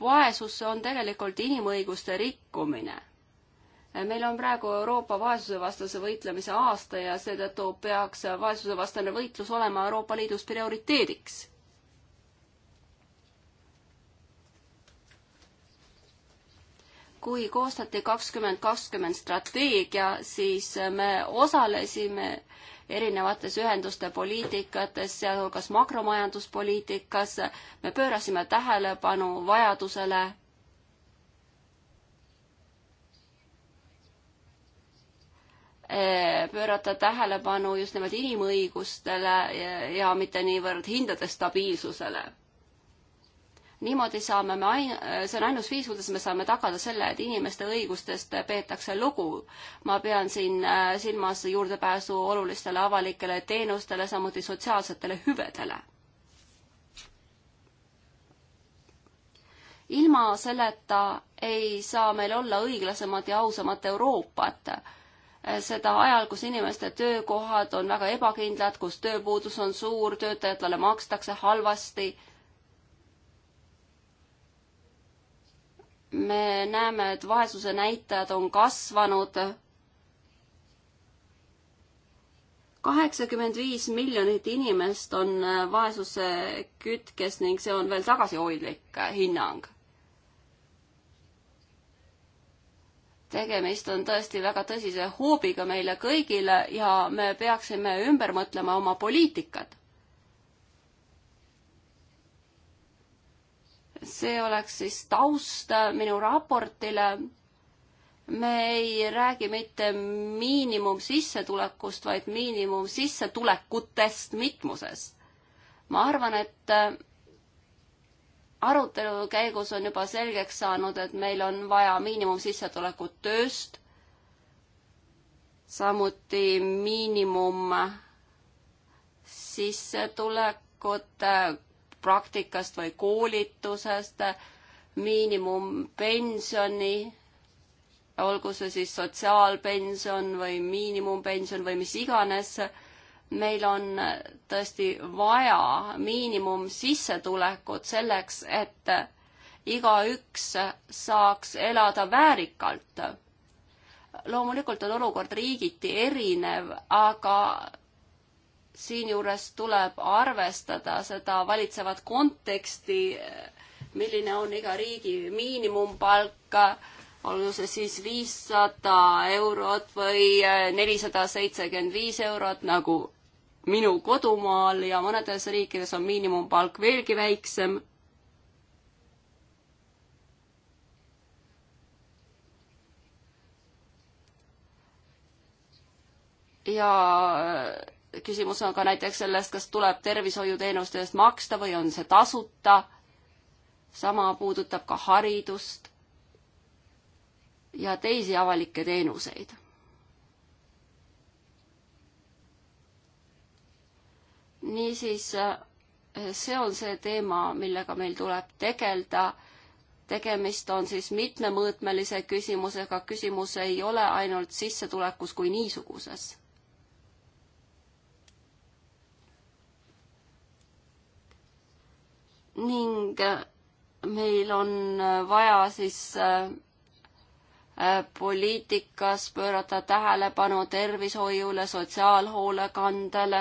vaesus on tegelikult inimõiguste rikkumine. meil on praegu Euroopa vaesusevastase võitlemise aasta ja seetõttu peaks vaesusevastane võitlus olema Euroopa Liidus prioriteediks kui koostati kakskümmend kakskümmend strateegia, siis me osalesime erinevates ühenduste poliitikates, sealhulgas makromajanduspoliitikas. me pöörasime tähelepanu vajadusele eh, pöörata tähelepanu just nimelt inimõigustele ja, ja mitte niivõrd hindade stabiilsusele niimoodi saame me ain-, see on ainus viis, kuidas me saame tagada selle, et inimeste õigustest peetakse lugu. ma pean siin äh, silmas juurdepääsu olulistele avalikele teenustele, samuti sotsiaalsetele hüvedele. ilma selleta ei saa meil olla õiglasemat ja ausamat Euroopat äh, seda ajal, kus inimeste töökohad on väga ebakindlad, kus tööpuudus on suur, töötajatele makstakse halvasti me näeme, et vaesuse näitajad on kasvanud. kaheksakümmend viis miljonit inimest on äh, vaesuse kütkes ning see on veel tagasihoidlik äh, hinnang. tegemist on tõesti väga tõsise hoobiga meile kõigile ja me peaksime ümber mõtlema oma poliitikat see oleks siis taust minu raportile. me ei räägi mitte miinimumsissetulekust, vaid miinimumsissetulekutest mitmuses. ma arvan, et äh, arutelu käigus on juba selgeks saanud, et meil on vaja miinimumsissetulekut tööst, samuti miinimumsissetulekut äh, äh, praktikast või koolitusest, miinimumpensioni, olgu see siis sotsiaalpension või miinimumpension või mis iganes, meil on tõesti vaja miinimumsissetulekut selleks, et igaüks saaks elada väärikalt loomulikult on olukord riigiti erinev, aga siinjuures tuleb arvestada seda valitsevat konteksti, milline on iga riigi miinimumpalk, olgu see siis viissada eurot või nelisada seitsekümmend viis eurot, nagu minu kodumaal ja mõnedes riikides on miinimumpalk veelgi väiksem. ja küsimus on ka näiteks sellest, kas tuleb tervishoiuteenuste eest maksta või on see tasuta. sama puudutab ka haridust ja teisi avalikke teenuseid. niisiis, see on see teema, millega meil tuleb tegeleda. tegemist on siis mitmemõõtmelise küsimusega, küsimus ei ole ainult sissetulekus kui niisuguses ning äh, meil on äh, vaja siis äh, poliitikas pöörata tähelepanu tervishoiule, sotsiaalhoolekandele,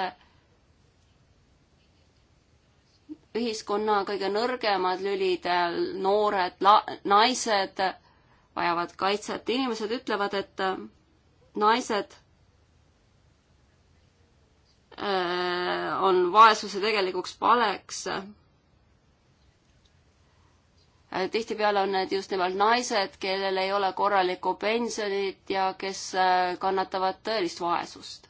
ühiskonna kõige nõrgemad lülid, noored, naised vajavad kaitset. inimesed ütlevad, et naised on vaesuse tegelikuks paleks Äh, tihtipeale on need just nimelt naised, kellel ei ole korralikku pensionit ja kes äh, kannatavad tõelist vaesust.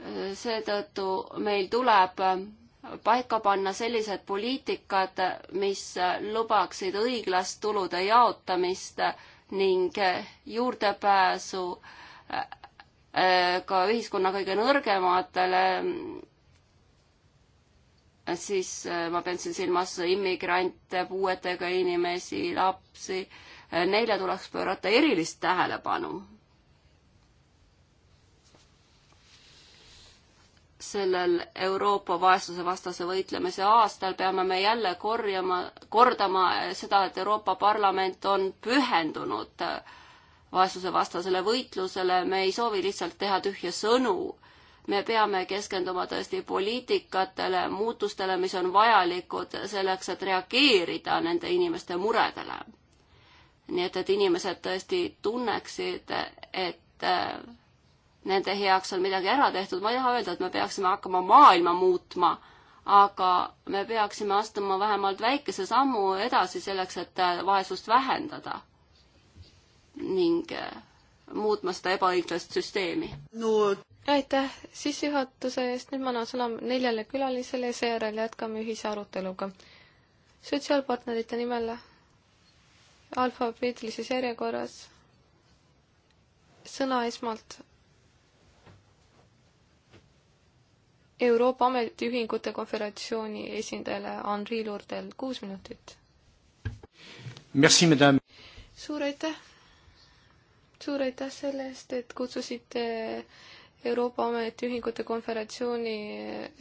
Äh, seetõttu meil tuleb paika panna sellised poliitikad, mis lubaksid õiglast tulude jaotamist ning juurdepääsu ka ühiskonna kõige nõrgematele siis äh, ma pean siin silmas immigrante, puuetega inimesi, lapsi, äh, neile tuleks pöörata erilist tähelepanu. sellel Euroopa vaesusevastase võitlemise aastal peame me jälle korjama, kordama äh, seda, et Euroopa Parlament on pühendunud vaesusevastasele võitlusele, me ei soovi lihtsalt teha tühje sõnu me peame keskenduma tõesti poliitikatele, muutustele, mis on vajalikud selleks, et reageerida nende inimeste muredele. nii et, et inimesed tõesti tunneksid, et äh, nende heaks on midagi ära tehtud, ma ei taha öelda, et me peaksime hakkama maailma muutma, aga me peaksime astuma vähemalt väikese sammu edasi selleks, et äh, vaesust vähendada. ning äh, muutma seda ebaõiglast süsteemi. no aitäh sissejuhatuse eest, nüüd ma annan sõna neljale külalisele ja seejärel jätkame ühise aruteluga. sotsiaalpartnerite nimel alfabeetilises järjekorras sõna esmalt Euroopa Ametiühingute Konföderatsiooni esindajale Henri Lourdel, kuus minutit. suur aitäh, suur aitäh selle eest, et kutsusite Euroopa Ametiühingute Konverentsiooni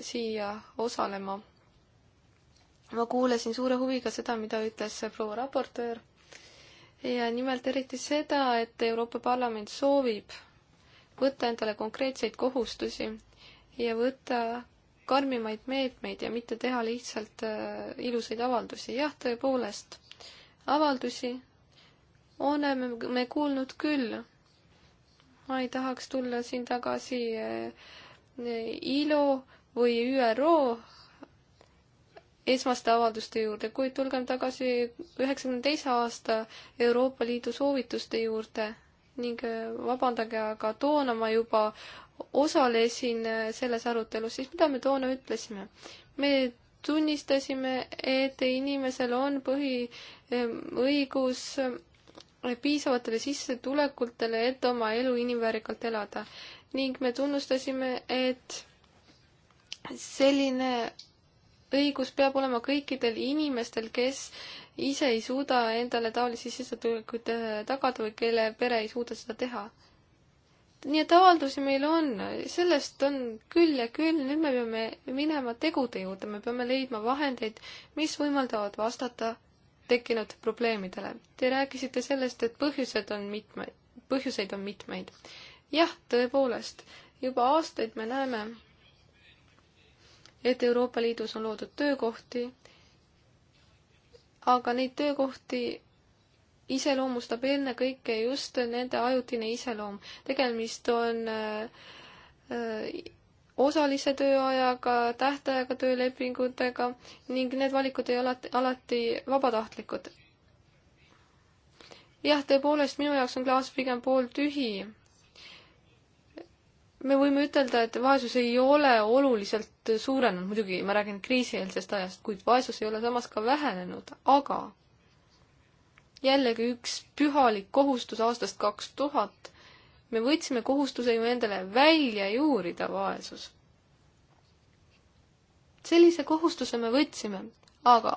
siia osalema. ma kuulasin suure huviga seda, mida ütles proua raportöör ja nimelt eriti seda, et Euroopa Parlament soovib võtta endale konkreetseid kohustusi ja võtta karmimaid meetmeid ja mitte teha lihtsalt äh, ilusaid avaldusi. jah, tõepoolest, avaldusi oleme äh, me kuulnud küll ma ei tahaks tulla siin tagasi eh, ILO või ÜRO esmaste avalduste juurde, kuid tulgem tagasi üheksakümne teise aasta Euroopa Liidu soovituste juurde ning eh, vabandage, aga toona ma juba osalesin eh, selles arutelus, siis mida me toona ütlesime? me tunnistasime, et inimesel on põhiõigus piisavatele sissetulekutele, et oma elu inimväärikalt elada. ning me tunnustasime, et selline õigus peab olema kõikidel inimestel, kes ise ei suuda endale taolisi sissetulekuid äh, tagada või kelle pere ei suuda seda teha. nii et avaldusi meil on, sellest on küll ja küll, nüüd me peame minema tegude juurde, me peame leidma vahendeid, mis võimaldavad vastata tekkinud probleemidele. Te rääkisite sellest, et põhjused on mitmeid, põhjuseid on mitmeid. jah, tõepoolest, juba aastaid me näeme, et Euroopa Liidus on loodud töökohti, aga neid töökohti iseloomustab ennekõike just nende ajutine iseloom. tegemist on äh, äh, osalise tööajaga, tähtajaga töölepingutega ning need valikud ei ole alati vabatahtlikud. jah, tõepoolest, minu jaoks on klaas pigem pooltühi. me võime ütelda, et vaesus ei ole oluliselt suurenenud, muidugi ma räägin kriisieelsest ajast, kuid vaesus ei ole samas ka vähenenud, aga jällegi üks pühalik kohustus aastast kaks tuhat me võtsime kohustuse ju endale välja juurida vaesus. sellise kohustuse me võtsime, aga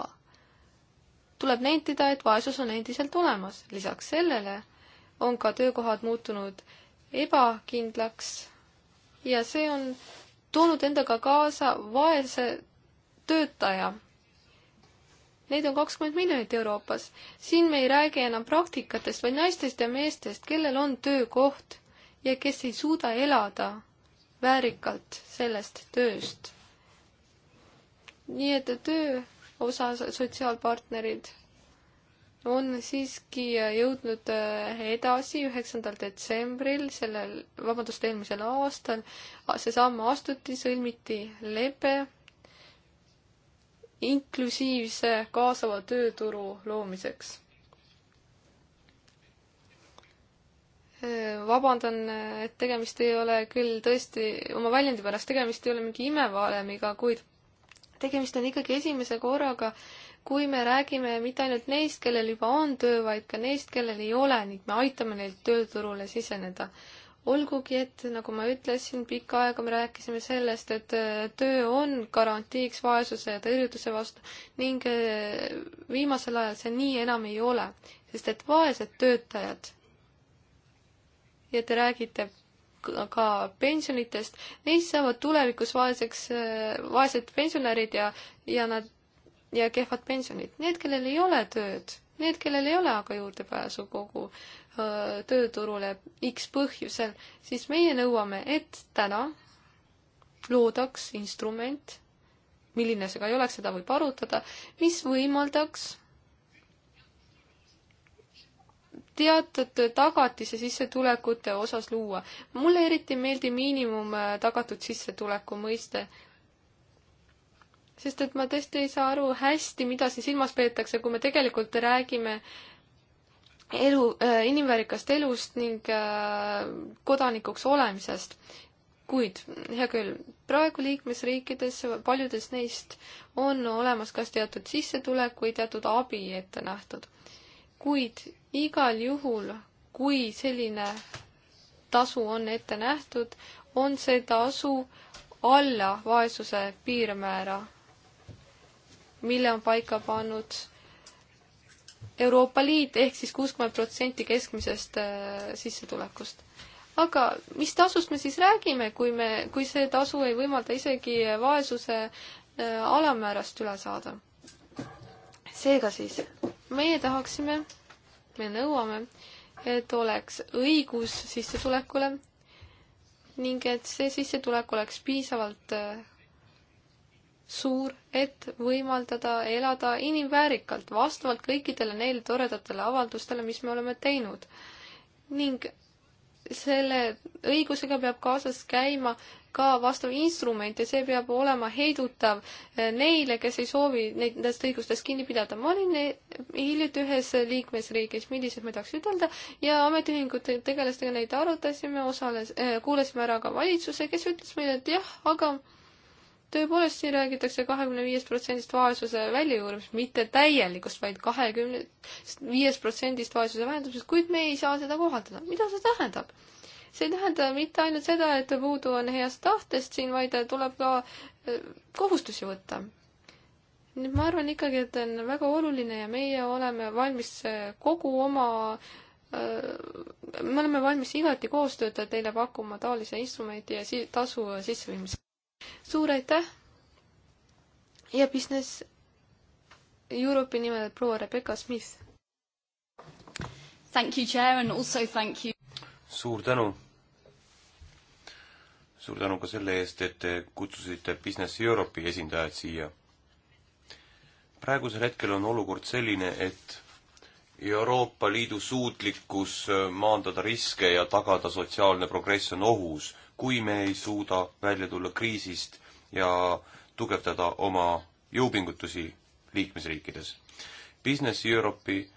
tuleb nentida, et vaesus on endiselt olemas. lisaks sellele on ka töökohad muutunud ebakindlaks ja see on toonud endaga kaasa vaese töötaja. Neid on kakskümmend miljonit Euroopas. siin me ei räägi enam praktikatest, vaid naistest ja meestest, kellel on töökoht ja kes ei suuda elada väärikalt sellest tööst. nii et töö osas sotsiaalpartnerid on siiski jõudnud äh, edasi üheksandal detsembril sellel, vabandust, eelmisel aastal see samm astuti, sõlmiti lepe inklusiivse kaasava tööturu loomiseks. vabandan, et tegemist ei ole küll tõesti oma väljendi pärast, tegemist ei ole mingi imevalemiga, kuid tegemist on ikkagi esimese korraga, kui me räägime mitte ainult neist, kellel juba on töö, vaid ka neist, kellel ei ole ning me aitame neil tööturule siseneda. olgugi, et nagu ma ütlesin, pikka aega me rääkisime sellest, et äh, töö on garantiiks vaesuse ja tõrjutuse vastu ning äh, viimasel ajal see nii enam ei ole, sest et vaesed töötajad ja te räägite ka pensionitest, neist saavad tulevikus vaeseks, äh, vaesed pensionärid ja, ja nad ja kehvad pensionid. Need, kellel ei ole tööd, need, kellel ei ole aga juurdepääsu kogu öö, äh, tööturule X põhjusel, siis meie nõuame, et täna loodaks instrument, milline see ka ei oleks, seda võib arutada, mis võimaldaks teatud tagatise sissetulekute osas luua. mulle eriti ei meeldi miinimum äh, tagatud sissetuleku mõiste, sest et ma tõesti ei saa aru hästi, mida siin silmas peetakse, kui me tegelikult räägime elu äh,, inimväärikast elust ning äh, kodanikuks olemisest. kuid, hea küll, praegu liikmesriikides, paljudes neist on olemas kas teatud sissetulek või teatud abi ette nähtud. kuid igal juhul, kui selline tasu on ette nähtud, on see tasu alla vaesuse piirmäära, mille on paika pannud Euroopa Liit ehk siis kuuskümmend protsenti keskmisest äh, sissetulekust. aga mis tasust me siis räägime, kui me, kui see tasu ei võimalda isegi vaesuse äh, alammäärast üle saada? seega siis, meie tahaksime me nõuame, et oleks õigus sissetulekule ning et see sissetulek oleks piisavalt äh, suur, et võimaldada elada inimväärikalt, vastavalt kõikidele neile toredatele avaldustele, mis me oleme teinud. ning selle õigusega peab kaasas käima ka vastav instrument ja see peab olema heidutav eh, neile, kes ei soovi nendest õigustest kinni pidada. ma olin eh, hiljuti ühes liikmesriigis, milliseid ma ei tahaks ütelda, ja ametiühingute tegelastega neid arutasime, osales, eh, kuulasime ära ka valitsuse, kes ütles meile, et jah, aga tõepoolest siin räägitakse kahekümne viiest protsendist vaesuse väljajuurimisest, mitte täielikust, vaid kahekümne viiest protsendist vaesuse vähendamisest, kuid me ei saa seda kohaldada. mida see tähendab? see ei tähenda mitte ainult seda, et puudu on heast tahtest siin, vaid tuleb ka äh, kohustusi võtta. nii et ma arvan ikkagi, et on väga oluline ja meie oleme valmis äh, kogu oma äh, me oleme valmis igati koostööd teile pakkuma taolise instrumendi ja si-, tasu sisseviimiseks. suur aitäh ja Business Europe'i nimel proua Rebecca Smith. Thank you, chair, and also thank you. suur tänu suur tänu ka selle eest, et te kutsusite Business Europe'i esindajad siia. praegusel hetkel on olukord selline, et Euroopa Liidu suutlikkus maandada riske ja tagada sotsiaalne progress on ohus, kui me ei suuda välja tulla kriisist ja tugevdada oma jõupingutusi liikmesriikides. Business Europe'i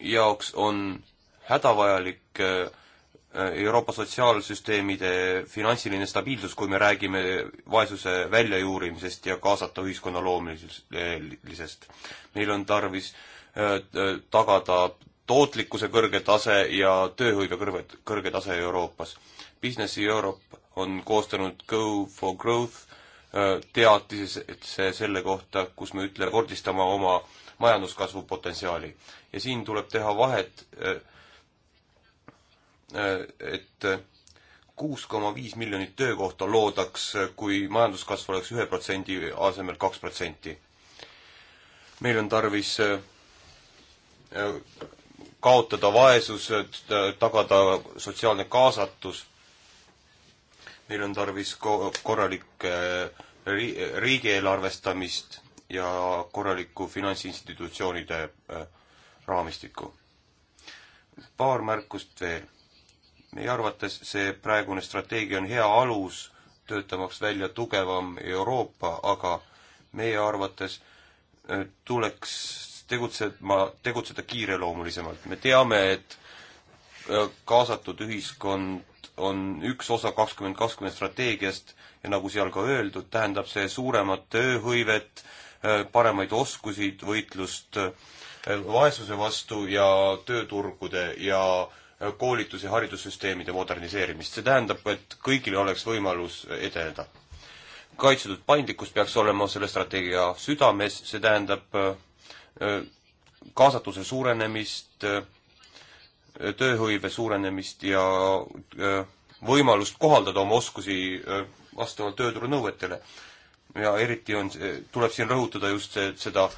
jaoks on hädavajalik äh, Äh, Euroopa sotsiaalsüsteemide finantsiline stabiilsus, kui me räägime vaesuse väljajuurimisest ja kaasata ühiskonna loomisest. meil on tarvis äh, tagada tootlikkuse kõrge tase ja tööhõive kõrge, kõrge tase Euroopas. Business Europe on koostanud Go for Growth äh, teatises selle kohta, kus me ütleme, kordistama oma majanduskasvu potentsiaali. ja siin tuleb teha vahet äh, Äh, et äh, kuus koma viis miljonit töökohta loodaks, äh, kui majanduskasv oleks ühe protsendi asemel kaks protsenti. meil on tarvis kaotada vaesus, tagada sotsiaalne kaasatus, meil on tarvis ko-, korralikke ri-, riigi eelarvestamist ja korralikku finantsinstitutsioonide raamistikku. paar märkust veel meie arvates see praegune strateegia on hea alus töötamaks välja tugevam Euroopa, aga meie arvates äh, tuleks tegutsema, tegutseda kiireloomulisemalt. me teame, et äh, kaasatud ühiskond on üks osa kakskümmend kakskümmend strateegiast ja nagu seal ka öeldud, tähendab see suuremat tööhõivet, äh, paremaid oskusi, võitlust vaesuse vastu ja tööturgude ja koolitus- ja haridussüsteemide moderniseerimist, see tähendab, et kõigil oleks võimalus edeneda. kaitsetud paindlikkus peaks olema selle strateegia südames, see tähendab äh, äh, kaasatuse suurenemist, äh, tööhõive suurenemist ja võimalust kohaldada oma oskusi vastavalt tööturu nõuetele. ja eriti on, tuleb siin rõhutada just see, seda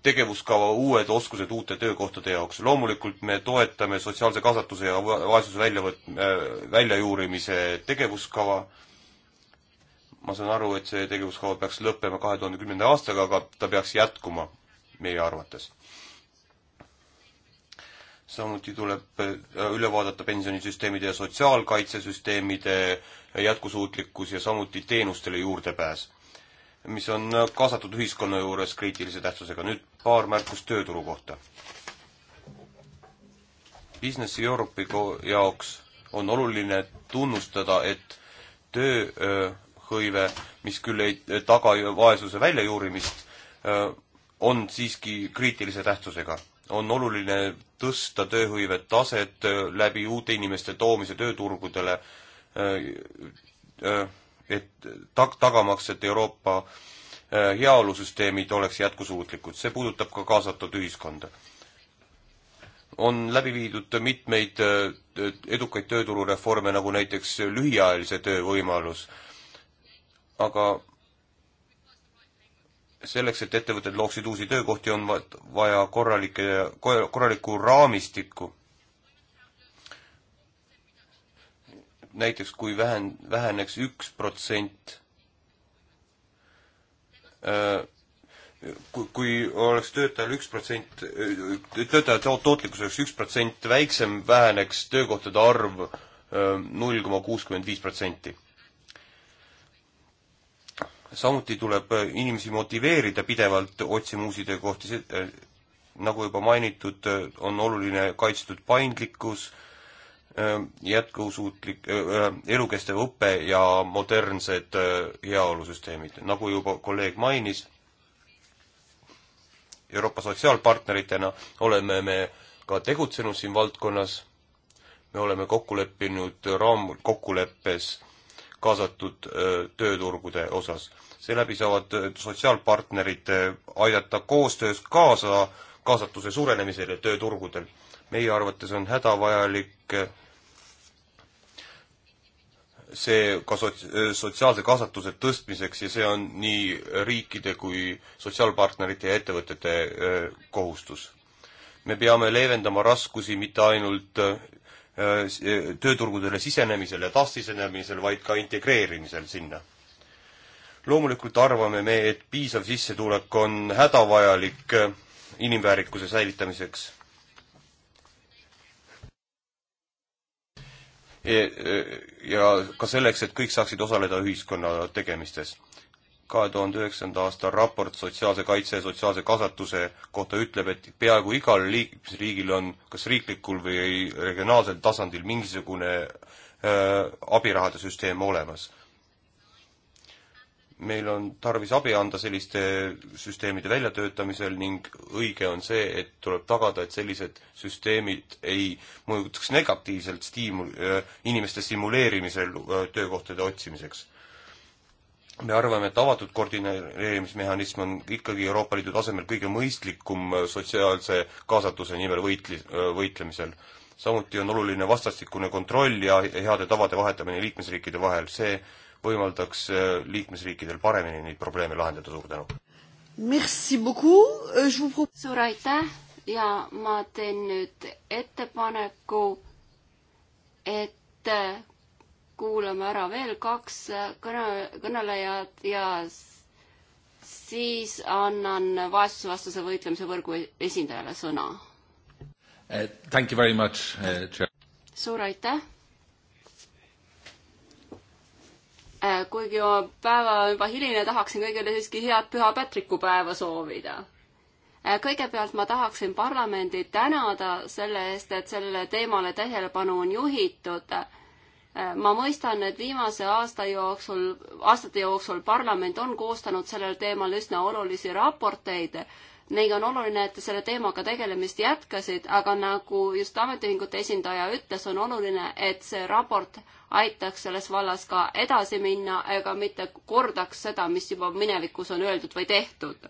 tegevuskava uued oskused uute töökohtade jaoks. loomulikult me toetame sotsiaalse kaasatuse ja vaesuse väljavõt-, väljajuurimise tegevuskava, ma saan aru, et see tegevuskava peaks lõppema kahe tuhande kümnenda aastaga, aga ta peaks jätkuma meie arvates. samuti tuleb üle vaadata pensionisüsteemide ja sotsiaalkaitsesüsteemide jätkusuutlikkus ja samuti teenustele juurdepääs mis on kaasatud ühiskonna juures kriitilise tähtsusega. nüüd paar märkust tööturu kohta. Business Europe'i jaoks on oluline tunnustada, et tööhõive, mis küll ei taga vaesuse väljajuurimist, on siiski kriitilise tähtsusega. on oluline tõsta tööhõive taset läbi uute inimeste toomise tööturgudele, et tag-, tagamaks, et Euroopa äh, heaolusüsteemid oleks jätkusuutlikud, see puudutab ka kaasatud ühiskonda. on läbi viidud mitmeid äh, edukaid tööturureforme, nagu näiteks lühiajalise töö võimalus, aga selleks, et ettevõtted looksid uusi töökohti, on vaja korralikke, korralikku raamistikku näiteks kui vähen-, väheneks üks protsent, äh, kui, kui oleks töötajal üks protsent, äh, töötaja tootlikkus oleks üks protsent väiksem, väheneks töökohtade arv äh, null koma kuuskümmend viis protsenti. samuti tuleb inimesi motiveerida pidevalt otsima uusi töökohti, nagu juba mainitud, on oluline kaitstud paindlikkus, Äh, jätkusuutlik äh, äh,, elukestev õpe ja modernsed äh, heaolusüsteemid. nagu juba kolleeg mainis, Euroopa sotsiaalpartneritena oleme me ka tegutsenud siin valdkonnas, me oleme kokku leppinud raamkokkuleppes kaasatud äh, tööturgude osas. seeläbi saavad äh, sotsiaalpartnerid aidata koostöös kaasa kaasatuse suurenemisele tööturgudel meie arvates on hädavajalik see ka sots-, sotsiaalse kaasatuse tõstmiseks ja see on nii riikide kui sotsiaalpartnerite ja ettevõtete kohustus. me peame leevendama raskusi mitte ainult tööturgudele sisenemisel ja taassisenemisel, vaid ka integreerimisel sinna. loomulikult arvame me, et piisav sissetulek on hädavajalik inimväärikuse säilitamiseks E, e, ja ka selleks, et kõik saaksid osaleda ühiskonna tegemistes. kahe tuhande üheksanda aasta raport sotsiaalse kaitse ja sotsiaalse kasvatuse kohta ütleb, et peaaegu igal liikmesriigil on kas riiklikul või regionaalsel tasandil mingisugune e, abirahade süsteem olemas meil on tarvis abi anda selliste süsteemide väljatöötamisel ning õige on see, et tuleb tagada, et sellised süsteemid ei mõjutaks negatiivselt stiimul-, äh, inimeste stimuleerimisel äh, töökohtade otsimiseks. me arvame, et avatud koordineerimismehhanism on ikkagi Euroopa Liidu tasemel kõige mõistlikum äh, sotsiaalse kaasatuse nimel võitli-, võitlemisel samuti on oluline vastastikune kontroll ja heade tavade vahetamine liikmesriikide vahel, see võimaldaks äh, liikmesriikidel paremini neid probleeme lahendada, suur tänu! Euh, suur aitäh ja ma teen nüüd ettepaneku, et äh, kuulame ära veel kaks äh, kõne, kõnelejat ja siis annan vaesusevastase võitlemise võrgu e-, esindajale sõna. Uh, thank you very much uh,. suur aitäh Äh, kuigi oma päeva on juba hiline, tahaksin kõigile siiski head püha Patricku päeva soovida. Äh, kõigepealt ma tahaksin parlamendi tänada selle eest, et sellele teemale tähelepanu on juhitud. Äh, ma mõistan, et viimase aasta jooksul, aastate jooksul parlament on koostanud sellel teemal üsna olulisi raporteid ning on oluline, et selle teemaga tegelemist jätkasid, aga nagu just ametiühingute esindaja ütles, on oluline, et see raport aitaks selles vallas ka edasi minna ega mitte kordaks seda, mis juba minevikus on öeldud või tehtud.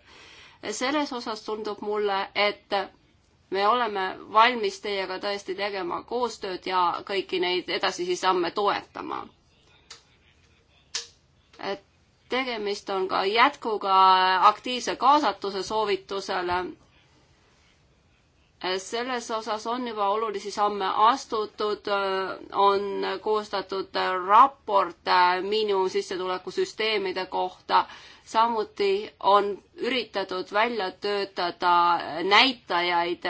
selles osas tundub mulle, et me oleme valmis teiega tõesti tegema koostööd ja kõiki neid edasisi samme toetama. et tegemist on ka jätkuga aktiivse kaasatuse soovitusele selles osas on juba olulisi samme astutud, on koostatud raport miinimumsissetulekusüsteemide kohta, samuti on üritatud välja töötada näitajaid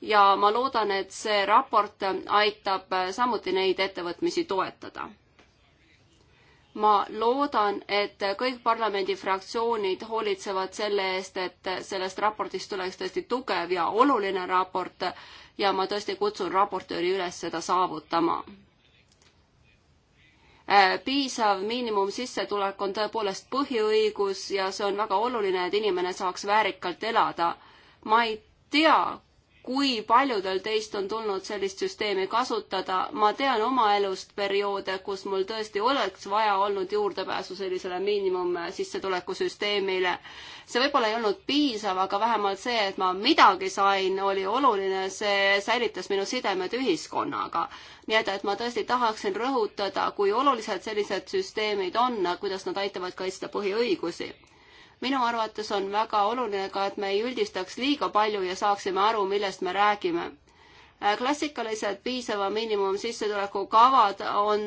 ja ma loodan, et see raport aitab samuti neid ettevõtmisi toetada ma loodan, et kõik parlamendifraktsioonid hoolitsevad selle eest, et sellest raportist tuleks tõesti tugev ja oluline raport ja ma tõesti kutsun raportööri üles seda saavutama. Äh, piisav miinimumsissetulek on tõepoolest põhiõigus ja see on väga oluline, et inimene saaks väärikalt elada. ma ei tea, kui paljudel teist on tulnud sellist süsteemi kasutada. ma tean oma elust perioode, kus mul tõesti oleks vaja olnud juurdepääsu sellisele miinimumsissetuleku süsteemile. see võib-olla ei olnud piisav, aga vähemalt see, et ma midagi sain, oli oluline, see säilitas minu sidemed ühiskonnaga. nii et, et ma tõesti tahaksin rõhutada, kui olulised sellised süsteemid on, kuidas nad aitavad kaitsta põhiõigusi minu arvates on väga oluline ka, et me ei üldistaks liiga palju ja saaksime aru, millest me räägime. Äh, klassikalised piisava miinimumsissetuleku kavad on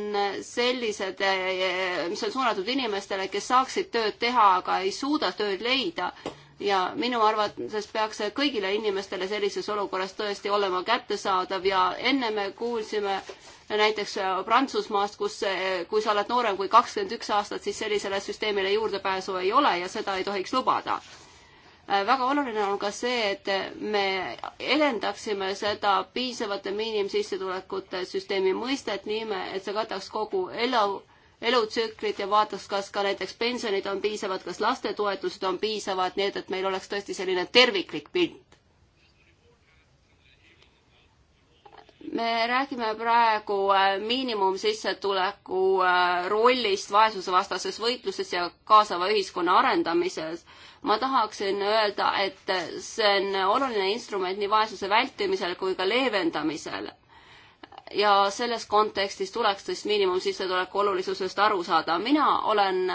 sellised, äh, mis on suunatud inimestele, kes saaksid tööd teha, aga ei suuda tööd leida ja minu arvates peaks see kõigile inimestele sellises olukorras tõesti olema kättesaadav ja enne me kuulsime näiteks Prantsusmaast, kus, kui sa oled noorem kui kakskümmend üks aastat, siis sellisele süsteemile juurdepääsu ei ole ja seda ei tohiks lubada. väga oluline on ka see, et me edendaksime seda piisavate miinimumsissetulekute süsteemi mõistet nii, et see kataks kogu elu elutsüklit ja vaatas, kas ka näiteks pensionid on piisavad, kas lastetoetused on piisavad, nii et, et meil oleks tõesti selline terviklik pilt. me räägime praegu äh, miinimumsissetuleku äh, rollist vaesusevastases võitluses ja kaasava ühiskonna arendamises. ma tahaksin öelda, et see on oluline instrument nii vaesuse vältimisel kui ka leevendamisel ja selles kontekstis tuleks siis miinimumsissetuleku olulisusest aru saada. mina olen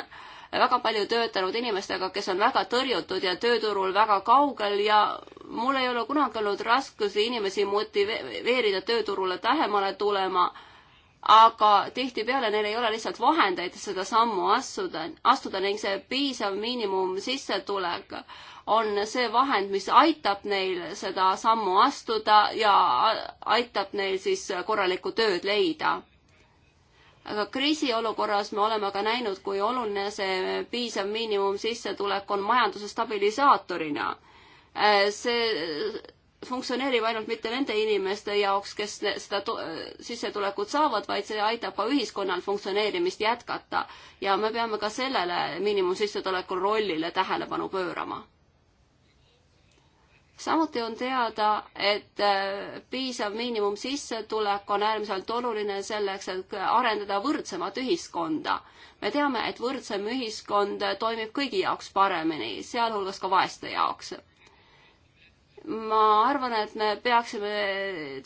väga palju töötanud inimestega, kes on väga tõrjutud ja tööturul väga kaugel ja mul ei ole kunagi olnud raskusi inimesi motiveerida tööturule tähemale tulema aga tihtipeale neil ei ole lihtsalt vahendeid seda sammu astuda, astuda ning see piisav miinimumsissetulek on see vahend, mis aitab neil seda sammu astuda ja aitab neil siis korralikku tööd leida. aga kriisiolukorras me oleme ka näinud, kui oluline see piisav miinimumsissetulek on majanduse stabilisaatorina. Äh, see funktsioneerib ainult mitte nende inimeste jaoks, kes seda sissetulekut saavad, vaid see aitab ka ühiskonnal funktsioneerimist jätkata. ja me peame ka sellele miinimumsissetuleku rollile tähelepanu pöörama. samuti on teada, et äh, piisav miinimumsissetulek on äärmiselt oluline selleks, et arendada võrdsemat ühiskonda. me teame, et võrdsem ühiskond toimib kõigi jaoks paremini, sealhulgas ka vaeste jaoks ma arvan, et me peaksime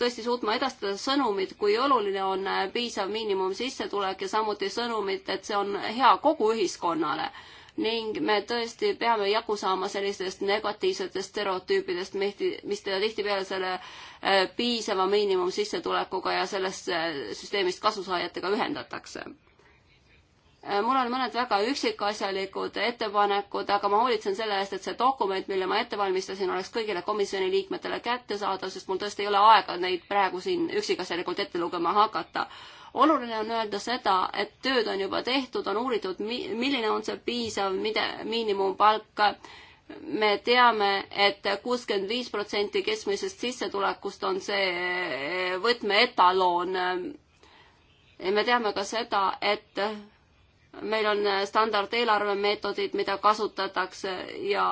tõesti suutma edastada sõnumit, kui oluline on piisav miinimumsissetulek ja samuti sõnumit, et see on hea kogu ühiskonnale. ning me tõesti peame jagu saama sellistest negatiivsetest stereotüüpidest, mis tihtipeale selle äh, piisava miinimumsissetulekuga ja sellest äh, süsteemist kasusaajatega ühendatakse Äh, mul on mõned väga üksikasjalikud ettepanekud, aga ma hoolitsen selle eest, et see dokument, mille ma ette valmistasin, oleks kõigile komisjoni liikmetele kättesaadav, sest mul tõesti ei ole aega neid praegu siin üksikasjalikult ette lugema hakata. oluline on öelda seda, et tööd on juba tehtud, on uuritud, milline on see piisav miinimumpalk. me teame et, et kuuskümmend viis protsenti keskmisest sissetulekust on see äh, võtmeetaloon. me teame ka seda, et meil on äh, standardeelarvemeetodid, mida kasutatakse ja,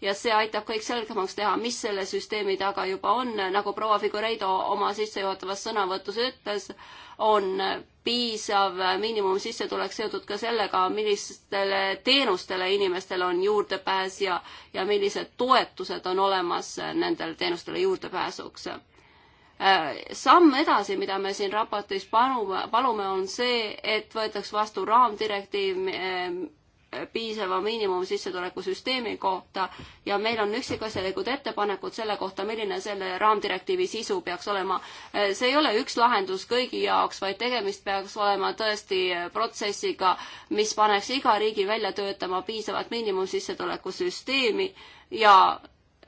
ja see aitab kõik selgemaks teha, mis selle süsteemi taga juba on, nagu proua Figureido oma sissejuhatavas sõnavõtus ütles, on piisav miinimumsissetulek seotud ka sellega, millistele teenustele inimestel on juurdepääs ja, ja millised toetused on olemas nendel teenustele juurdepääsuks Äh, samm edasi, mida me siin raportis palume, palume, on see, et võetaks vastu raamdirektiiv äh, piisava miinimumsissetuleku süsteemi kohta ja meil on üksikasjalikud ettepanekud selle kohta, milline selle raamdirektiivi sisu peaks olema. Äh, see ei ole üks lahendus kõigi jaoks, vaid tegemist peaks olema tõesti protsessiga, mis paneks iga riigi välja töötama piisavat miinimumsissetuleku süsteemi ja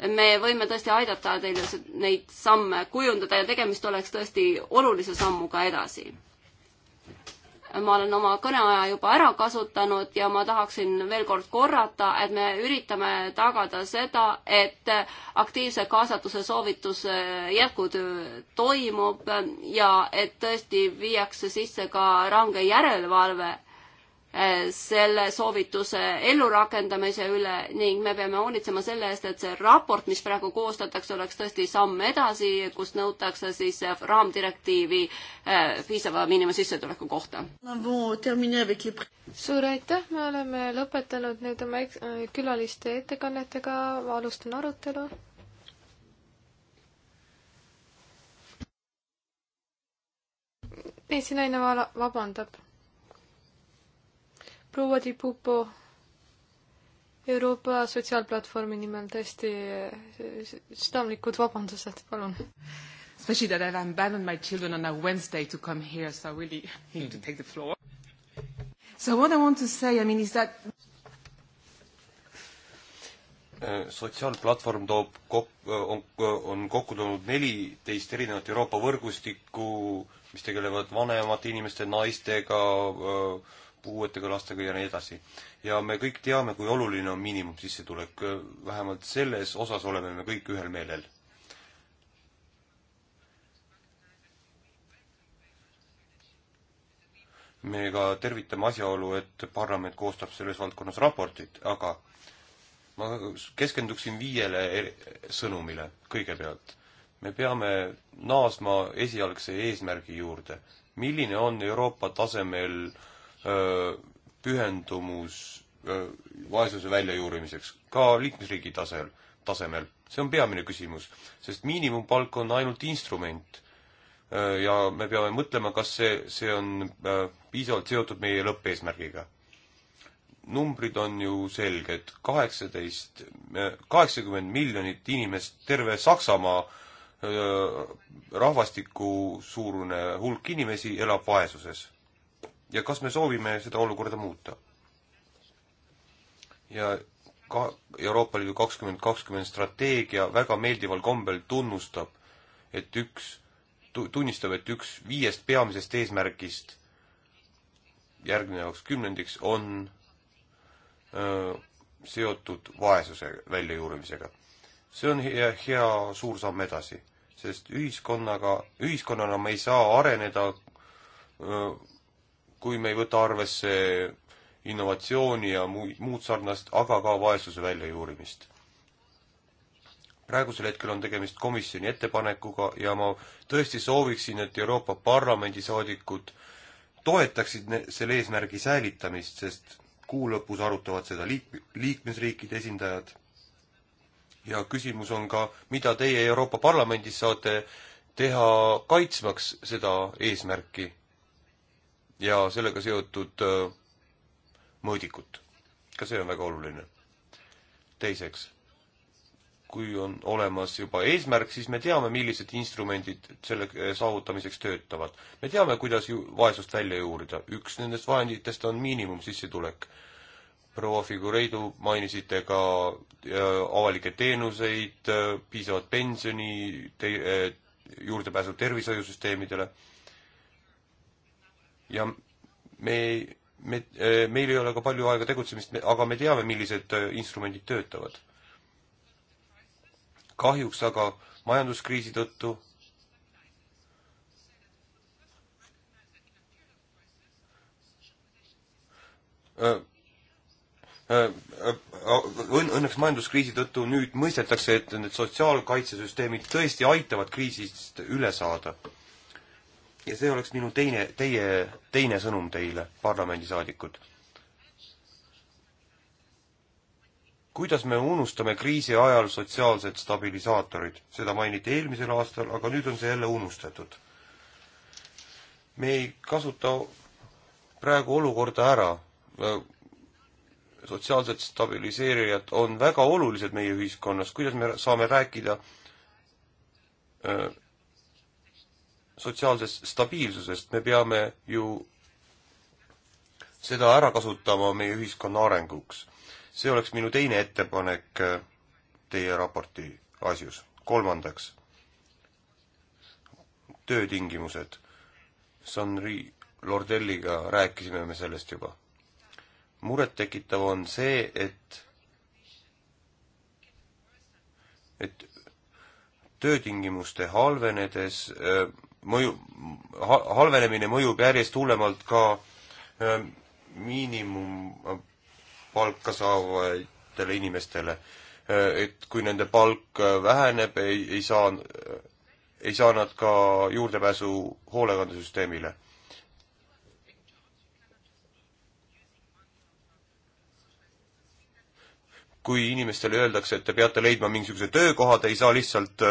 me võime tõesti aidata teil neid samme kujundada ja tegemist oleks tõesti olulise sammuga edasi. ma olen oma kõneaja juba ära kasutanud ja ma tahaksin veel kord korrata, et me üritame tagada seda, et aktiivse kaasatuse soovitus äh, jätkutöö toimub ja et tõesti viiakse sisse ka range järelevalve selle soovituse ellurakendamise üle ning me peame hoolitsema selle eest, et see raport, mis praegu koostatakse, oleks tõesti samm edasi, kus nõutakse siis raamdirektiivi eh, piisava miinimumsissetuleku kohta. suur aitäh, me oleme lõpetanud nüüd oma külaliste ettekannetega, alustan arutelu. esinaine vabandab proua Tipupo Euroopa Sotsiaalplatvormi nimel tõesti südamlikud vabandused, palun. Especially that I have abandoned my children on a Wednesday to come here, so I really need to take the floor. So what I want to say, I mean, is that eh, sotsiaalplatvorm toob kok-, eh, on, eh, on kokku toonud neliteist erinevat Euroopa võrgustikku, mis tegelevad vanemate inimeste, naistega, puuetega lastega ja nii edasi. ja me kõik teame, kui oluline on miinimumsissetulek, vähemalt selles osas oleme me kõik ühel meelel. me ka tervitame asjaolu, et parlament koostab selles valdkonnas raportit, aga ma keskenduksin viiele sõnumile kõigepealt. me peame naasma esialgse eesmärgi juurde. milline on Euroopa tasemel äh, pühendumus vaesuse väljajuurimiseks ka liikmesriigi tasel, tasemel. see on peamine küsimus, sest miinimumpalk on ainult instrument. ja me peame mõtlema, kas see, see on piisavalt seotud meie lõppeesmärgiga. numbrid on ju selged, kaheksateist, kaheksakümmend miljonit inimest terve Saksamaa rahvastiku suurune hulk inimesi elab vaesuses ja kas me soovime seda olukorda muuta? ja ka Euroopa Liidu kakskümmend kakskümmend strateegia väga meeldival kombel tunnustab, et üks, tunnistab, et üks viiest peamisest eesmärgist järgnevaks kümnendiks on öö, seotud vaesuse väljajuurimisega. see on hea, hea suur samm edasi, sest ühiskonnaga, ühiskonnana me ei saa areneda öö, kui me ei võta arvesse innovatsiooni ja muud sarnast, aga ka vaesuse väljajuurimist. praegusel hetkel on tegemist komisjoni ettepanekuga ja ma tõesti sooviksin, et Euroopa Parlamendi saadikud toetaksid selle eesmärgi säilitamist, sest kuu lõpus arutavad seda liik-, liikmesriikide esindajad. ja küsimus on ka, mida teie Euroopa Parlamendis saate teha kaitsmaks seda eesmärki ja sellega seotud äh, mõõdikut. ka see on väga oluline. teiseks, kui on olemas juba eesmärk, siis me teame, millised instrumendid selle äh, saavutamiseks töötavad. me teame, kuidas ju vaesust välja juurida. üks nendest vahenditest on miinimumsissetulek. proua Figureidu mainisite ka äh, avalikke teenuseid, piisavat pensioni te, juurdepääsu tervishoiusüsteemidele ja me, me, äh, meil ei ole ka palju aega tegutsemist, aga me teame, millised äh, instrumendid töötavad. kahjuks aga majanduskriisi tõttu öö, äh, õn-, õnneks majanduskriisi tõttu nüüd mõistetakse, et need sotsiaalkaitsesüsteemid tõesti aitavad kriisist üle saada ja see oleks minu teine, teie, teine sõnum teile, parlamendisaadikud. kuidas me unustame kriisi ajal sotsiaalsed stabilisaatorid, seda mainiti eelmisel aastal, aga nüüd on see jälle unustatud. me ei kasuta praegu olukorda ära. sotsiaalsed stabiliseerijad on väga olulised meie ühiskonnas, kuidas me saame rääkida öö, äh, sotsiaalsest stabiilsusest, me peame ju seda ära kasutama meie ühiskonna arenguks. see oleks minu teine ettepanek äh, teie raporti asjus. kolmandaks, töötingimused. Sanri Lordelliga rääkisime me sellest juba. murettekitav on see, et et töötingimuste halvenedes öö, äh, mõju, halvenemine mõjub järjest hullemalt ka ähm, miinimumpalka saavatele inimestele. Äh, et kui nende palk äh, väheneb, ei, ei saa, äh, ei saa nad ka juurdepääsu hoolekandesüsteemile kui inimestele öeldakse, et te peate leidma mingisuguse töökoha, te ei saa lihtsalt äh,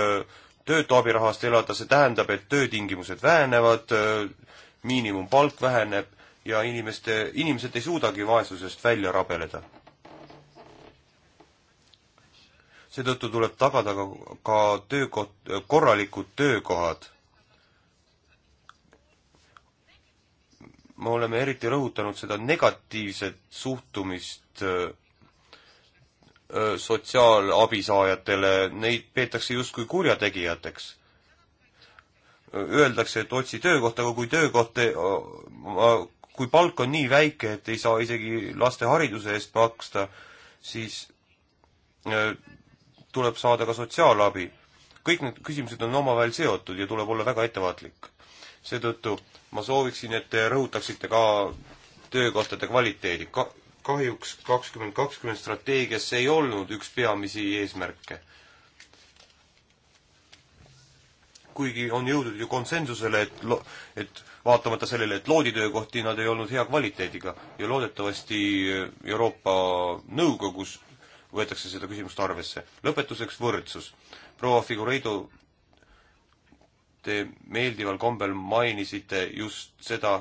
töötu abirahast elada, see tähendab, et töötingimused vähenevad, miinimumpalk väheneb ja inimeste, inimesed ei suudagi vaesusest välja rabeleda. seetõttu tuleb tagada ka, ka töökoht, korralikud töökohad. me oleme eriti rõhutanud seda negatiivset suhtumist sotsiaalabi saajatele, neid peetakse justkui kurjategijateks. Öeldakse, et otsi töökohta, aga kui töökoht, kui palk on nii väike, et ei saa isegi laste hariduse eest maksta, siis tuleb saada ka sotsiaalabi. kõik need küsimused on omavahel seotud ja tuleb olla väga ettevaatlik. seetõttu ma sooviksin, et te rõhutaksite ka töökohtade kvaliteedi ka kahjuks kakskümmend kakskümmend strateegias ei olnud üks peamisi eesmärke. kuigi on jõudnud ju konsensusele, et lo-, et vaatamata sellele, et loodi töökohti, nad ei olnud hea kvaliteediga ja loodetavasti Euroopa Nõukogus võetakse seda küsimust arvesse. lõpetuseks võrdsus. proua Figureidu, te meeldival kombel mainisite just seda,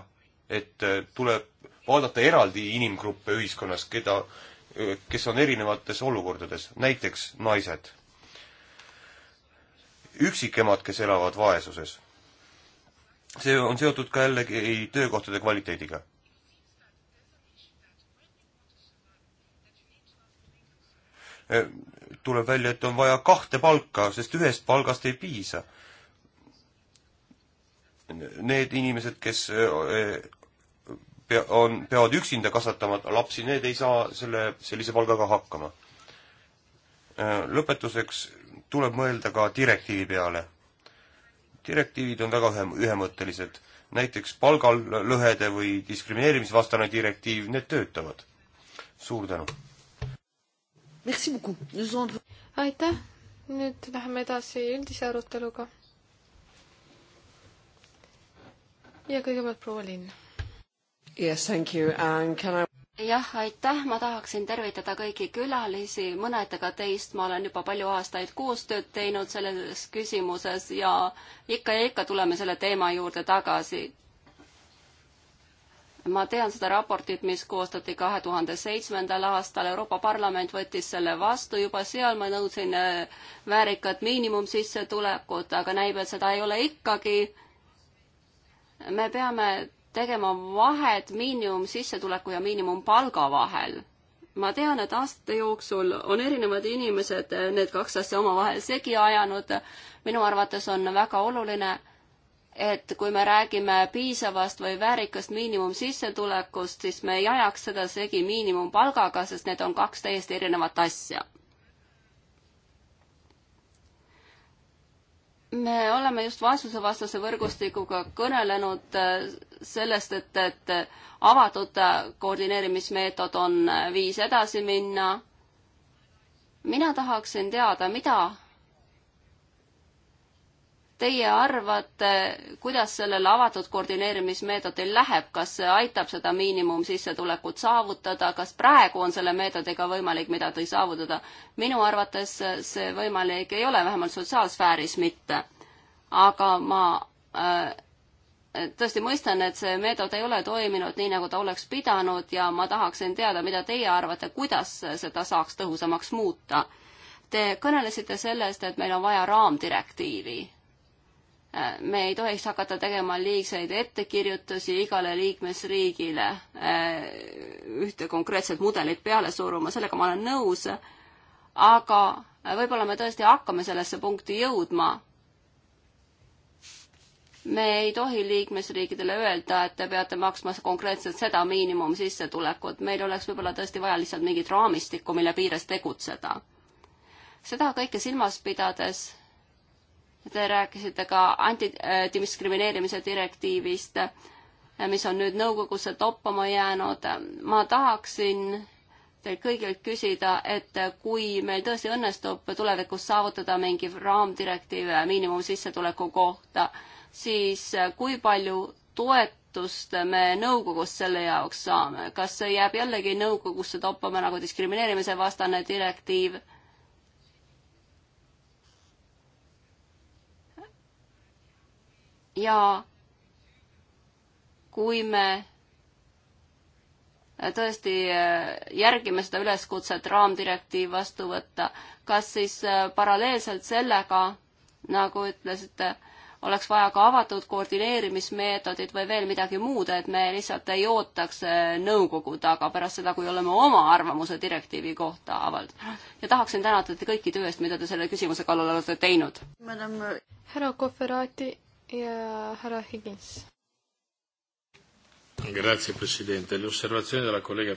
et tuleb vaadata eraldi inimgruppe ühiskonnas, keda, kes on erinevates olukordades, näiteks naised, üksikemad, kes elavad vaesuses. see on seotud ka jällegi töökohtade kvaliteediga. Äh, tuleb välja, et on vaja kahte palka, sest ühest palgast ei piisa need inimesed, kes äh, pea-, on, peavad üksinda kasvatama lapsi, need ei saa selle, sellise palgaga hakkama. Äh, lõpetuseks tuleb mõelda ka direktiivi peale. direktiivid on väga ühe, ühemõttelised. näiteks palgalõhede või diskrimineerimisvastane direktiiv, need töötavad. suur tänu! aitäh! nüüd läheme edasi üldise aruteluga. ja kõigepealt proua Linn Yes, thank you. And can I jah, aitäh, ma tahaksin tervitada kõiki külalisi, mõnedega teist ma olen juba palju aastaid koostööd teinud selles küsimuses ja ikka ja ikka tuleme selle teema juurde tagasi. ma tean seda raportit, mis koostati kahe tuhande seitsmendal aastal, Euroopa Parlament võttis selle vastu, juba seal ma nõudsin äh, väärikat miinimumsissetulekut, aga näib, et seda ei ole ikkagi me peame tegema vahet miinimumsissetuleku ja miinimumpalga vahel. ma tean, et aastate jooksul on erinevad inimesed eh, need kaks asja omavahel segi ajanud. minu arvates on väga oluline, et kui me räägime piisavast või väärikast miinimumsissetulekust, siis me ei ajaks seda segi miinimumpalgaga, sest need on kaks täiesti erinevat asja me oleme just vaesusevastase võrgustikuga kõnelenud äh, sellest, et, et avatud äh, koordineerimismeetod on äh, viis edasi minna. mina tahaksin teada, mida teie arvate, kuidas sellel avatud koordineerimismeetodil läheb, kas see aitab seda miinimumsissetulekut saavutada, kas praegu on selle meetodiga võimalik midagi saavutada? minu arvates see võimalik ei ole, vähemalt sotsiaalsfääris mitte. aga ma äh, tõesti mõistan, et see meetod ei ole toiminud nii, nagu ta oleks pidanud ja ma tahaksin teada, mida teie arvate, kuidas seda saaks tõhusamaks muuta. Te kõnelesite sellest, et meil on vaja raamdirektiivi me ei tohiks hakata tegema liigseid ettekirjutusi igale liikmesriigile eh, ühte konkreetset mudelit peale suruma, sellega ma olen nõus, aga võib-olla me tõesti hakkame sellesse punkti jõudma. me ei tohi liikmesriikidele öelda, et te peate maksma konkreetselt seda miinimumsissetulekut, meil oleks võib-olla tõesti vaja lihtsalt mingit raamistikku, mille piires tegutseda. seda kõike silmas pidades Te rääkisite ka antidiskrimineerimise direktiivist, mis on nüüd nõukogusse toppama jäänud. ma tahaksin teilt kõigilt küsida, et kui meil tõesti õnnestub tulevikus saavutada mingi raamdirektiiv miinimumsissetuleku kohta, siis kui palju toetust me nõukogust selle jaoks saame, kas see jääb jällegi nõukogusse toppama nagu diskrimineerimise vastane direktiiv ja kui me tõesti äh, järgime seda üleskutset raamdirektiiv vastu võtta, kas siis äh, paralleelselt sellega, nagu ütlesite, oleks vaja ka avatud koordineerimismeetodit või veel midagi muud, et me lihtsalt ei ootaks äh, nõukogu taga pärast seda, kui oleme oma arvamuse direktiivi kohta avaldanud. ja tahaksin tänada te kõiki töö eest, mida te selle küsimuse kallal olete teinud. härra Koferaati ja härra Higins. Grazie Presidente, le osservazioni della collega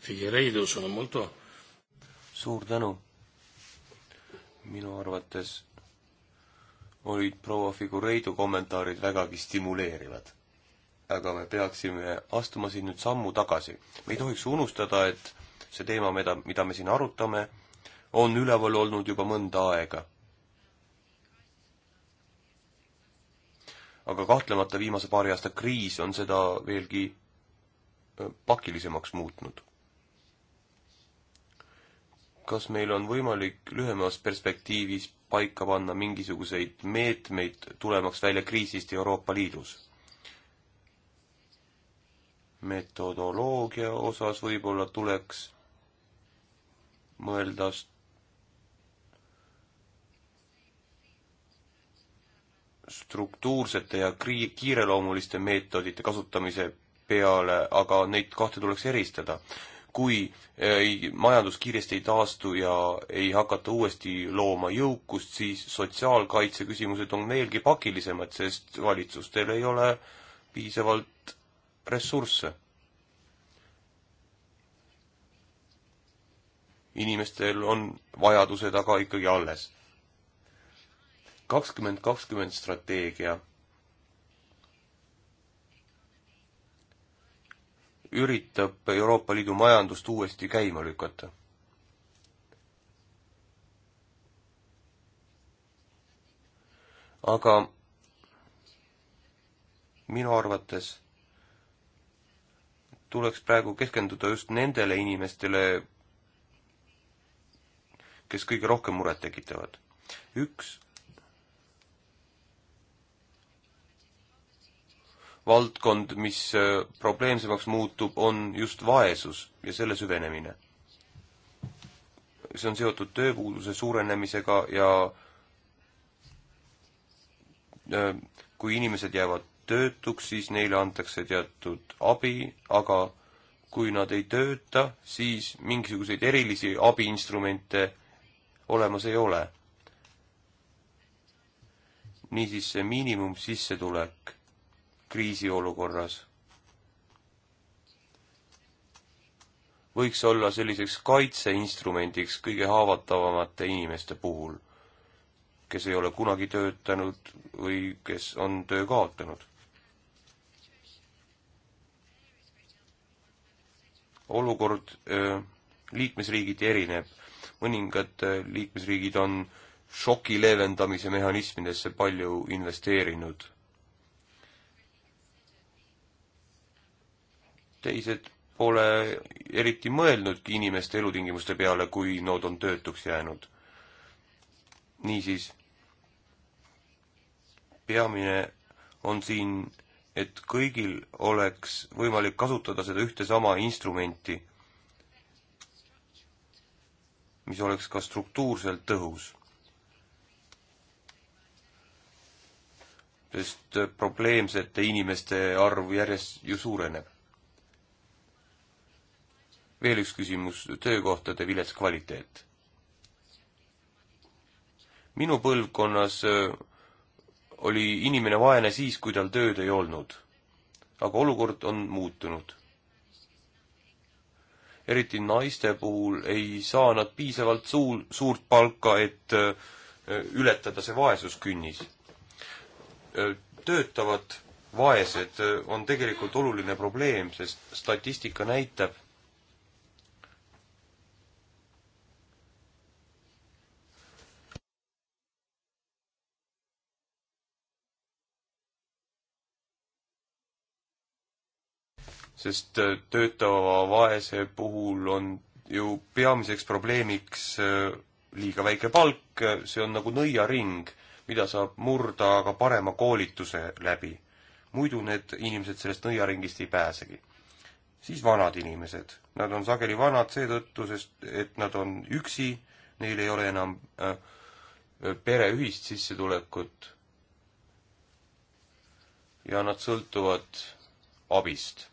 Figueiredo sono molto suur tänu. minu arvates olid proua Figureidu kommentaarid vägagi stimuleerivad. aga me peaksime astuma siin nüüd sammu tagasi. me ei tohiks unustada, et see teema, mida, mida me siin arutame, on üleval olnud juba mõnda aega. aga kahtlemata viimase paari aasta kriis on seda veelgi pakilisemaks muutnud. kas meil on võimalik lühemas perspektiivis paika panna mingisuguseid meetmeid, tulemaks välja kriisist Euroopa Liidus? metodoloogia osas võib-olla tuleks mõelda struktuursete ja kri-, kiireloomuliste meetodite kasutamise peale, aga neid kahte tuleks eristada. kui ei, majandus kiiresti ei taastu ja ei hakata uuesti looma jõukust, siis sotsiaalkaitse küsimused on veelgi pakilisemad, sest valitsustel ei ole piisavalt ressursse. inimestel on vajadused aga ikkagi alles kakskümmend kakskümmend strateegia üritab Euroopa Liidu majandust uuesti käima lükata. aga minu arvates tuleks praegu keskenduda just nendele inimestele, kes kõige rohkem muret tekitavad. üks valdkond, mis äh, probleemsemaks muutub, on just vaesus ja selle süvenemine. see on seotud tööpuuduse suurenemisega ja äh, kui inimesed jäävad töötuks, siis neile antakse teatud abi, aga kui nad ei tööta, siis mingisuguseid erilisi abiinstrumente olemas ei ole. niisiis see miinimumsissetulek kriisiolukorras võiks olla selliseks kaitseinstrumendiks kõige haavatavamate inimeste puhul, kes ei ole kunagi töötanud või kes on töö kaotanud. olukord liikmesriigiti erineb, mõningad liikmesriigid on šoki leevendamise mehhanismidesse palju investeerinud teised pole eriti mõelnudki inimeste elutingimuste peale, kui nad on töötuks jäänud. niisiis, peamine on siin, et kõigil oleks võimalik kasutada seda ühte sama instrumenti, mis oleks ka struktuurselt tõhus. sest probleemsete inimeste arv järjest ju suureneb veel üks küsimus, töökohtade vilets kvaliteet. minu põlvkonnas äh, oli inimene vaene siis, kui tal tööd ei olnud. aga olukord on muutunud. eriti naiste puhul ei saa nad piisavalt suur, suurt palka, et äh, ületada see vaesuskünnis. Äh, töötavad vaesed on tegelikult oluline probleem, sest statistika näitab, sest äh, töötava vaese puhul on ju peamiseks probleemiks äh, liiga väike palk, äh, see on nagu nõiaring, mida saab murda aga parema koolituse läbi. muidu need inimesed sellest nõiaringist ei pääsegi. siis vanad inimesed, nad on sageli vanad seetõttu, sest et nad on üksi, neil ei ole enam äh, pere ühist sissetulekut ja nad sõltuvad abist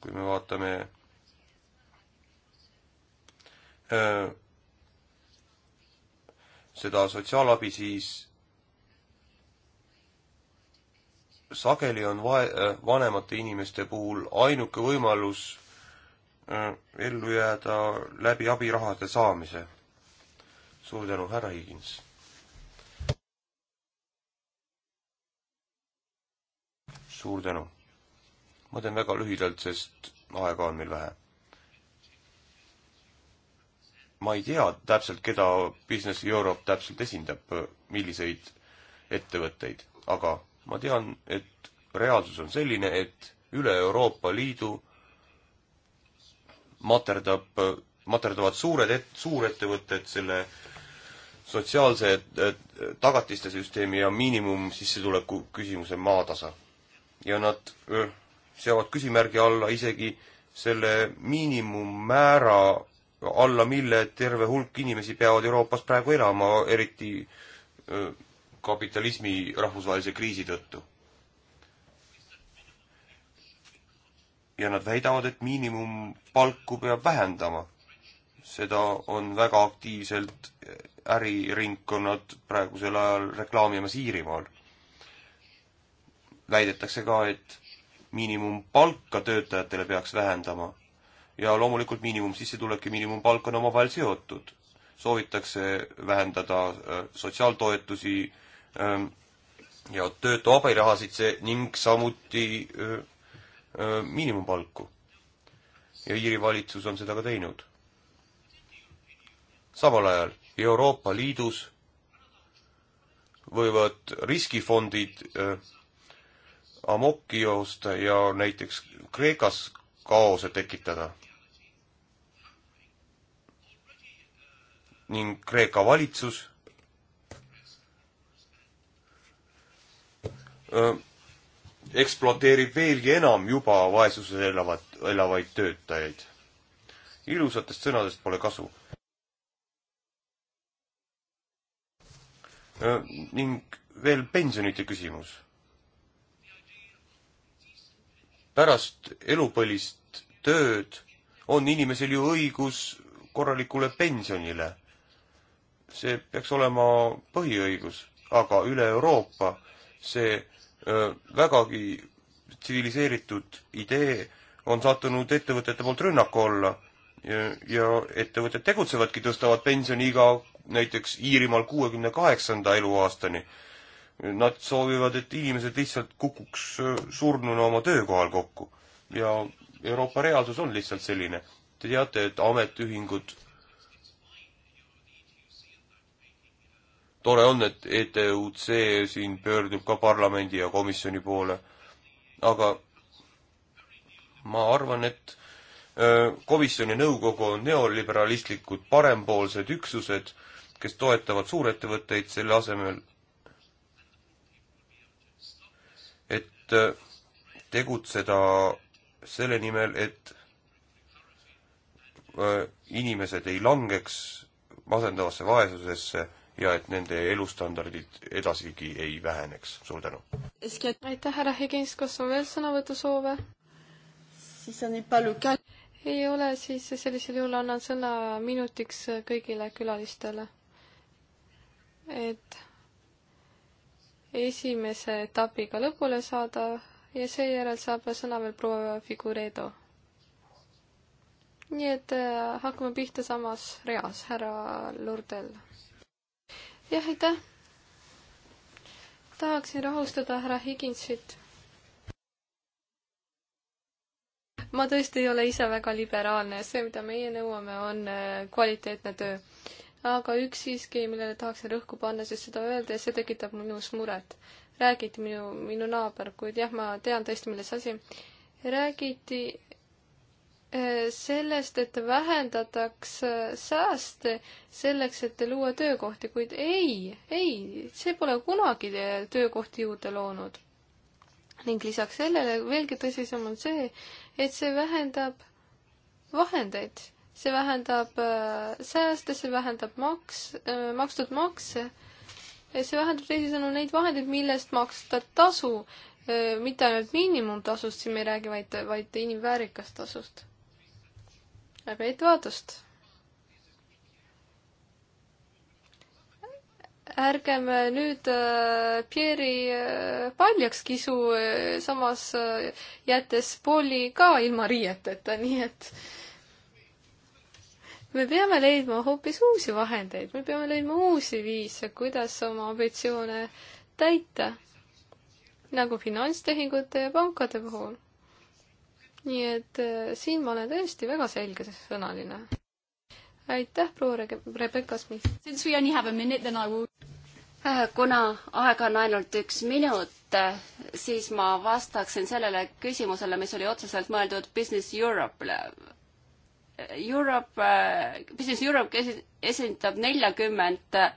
kui me vaatame öö, äh, seda sotsiaalabi, siis sageli on vae-, äh, vanemate inimeste puhul ainuke võimalus äh, ellu jääda läbi abirahade saamise. suur tänu, härra Higins. suur tänu ma teen väga lühidalt, sest aega on meil vähe. ma ei tea täpselt, keda Business Europe täpselt esindab, milliseid ettevõtteid, aga ma tean, et reaalsus on selline, et üle Euroopa Liidu materdab, materdavad suured et-, suurettevõtted selle sotsiaalse äh, tagatiste süsteemi ja miinimumsissetuleku küsimuse maatasa. ja nad öö, seavad küsimärgi alla isegi selle miinimummäära alla, mille terve hulk inimesi peavad Euroopas praegu elama, eriti kapitalismi rahvusvahelise kriisi tõttu. ja nad väidavad, et miinimumpalku peab vähendama. seda on väga aktiivselt äriringkonnad praegusel ajal reklaamimas Iirimaal. väidetakse ka, et miinimumpalka töötajatele peaks vähendama. ja loomulikult miinimumsissetulek ja miinimumpalk on omavahel seotud. soovitakse vähendada äh, sotsiaaltoetusi ähm, ja töötu abirahasid see ning samuti äh, äh, miinimumpalku. ja Iiri valitsus on seda ka teinud. samal ajal Euroopa Liidus võivad riskifondid amokki joosta ja näiteks Kreekas kaose tekitada. ning Kreeka valitsus ekspluateerib veelgi enam juba vaesuses elavad, elavaid töötajaid. ilusatest sõnadest pole kasu. ning veel pensionite küsimus pärast elupõlist tööd on inimesel ju õigus korralikule pensionile. see peaks olema põhiõigus, aga üle Euroopa see öö, vägagi tsiviliseeritud idee on sattunud ettevõtete poolt rünnaku alla ja, ja ettevõtted tegutsevadki, tõstavad pensioniiga näiteks Iirimaal kuuekümne kaheksanda eluaastani Nad soovivad, et inimesed lihtsalt kukuks surnuna oma töökohal kokku. ja Euroopa reaalsus on lihtsalt selline. Te teate, et ametiühingud tore on, et ETUC siin pöördub ka parlamendi ja komisjoni poole, aga ma arvan, et komisjon ja nõukogu on neoliberalistlikud parempoolsed üksused, kes toetavad suurettevõtteid selle asemel, et äh, tegutseda selle nimel, et äh, inimesed ei langeks masendavasse vaesusesse ja et nende elustandardid edasigi ei väheneks. suur tänu! aitäh, härra Higins, kas on veel sõnavõtusoove? ei ole, siis sellisel juhul annan sõna minutiks kõigile külalistele. et esimese etapiga lõpule saada ja seejärel saab sõna veel proua Figuredo. nii et äh, hakkame pihta samas reas, härra Lurdel. jah, aitäh. tahaksin rahustada härra Higinsit ma tõesti ei ole ise väga liberaalne, see, mida meie nõuame, on äh, kvaliteetne töö aga üks siiski, millele tahaksin rõhku panna, sest seda öelda ja see tekitab minus muret. räägiti minu, minu naaber, kuid jah, ma tean tõesti, milles asi. räägiti äh, sellest, et vähendatakse äh, sääste selleks, et luua töökohti, kuid ei, ei, see pole kunagi äh, töökohti juurde loonud. ning lisaks sellele veelgi tõsisem on see, et see vähendab vahendeid see vähendab äh, sääste, see vähendab maks, äh, makstud makse. see vähendab teisisõnu neid vahendeid, millest maksta tasu, äh, mitte ainult miinimumtasust, siin me ei räägi vaid, vaid inimväärikast tasust. aga ettevaatust. ärgem nüüd Pieri paljaks kisu, samas jättes Pauli ka ilma riieteta, nii et äh, me peame leidma hoopis uusi vahendeid, me peame leidma uusi viise, kuidas oma ambitsioone täita, nagu finantstehingute ja pankade puhul. nii et äh, siin ma olen tõesti väga selgesõnaline. aitäh, proua Rebecca Smith! Äh, kuna aega on ainult üks minut, äh, siis ma vastaksin sellele küsimusele, mis oli otseselt mõeldud Business Europe'le Europe, äh, Business Europe esindab neljakümmend äh,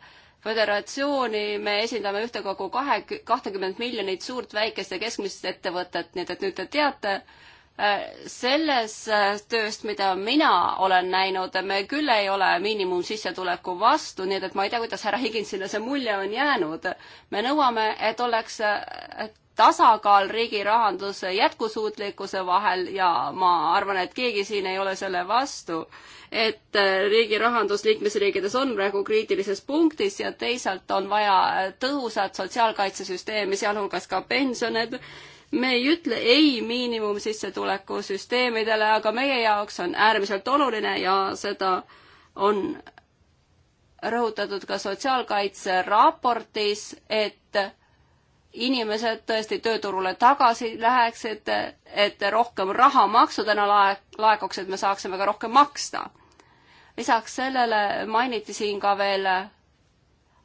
föderatsiooni, me esindame ühtekokku kahe, kahtekümmet miljonit suurt, väikest ja keskmist ettevõtet, nii et, et nüüd te teate, Äh, selles äh, tööst, mida mina olen näinud, me küll ei ole miinimumsissetuleku vastu, nii et, et ma ei tea, kuidas härra Higginsile see mulje on jäänud. me nõuame, et oleks äh, tasakaal riigi rahanduse jätkusuutlikkuse vahel ja ma arvan, et keegi siin ei ole selle vastu, et riigi rahandus liikmesriikides on praegu kriitilises punktis ja teisalt on vaja tõhusat sotsiaalkaitsesüsteemi, sealhulgas ka pensioned me ei ütle ei miinimumsissetuleku süsteemidele, aga meie jaoks on äärmiselt oluline ja seda on rõhutatud ka sotsiaalkaitse raportis, et inimesed tõesti tööturule tagasi läheksid, et rohkem raha maksudena laek-, laekuks, et me saaksime ka rohkem maksta. lisaks sellele mainiti siin ka veel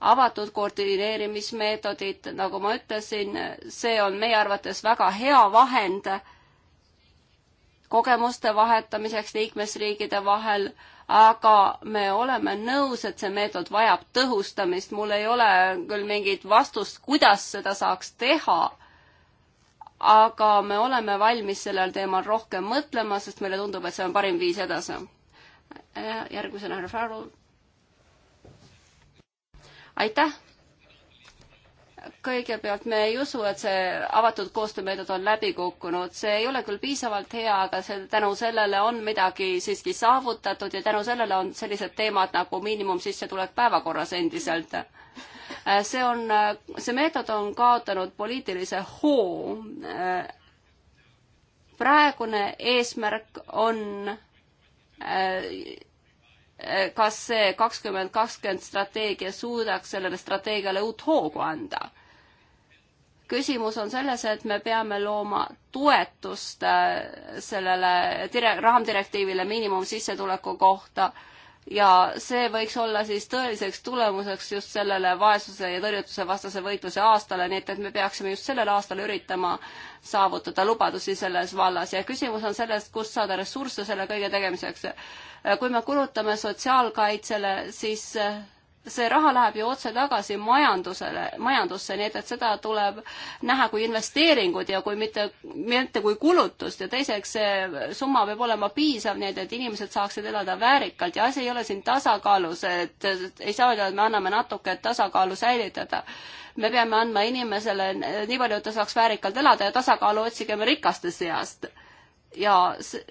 avatud koordineerimismeetodid, nagu ma ütlesin, see on meie arvates väga hea vahend kogemuste vahetamiseks liikmesriigide vahel, aga me oleme nõus, et see meetod vajab tõhustamist, mul ei ole küll mingit vastust, kuidas seda saaks teha, aga me oleme valmis sellel teemal rohkem mõtlema, sest meile tundub, et see on parim viis edasi. järgmisena härra Farrel aitäh! kõigepealt me ei usu, et see avatud koostöömeetod on läbi kukkunud, see ei ole küll piisavalt hea, aga see, tänu sellele on midagi siiski saavutatud ja tänu sellele on sellised teemad nagu miinimumsissetulek päevakorras endiselt. see on, see meetod on kaotanud poliitilise hoo. praegune eesmärk on kas see kakskümmend kakskümmend strateegia suudaks sellele strateegiale uut hoogu anda. küsimus on selles, et me peame looma toetust äh, sellele dire-, raamdirektiivile miinimumsissetuleku kohta äh, ja see võiks olla siis tõeliseks tulemuseks just sellele vaesuse ja tõrjutuse vastase võitluse aastale, nii et, et me peaksime just sellel aastal üritama saavutada lubadusi selles vallas ja küsimus on selles, kust saada ressursse selle kõige tegemiseks. kui me kulutame sotsiaalkaitsele, siis see raha läheb ju otse tagasi majandusele, majandusse, nii et, et seda tuleb näha kui investeeringut ja kui mitte, mitte kui kulutust ja teiseks see summa peab olema piisav, nii et, et inimesed saaksid elada väärikalt ja asi ei ole siin tasakaalus, et ei saa öelda, et me anname natuke, et tasakaalu säilitada me peame andma inimesele nii palju, et ta saaks väärikalt elada ja tasakaalu otsigem rikaste seast. ja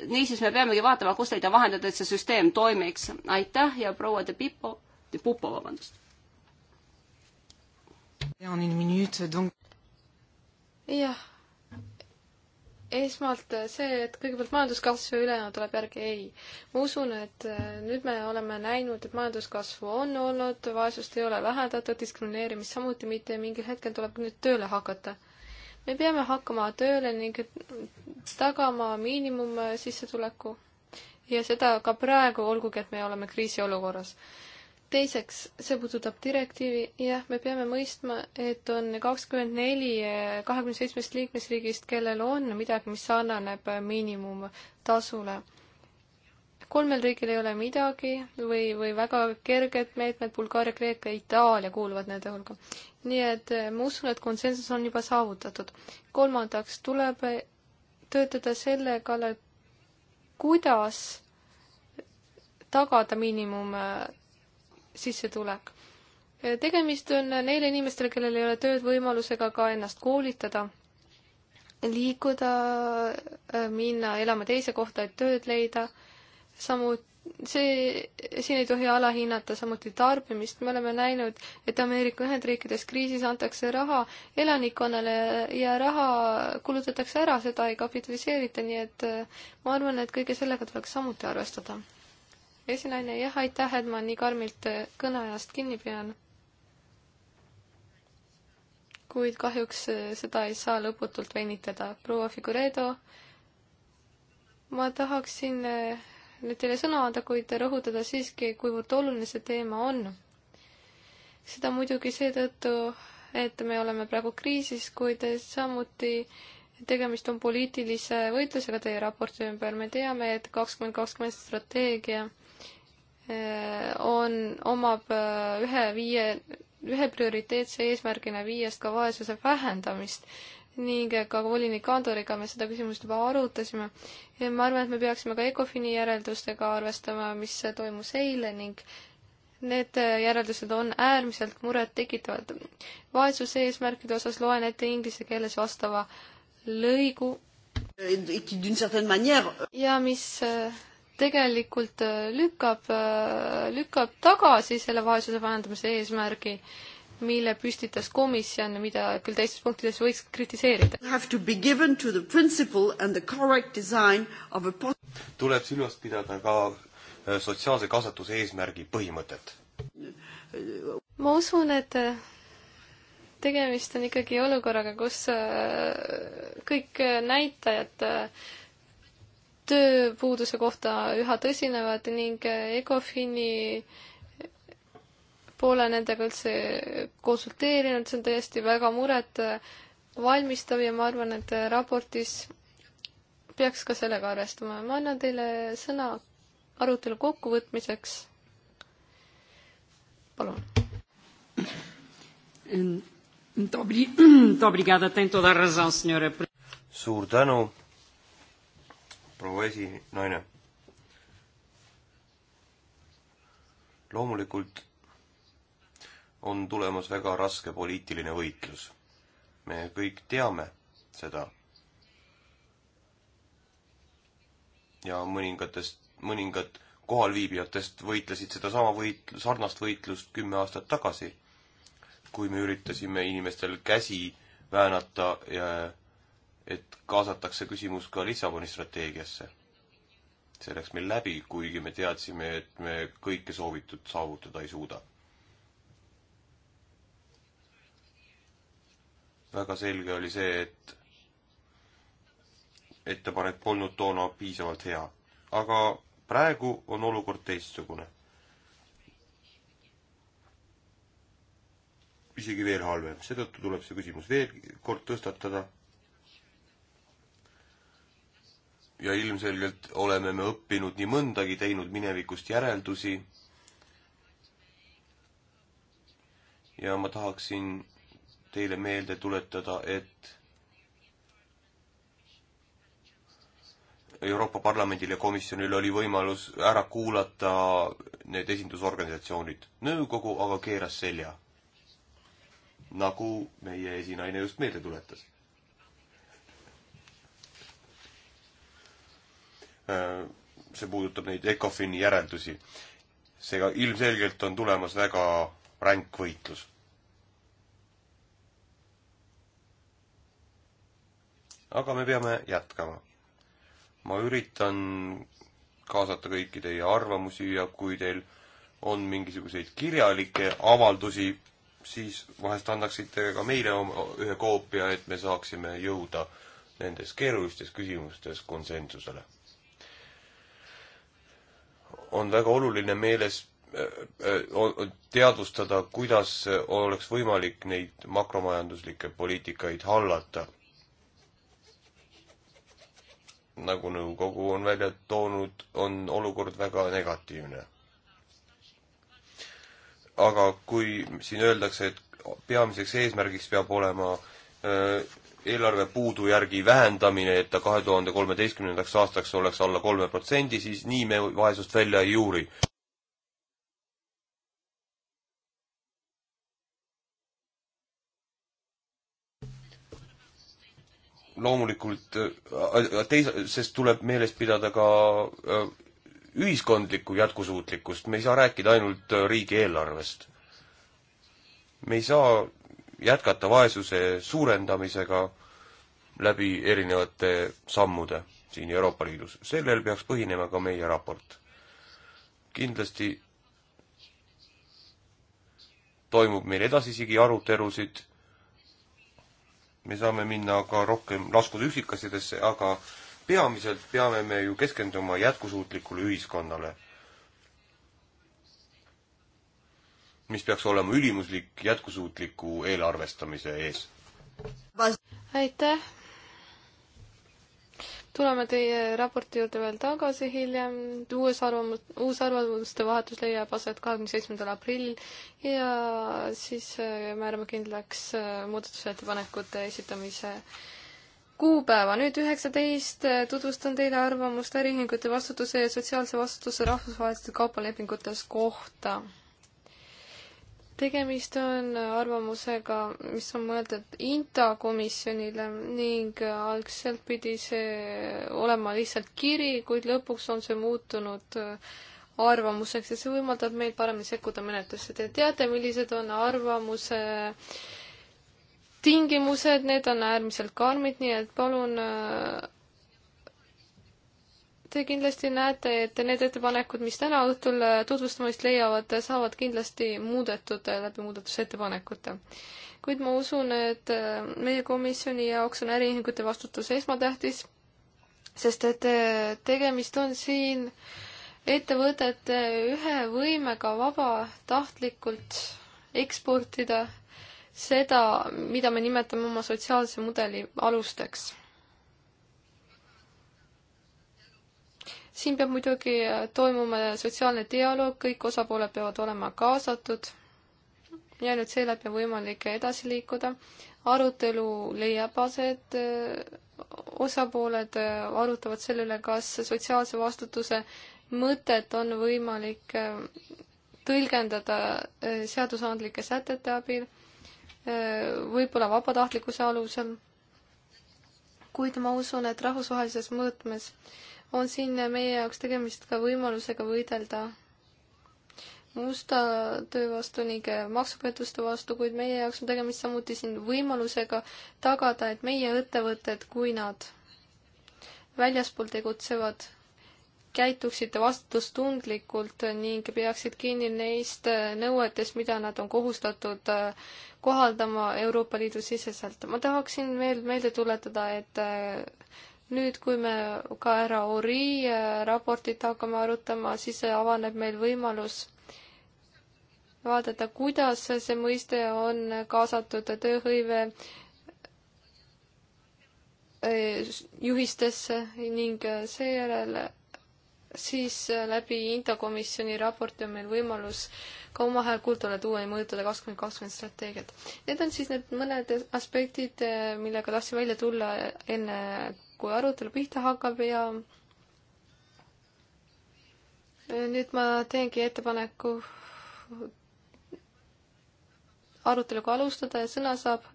niisiis me peamegi vaatama, kus leida vahendeid, et see süsteem toimiks. aitäh ja proua De Pipo. Pupo, vabandust. jah, esmalt see, et kõigepealt majanduskasv ja ülejäänu tuleb järgi, ei. ma usun, et äh, nüüd me oleme näinud, et majanduskasvu on olnud, vaesust ei ole vähendatud, diskrimineerimist samuti mitte ja mingil hetkel tuleb nüüd tööle hakata. me peame hakkama tööle ning tagama miinimumsissetuleku äh, ja seda ka praegu, olgugi et me oleme kriisiolukorras teiseks, see puudutab direktiivi, jah, me peame mõistma, et on kakskümmend neli kahekümne seitsmest liikmesriigist, kellel on midagi, mis sarnaneb miinimumtasule. kolmel riigil ei ole midagi või, või väga kerged meetmed, Bulgaaria, Kreeka, Itaalia kuuluvad nende hulka. nii et eh, ma usun, et konsensus on juba saavutatud. kolmandaks tuleb töötada selle kallal, kuidas tagada miinimum eh, sissetulek. tegemist on neile inimestele, kellel ei ole tööd, võimalusega ka ennast koolitada, liikuda, minna elama teise kohta, et tööd leida, samuti see, siin ei tohi alahinnata samuti tarbimist, me oleme näinud, et Ameerika Ühendriikides kriisis antakse raha elanikkonnale ja raha kulutatakse ära, seda ei kapitaliseerita, nii et äh, ma arvan, et kõige sellega tuleks samuti arvestada esinaine, jah, aitäh, et ma nii karmilt äh, kõneajast kinni pean. kuid kahjuks äh, seda ei saa lõputult venitada. proua Figuredo, ma tahaksin äh, nüüd teile sõna anda, kuid rõhutada siiski, kuivõrd oluline see teema on. seda muidugi seetõttu, et me oleme praegu kriisis, kuid samuti tegemist on poliitilise võitlusega teie raporti ümber. me teame, et kakskümmend kakskümmend strateegia Äh, on, omab äh, ühe viie, ühe prioriteetse eesmärgina viiest ka vaesuse vähendamist ning äh, ka volinik Andoriga me seda küsimust juba arutasime. ja ma arvan, et me peaksime ka ECOFIN-i järeldustega arvestama, mis toimus eile ning need järeldused on äärmiselt murettekitavad. vaesuse eesmärkide osas loen ette inglise keeles vastava lõigu. ja mis tegelikult äh, lükkab, äh, lükkab tagasi selle vaesuse vähendamise eesmärgi, mille püstitas komisjon, mida küll teistes punktides võiks kritiseerida. tuleb silmas pidada ka äh, sotsiaalse kaasatuse eesmärgi põhimõtet. ma usun, et tegemist on ikkagi olukorraga, kus kõik näitajad tööpuuduse kohta üha tõsinevad ning ECOFIN-i pole nendega üldse konsulteerinud, see on tõesti väga muret valmistav ja ma arvan, et raportis peaks ka sellega arvestama. ma annan teile sõna arutelu kokkuvõtmiseks. palun. suur tänu proua esinaine. loomulikult on tulemas väga raske poliitiline võitlus. me kõik teame seda. ja mõningatest, mõningad kohalviibijatest võitlesid sedasama võit-, sarnast võitlust kümme aastat tagasi, kui me üritasime inimestel käsi väänata ja et kaasatakse küsimus ka Lissaboni strateegiasse. see läks meil läbi, kuigi me teadsime, et me kõike soovitud saavutada ei suuda. väga selge oli see, et ettepanek polnud toona piisavalt hea, aga praegu on olukord teistsugune. isegi veel halvem, seetõttu tuleb see küsimus veel kord tõstatada ja ilmselgelt oleme me õppinud nii mõndagi, teinud minevikust järeldusi. ja ma tahaksin teile meelde tuletada, et Euroopa Parlamendil ja komisjonil oli võimalus ära kuulata need esindusorganisatsioonid. nõukogu aga keeras selja, nagu meie esinaine just meelde tuletas Äh, see puudutab neid ECOFIN-i järeldusi. seega ilmselgelt on tulemas väga ränk võitlus aga me peame jätkama. ma üritan kaasata kõiki teie arvamusi ja kui teil on mingisuguseid kirjalikke avaldusi, siis vahest annaksite ka meile oma, ühe koopia, et me saaksime jõuda nendes keerulistes küsimustes konsensusele on väga oluline meeles äh, äh, teadvustada, kuidas oleks võimalik neid makromajanduslikke poliitikaid hallata. nagu nõukogu on välja toonud, on olukord väga negatiivne. aga kui siin öeldakse, et peamiseks eesmärgiks peab olema äh, eelarve puudujärgi vähendamine, et ta kahe tuhande kolmeteistkümnendaks aastaks oleks alla kolme protsendi, siis nii me vaesust välja ei juuri. loomulikult äh, teis-, sest tuleb meeles pidada ka äh, ühiskondlikku jätkusuutlikkust, me ei saa rääkida ainult äh, riigieelarvest. me ei saa jätkata vaesuse suurendamisega läbi erinevate sammude siin Euroopa Liidus. sellel peaks põhinema ka meie raport. kindlasti toimub meil edasisigi arutelusid, me saame minna ka rohkem, laskuda üksikasjadesse, aga peamiselt peame me ju keskenduma jätkusuutlikule ühiskonnale mis peaks olema ülimuslik jätkusuutliku eelarvestamise ees. aitäh! tuleme teie raporti juurde veel tagasi hiljem, uues arvamus, uus arvamuste vahetus leiab aset kahekümne seitsmendal aprillil ja siis äh, määrame kindlaks äh, muudatusettepanekute esitamise kuupäeva. nüüd üheksateist äh, tutvustan teile arvamust äriühingute vastutuse ja sotsiaalse vastutuse rahvusvaheliste kaubalepingutes kohta tegemist on arvamusega, mis on mõeldud INTA komisjonile ning algselt pidi see olema lihtsalt kiri, kuid lõpuks on see muutunud arvamuseks ja see võimaldab meil paremini sekkuda menetlusse. Te teate, millised on arvamuse tingimused, need on äärmiselt karmid, nii et palun äh, Te kindlasti näete, et need ettepanekud, mis täna õhtul äh, tutvustamist leiavad, saavad kindlasti muudetud äh, läbi muudatusettepanekute. kuid ma usun, et äh, meie komisjoni jaoks on äriühingute vastutus esmatähtis, sest et tegemist on siin ettevõtete ühe võimega vabatahtlikult eksportida seda, mida me nimetame oma sotsiaalse mudeli alusteks siin peab muidugi äh, toimuma sotsiaalne dialoog, kõik osapooled peavad olema kaasatud ja nüüd seeläbi on võimalik edasi liikuda. arutelu leiab aset, äh, osapooled äh, arutavad selle üle, kas sotsiaalse vastutuse mõtet on võimalik tõlgendada seadusandlike sätete abil, võib-olla vabatahtlikkuse alusel, kuid ma usun, et rahvusvahelises mõõtmes on siin meie jaoks tegemist ka võimalusega võidelda musta töö vastu ning maksupettuste vastu, kuid meie jaoks on tegemist samuti siin võimalusega tagada, et meie ettevõtted, kui nad väljaspool tegutsevad, käituksid vastutustundlikult ning peaksid kinni neist nõuetest, mida nad on kohustatud kohaldama Euroopa Liidu siseselt. ma tahaksin veel meelde tuletada, et nüüd, kui me ka härra Ori äh, raportit hakkame arutama, siis avaneb meil võimalus vaadata, kuidas see mõiste on kaasatud tööhõive äh, juhistesse ning äh, seejärel siis läbi Intakomisjoni raporti on meil võimalus ka oma hääl kuuldavale tuua ja mõjutada kakskümmend kakskümmend strateegiat. Need on siis need mõned aspektid, millega tahtsin välja tulla enne kui arutelu pihta hakkab ja nüüd ma teengi ettepaneku aruteluga alustada ja sõna saab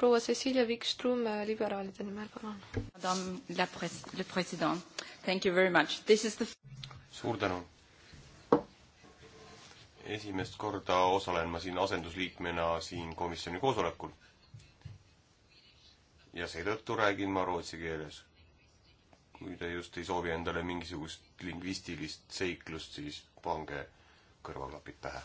proua Cecilia Wikström liberaalide nimel, palun. Madame la pres-, le president, thank you very much, this is the suur tänu. esimest korda osalen ma siin asendusliikmena siin komisjoni koosolekul ja seetõttu räägin ma rootsi keeles. kui te just ei soovi endale mingisugust lingvistilist seiklust, siis pange kõrvaklapid pähe.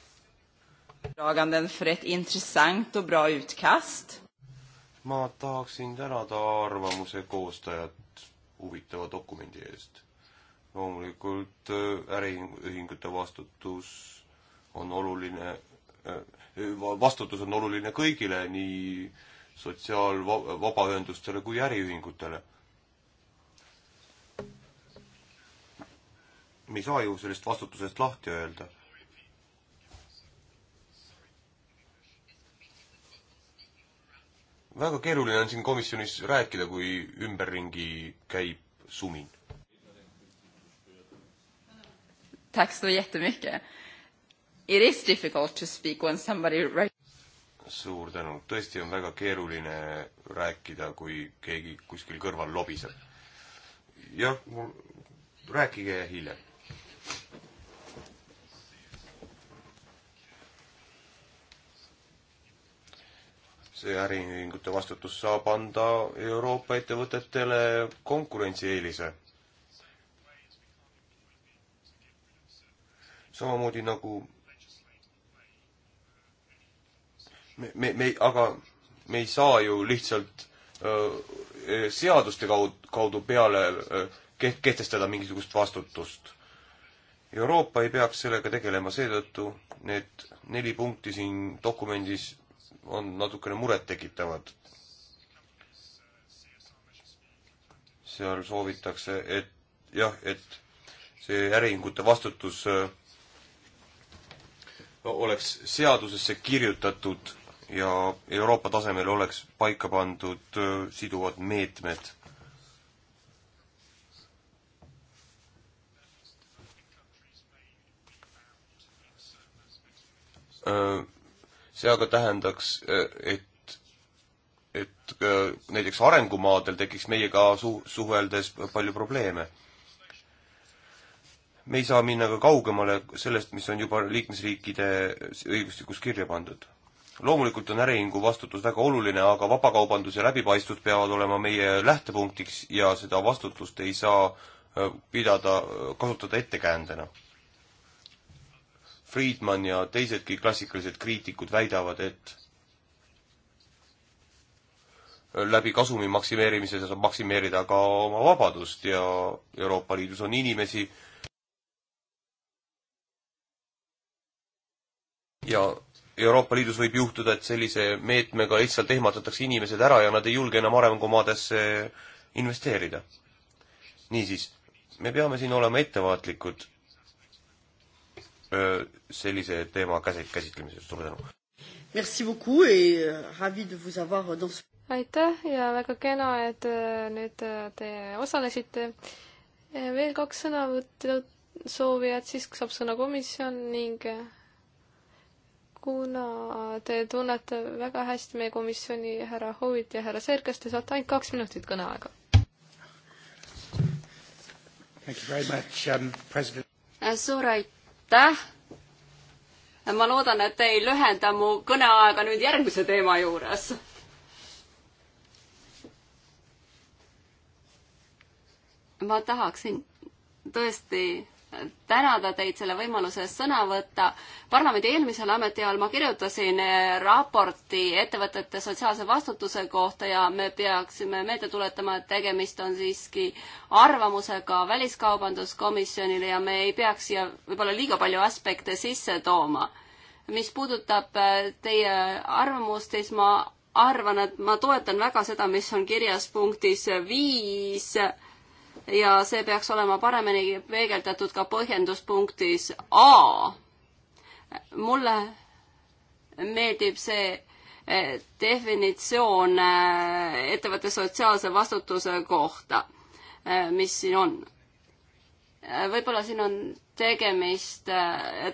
ma tahaksin tänada arvamuse koostajat huvitava dokumendi eest. loomulikult äh, äriühingute vastutus on oluline, äh, vastutus on oluline kõigile, nii sotsiaalvabaühendustele kui äriühingutele. me ei saa ju sellest vastutusest lahti öelda. väga keeruline on siin komisjonis rääkida, kui ümberringi käib sumin. Tack så jättemycket. It is difficult to speak when somebody suur tänu, tõesti on väga keeruline rääkida, kui keegi kuskil kõrval lobiseb. jah, mul, rääkige hiljem. see äriühingute vastutus saab anda Euroopa ettevõtetele konkurentsieelise samamoodi nagu me, me, me, aga me ei saa ju lihtsalt öö, seaduste kaudu, kaudu peale öö, keht-, kehtestada mingisugust vastutust. Euroopa ei peaks sellega tegelema, seetõttu need neli punkti siin dokumendis on natukene murettekitavad. seal soovitakse, et jah, et see äriühingute vastutus öö, oleks seadusesse kirjutatud ja Euroopa tasemel oleks paika pandud siduvad meetmed. see aga tähendaks, et, et näiteks arengumaadel tekiks meiega su-, suheldes palju probleeme me ei saa minna ka kaugemale sellest, mis on juba liikmesriikide õigustikus kirja pandud loomulikult on äriühingu vastutus väga oluline, aga vabakaubandus ja läbipaistvus peavad olema meie lähtepunktiks ja seda vastutust ei saa äh, pidada, äh, kasutada ettekäändena. Friedman ja teisedki klassikalised kriitikud väidavad, et äh, läbi kasumi maksimeerimise saab maksimeerida ka oma vabadust ja Euroopa Liidus on inimesi ja Euroopa Liidus võib juhtuda, et sellise meetmega lihtsalt ehmatatakse inimesed ära ja nad ei julge enam arengumaadesse investeerida. niisiis, me peame siin olema ettevaatlikud sellise teema käsit-, käsitlemisel, suur tänu! Merci beaucoup et euh, ravi de vous avoir dans ce aitäh ja väga kena, et nüüd te osalesite. veel kaks sõnavõttu soovijat, siis saab sõna komisjon ning kuna te tunnete väga hästi meie komisjoni härra Hoovit ja härra Serkast, te saate ainult kaks minutit kõneaega. Um, äh, suur aitäh! Äh, ma loodan, et ei lühenda mu kõneaega nüüd järgmise teema juures ma tahaksin tõesti tänada teid selle võimaluse eest sõna võtta. parlamendi eelmisel ametiajal ma kirjutasin eh, raporti ettevõtete sotsiaalse vastutuse kohta ja me peaksime meelde tuletama, et tegemist on siiski arvamusega Väliskaubanduskomisjonile ja me ei peaks siia võib-olla liiga palju aspekte sisse tooma. mis puudutab eh, teie arvamust, siis ma arvan, et ma toetan väga seda, mis on kirjas punktis viis ja see peaks olema paremini peegeldatud ka põhjenduspunktis A. mulle meeldib see eh, definitsioon eh, ettevõtte sotsiaalse vastutuse kohta, eh, mis siin on. võib-olla siin on tegemist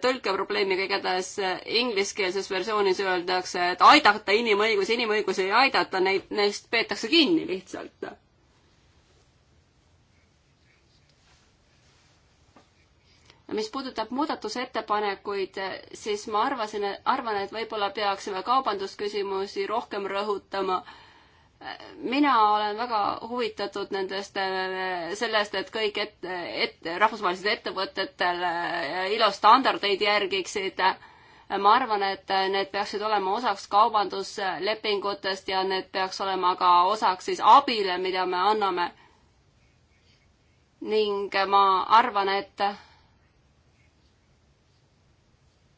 tõlkeprobleemiga, igatahes ingliskeelses versioonis öeldakse, et aidata inimõigusi, inimõigusi ei aidata, neid, neist peetakse kinni lihtsalt mis puudutab muudatusettepanekuid, siis ma arvasin, arvan, et võib-olla peaksime kaubandusküsimusi rohkem rõhutama. mina olen väga huvitatud nendest, sellest, et kõik et, et rahvusvahelised ettevõtetel ILO standardeid järgiksid. ma arvan, et need peaksid olema osaks kaubanduslepingutest ja need peaks olema ka osaks siis abile, mida me anname. ning ma arvan, et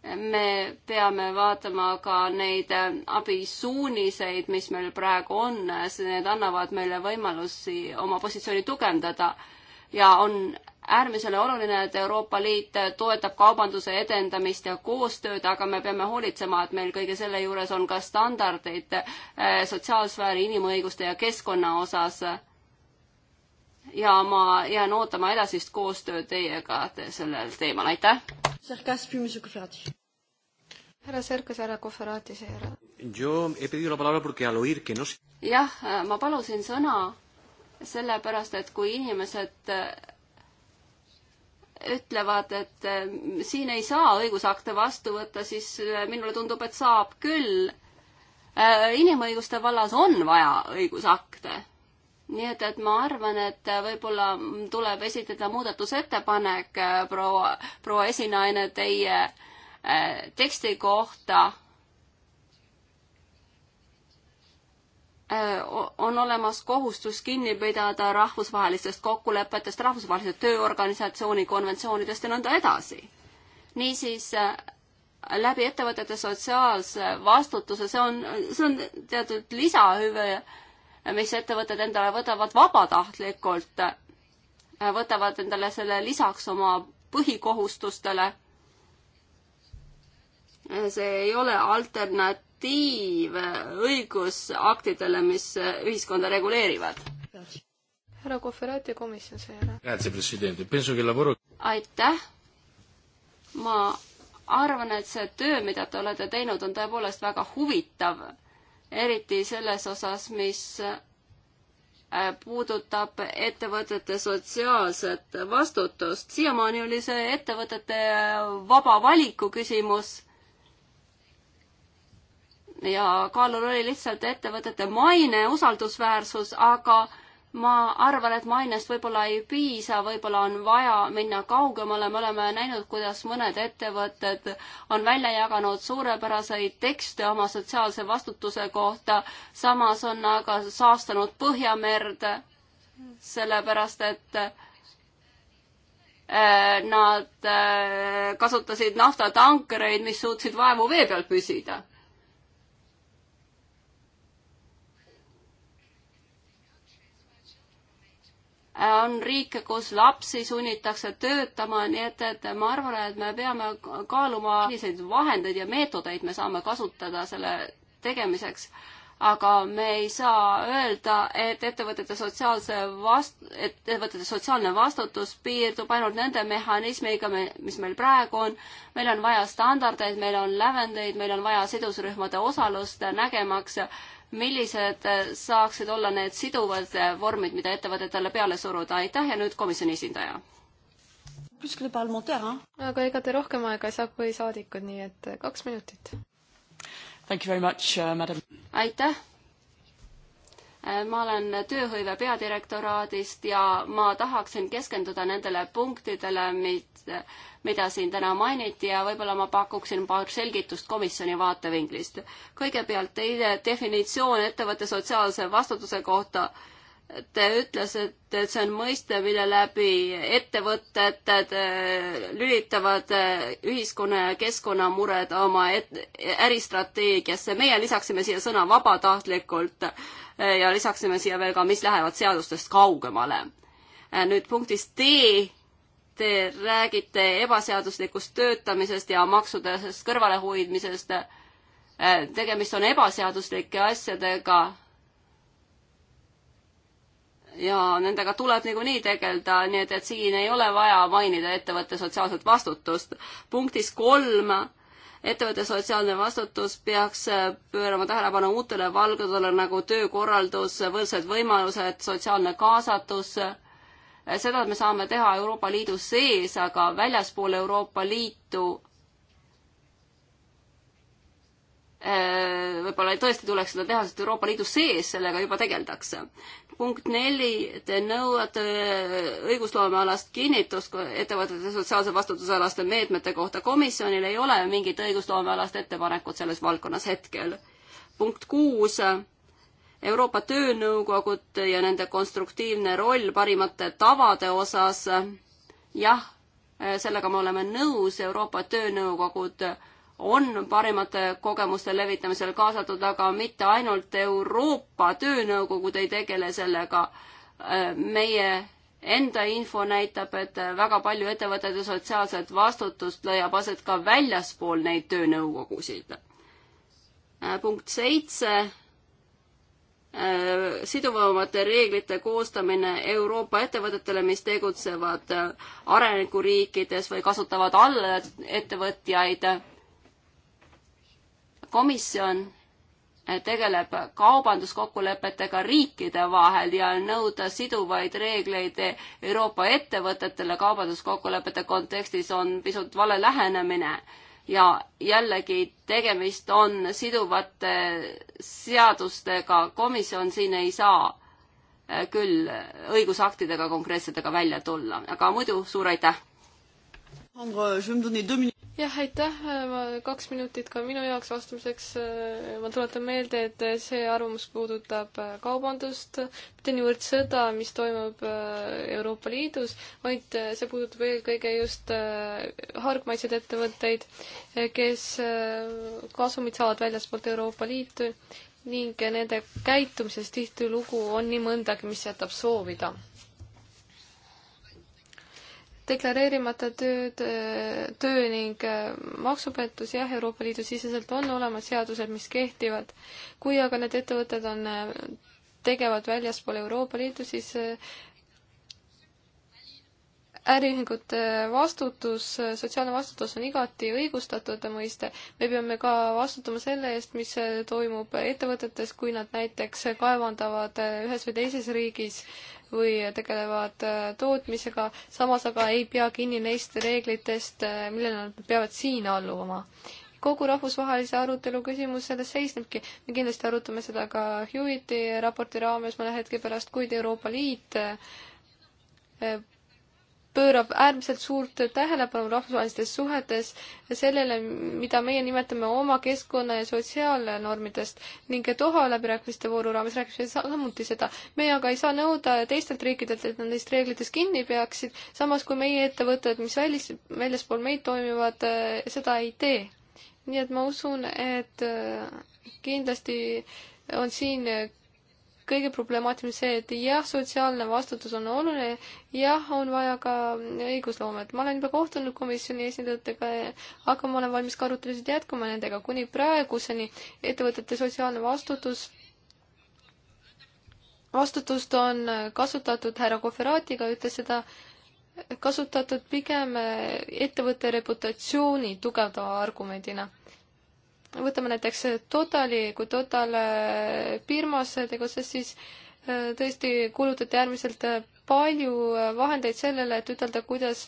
me peame vaatama ka neid äh, abisuuniseid, mis meil praegu on, need annavad meile võimalusi oma positsiooni tugevdada ja on äärmisele oluline, et Euroopa Liit toetab kaubanduse edendamist ja koostööd, aga me peame hoolitsema, et meil kõige selle juures on ka standardid äh, sotsiaalsfääri, inimõiguste ja keskkonna osas. ja ma jään ootama edasist koostööd teiega sellel teemal, aitäh! härra Serkas, härra Koferaati seejärel. jah, äh, ma palusin sõna sellepärast, et kui inimesed äh, ütlevad, et äh, siin ei saa õigusakte vastu võtta, siis minule tundub, et saab küll. inimõiguste vallas on vaja õigusakte nii et, et ma arvan, et äh, võib-olla tuleb esitada muudatusettepanek äh, proua, proua esinaine teie äh, teksti kohta äh,. on olemas kohustus kinni pidada rahvusvahelistest kokkulepetest, rahvusvahelise tööorganisatsiooni konventsioonidest ja nõnda edasi. niisiis äh, läbi ettevõtete sotsiaalse vastutuse, see on, see on teatud lisahüve mis ettevõtted endale võtavad vabatahtlikult, võtavad endale selle lisaks oma põhikohustustele. see ei ole alternatiiv õigusaktidele, mis ühiskonda reguleerivad. härra Kohverati komisjon seejärel. aitäh. ma arvan, et see töö, mida te olete teinud, on tõepoolest väga huvitav eriti selles osas, mis äh, puudutab ettevõtete sotsiaalset vastutust. siiamaani oli see ettevõtete äh, vaba valiku küsimus. ja kaalul oli lihtsalt ettevõtete maine, usaldusväärsus, aga ma arvan, et mainest võib-olla ei piisa, võib-olla on vaja minna kaugemale, me oleme näinud, kuidas mõned ettevõtted on välja jaganud suurepäraseid tekste oma sotsiaalse vastutuse kohta, samas on aga saastanud Põhjamerd, sellepärast et äh, nad äh, kasutasid naftatankereid, mis suutsid vaevu vee peal püsida on riike, kus lapsi sunnitakse töötama, nii et, et ma arvan, et me peame kaaluma, milliseid vahendeid ja meetodeid me saame kasutada selle tegemiseks. aga me ei saa öelda, et ettevõtete sotsiaalse vast-, ettevõtete sotsiaalne vastutus piirdub ainult nende mehhanismiga, mis meil praegu on. meil on vaja standardeid, meil on lävendeid, meil on vaja sidusrühmade osalust, nägemaks, millised äh, saaksid olla need siduvad äh, vormid, mida ettevõtted talle peale suruda. aitäh ja nüüd komisjoni esindaja. aga ega te rohkem aega ei saa kui saadikud, nii et äh, kaks minutit. Uh, aitäh Äh, ma olen tööhõive peadirektoraadist ja ma tahaksin keskenduda nendele punktidele, mida siin täna mainiti ja võib-olla ma pakuksin paar selgitust komisjoni vaatevinklist. kõigepealt teie definitsioon ettevõtte sotsiaalse vastutuse kohta. Te ütlesite, et see on mõiste, mille läbi ettevõtted et äh, lülitavad äh, ühiskonna ja keskkonnamured oma et, äristrateegiasse. meie lisaksime siia sõna vabatahtlikult ja lisaksime siia veel ka, mis lähevad seadustest kaugemale. nüüd punktis D te räägite ebaseaduslikust töötamisest ja maksudest kõrvalehoidmisest. tegemist on ebaseaduslike asjadega. ja nendega tuleb niikuinii tegeleda, nii et, et siin ei ole vaja mainida ettevõtte sotsiaalset vastutust. punktis kolm ettevõtte sotsiaalne vastutus peaks äh, pöörama tähelepanu uutele valgudele nagu töökorraldus, võrdsed võimalused, sotsiaalne kaasatus. Äh, seda me saame teha Euroopa Liidu sees, aga väljaspool Euroopa Liitu äh, võib-olla tõesti tuleks seda teha, sest Euroopa Liidu sees sellega juba tegeldakse punkt neli, te nõuate õigusloomealast kinnitust ettevõtete sotsiaalse vastutusalaste meetmete kohta. komisjonil ei ole mingit õigusloomealast ettepanekut selles valdkonnas hetkel. punkt kuus, Euroopa Töönõukogud ja nende konstruktiivne roll parimate tavade osas. jah, sellega me oleme nõus, Euroopa Töönõukogud on parimate kogemuste levitamisel kaasatud, aga mitte ainult Euroopa Töönõukogud ei tegele sellega. meie enda info näitab, et väga palju ettevõtete sotsiaalset vastutust leiab aset ka väljaspool neid töönõukogusid. punkt seitse, siduvamate reeglite koostamine Euroopa ettevõtetele, mis tegutsevad arenguriikides või kasutavad allettevõtjaid komisjon eh, tegeleb kaubanduskokkulepetega riikide vahel ja nõuda siduvaid reegleid Euroopa ettevõtetele kaubanduskokkulepete kontekstis on pisut vale lähenemine ja jällegi tegemist on siduvate seadustega, komisjon siin ei saa eh, küll õigusaktidega konkreetsetega välja tulla, aga muidu suur aitäh! jah, aitäh, ma kaks minutit ka minu jaoks vastamiseks. ma tuletan meelde, et see arvamus puudutab äh, kaubandust, mitte niivõrd seda, mis toimub äh, Euroopa Liidus, vaid äh, see puudutab eelkõige just hargmaiseid ettevõtteid, kes kasumit saavad väljaspoolt Euroopa Liitu ning nende käitumises tihtilugu on nii mõndagi, mis jätab soovida deklareerimata tööd, töö ning äh, maksupettus, jah, Euroopa Liidu siseselt on olemas seadused, mis kehtivad. kui aga need ettevõtted on, äh, tegevad väljaspool Euroopa Liitu, siis äh, äriühingute vastutus, sotsiaalne vastutus on igati õigustatud mõiste. me peame ka vastutama selle eest, mis toimub ettevõtetes, kui nad näiteks kaevandavad ühes või teises riigis või tegelevad äh, tootmisega, samas aga ei pea kinni neist reeglitest, äh, millele nad peavad siin alluma. kogu rahvusvahelise arutelu küsimus selles seisnebki, me kindlasti arutame seda ka Hewiti raporti raames mõne hetke pärast, kuid Euroopa Liit äh, pöörab äärmiselt suurt tähelepanu rahvusvahelistes suhetes sellele, mida meie nimetame oma keskkonna ja sotsiaalnormidest ning Doha läbirääkimiste vooru raames rääkisime samuti seda. meie aga ei saa nõuda teistelt riikidelt, et nad neist reeglitest kinni peaksid, samas kui meie ettevõtted, mis välis, väljaspool meid toimivad, seda ei tee. nii et ma usun, et kindlasti on siin kõige problemaatilisem see, et jah, sotsiaalne vastutus on oluline, jah, on vaja ka õigusloomet. ma olen juba kohtunud komisjoni esindajatega, aga ma olen valmis ka arutelusid jätkama nendega, kuni praeguseni ettevõtete sotsiaalne vastutus vastutust on kasutatud, härra Kohveratiga ütles seda, kasutatud pigem ettevõtte reputatsiooni tugevdava argumendina võtame näiteks Totali, kui Total firmas äh, tegutses, siis äh, tõesti kulutati äärmiselt äh, palju vahendeid sellele, et ütelda, kuidas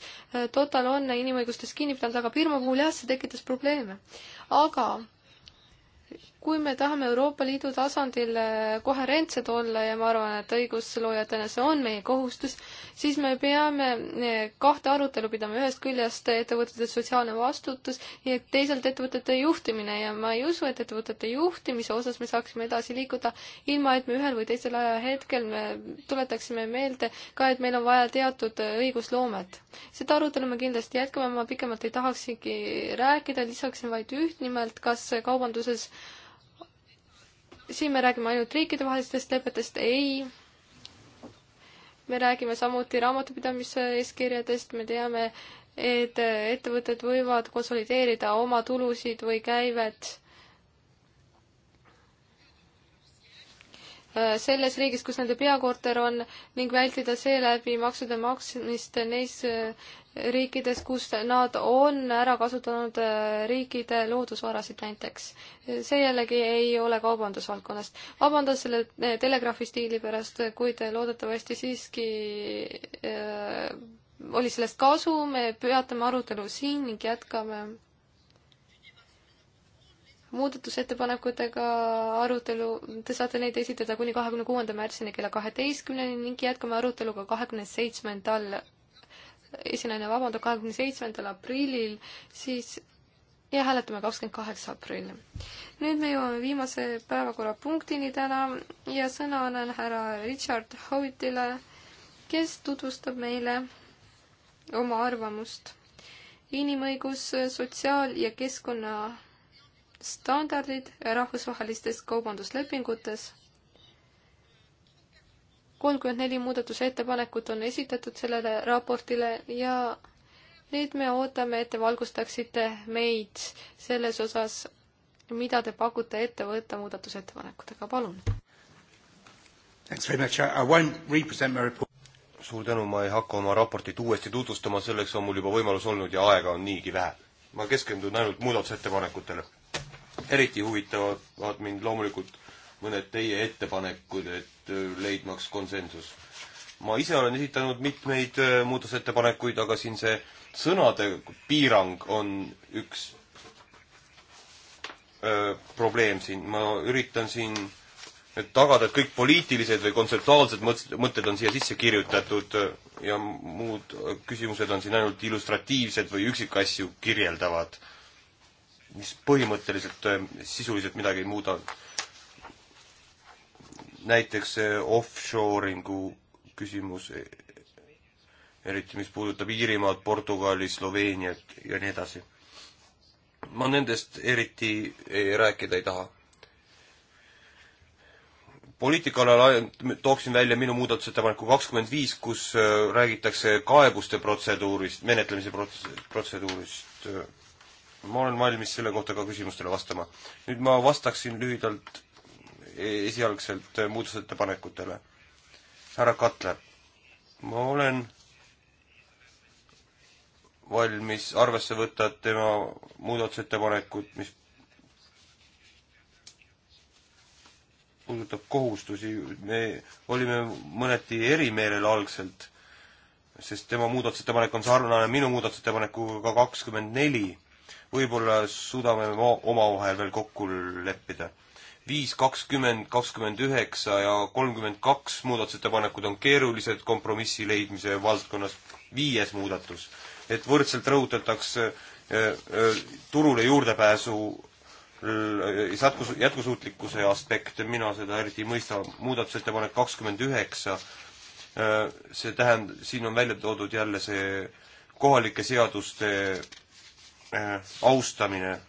Total on inimõigustest kinni pidanud, aga firma puhul jah, see tekitas probleeme. aga kui me tahame Euroopa Liidu tasandil äh, koherentsed olla ja ma arvan, et õigusloojatena see on meie kohustus, siis me peame äh, kahte arutelu pidama, ühest küljest ettevõtete sotsiaalne vastutus ja teisalt ettevõtete juhtimine ja ma ei usu, et ettevõtete juhtimise osas me saaksime edasi liikuda, ilma et me ühel või teisel ajahetkel me tuletaksime meelde ka, et meil on vaja teatud äh, õigusloomet. seda arutelu me kindlasti jätkame, ma pikemalt ei tahaksigi rääkida, lisaksin vaid üht, nimelt kas kaubanduses siin me räägime ainult riikidevahelistest lepetest, ei. me räägime samuti raamatupidamise eeskirjadest, me teame, et ettevõtted võivad konsolideerida oma tulusid või käivet Äh, selles riigis, kus nende peakorter on ning vältida seeläbi maksude maksmist neis äh, riikides, kus nad on ära kasutanud äh, riikide loodusvarasid näiteks. see jällegi ei ole kaubandusvaldkonnast. vabandan selle telegraafi stiili pärast, kuid loodetavasti siiski äh, oli sellest kasu, me peatame arutelu siin ning jätkame muudatusettepanekutega arutelu, te saate neid esitada kuni kahekümne kuuenda märtsini kella kaheteistkümneni ning jätkame aruteluga kahekümne seitsmendal, esinaine vabandab, kahekümne seitsmendal aprillil, siis ja hääletame kakskümmend kaheksa aprill. nüüd me jõuame viimase päevakorrapunktini täna ja sõna annan härra Richard Howittile, kes tutvustab meile oma arvamust inimõigus, sotsiaal- ja keskkonna standardid rahvusvahelistes kaubanduslepingutes. kolmkümmend neli muudatusettepanekut on esitatud sellele raportile ja nüüd me ootame, et te valgustaksite meid selles osas, mida te pakute ette võtta muudatusettepanekutega, palun. suur tänu, ma ei hakka oma raportit uuesti tutvustama, selleks on mul juba võimalus olnud ja aega on niigi vähe. ma keskendun ainult muudatusettepanekutele eriti huvitavad mind loomulikult mõned teie ettepanekud, et äh, leidmaks konsensus. ma ise olen esitanud mitmeid äh, muudatusettepanekuid, aga siin see sõnade piirang on üks öö, äh, probleem siin, ma üritan siin et tagada, et kõik poliitilised või kontseptuaalsed mõtted on siia sisse kirjutatud ja muud küsimused on siin ainult illustratiivsed või üksikasju kirjeldavad mis põhimõtteliselt äh, sisuliselt midagi ei muuda. näiteks äh, offshoringu küsimus, e, eriti mis puudutab Iirimaad, Portugali, Sloveeniat ja nii edasi. ma nendest eriti ei rääkida ei taha. poliitikale tooksin välja minu muudatusettepaneku kakskümmend viis, kus äh, räägitakse kaebuste protseduurist, menetlemise prots-, protseduurist ma olen valmis selle kohta ka küsimustele vastama. nüüd ma vastaksin lühidalt e-, esialgselt muudatusettepanekutele. härra Katler, ma olen valmis arvesse võtta tema muudatusettepanekut, mis puudutab kohustusi, me olime mõneti erimeelel algselt, sest tema muudatusettepanek on sarnane minu muudatusettepanekuga kakskümmend neli võib-olla suudame omavahel veel kokku leppida. viis, kakskümmend, kakskümmend üheksa ja kolmkümmend kaks muudatusettepanekud on keerulised kompromissi leidmise valdkonnas. viies muudatus, et võrdselt rõhutatakse eh, eh, turule juurdepääsu jätkus, eh, jätkusuutlikkuse aspekte, mina seda eriti ei mõista, muudatusettepanek kakskümmend üheksa, see tähend-, siin on välja toodud jälle see kohalike seaduste Äh, austamine.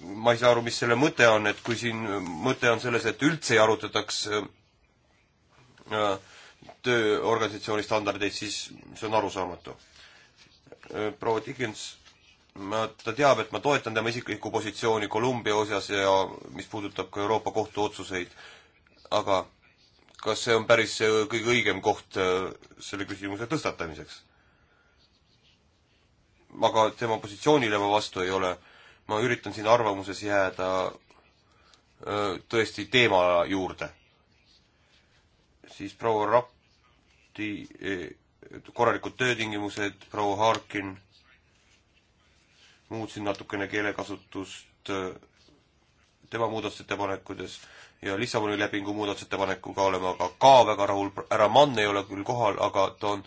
ma ei saa aru, mis selle mõte on, et kui siin mõte on selles, et üldse ei arutataks äh, tööorganisatsiooni standardeid, siis see on arusaamatu. Äh, proua Dickens, ma, ta teab, et ma toetan tema isiklikku positsiooni Kolumbia osas ja mis puudutab ka Euroopa Kohtu otsuseid, aga kas see on päris äh, kõige õigem koht äh, selle küsimuse tõstatamiseks? aga tema positsioonile ma vastu ei ole. ma üritan siin arvamuses jääda äh, tõesti teema juurde. siis proua Rapti korralikud töötingimused, proua Harkin, muutsin natukene keelekasutust tema muudatusettepanekutes ja Lissaboni lepingu muudatusettepanekuga olen ma ka, ka väga rahul, härra Mann ei ole küll kohal, aga ta on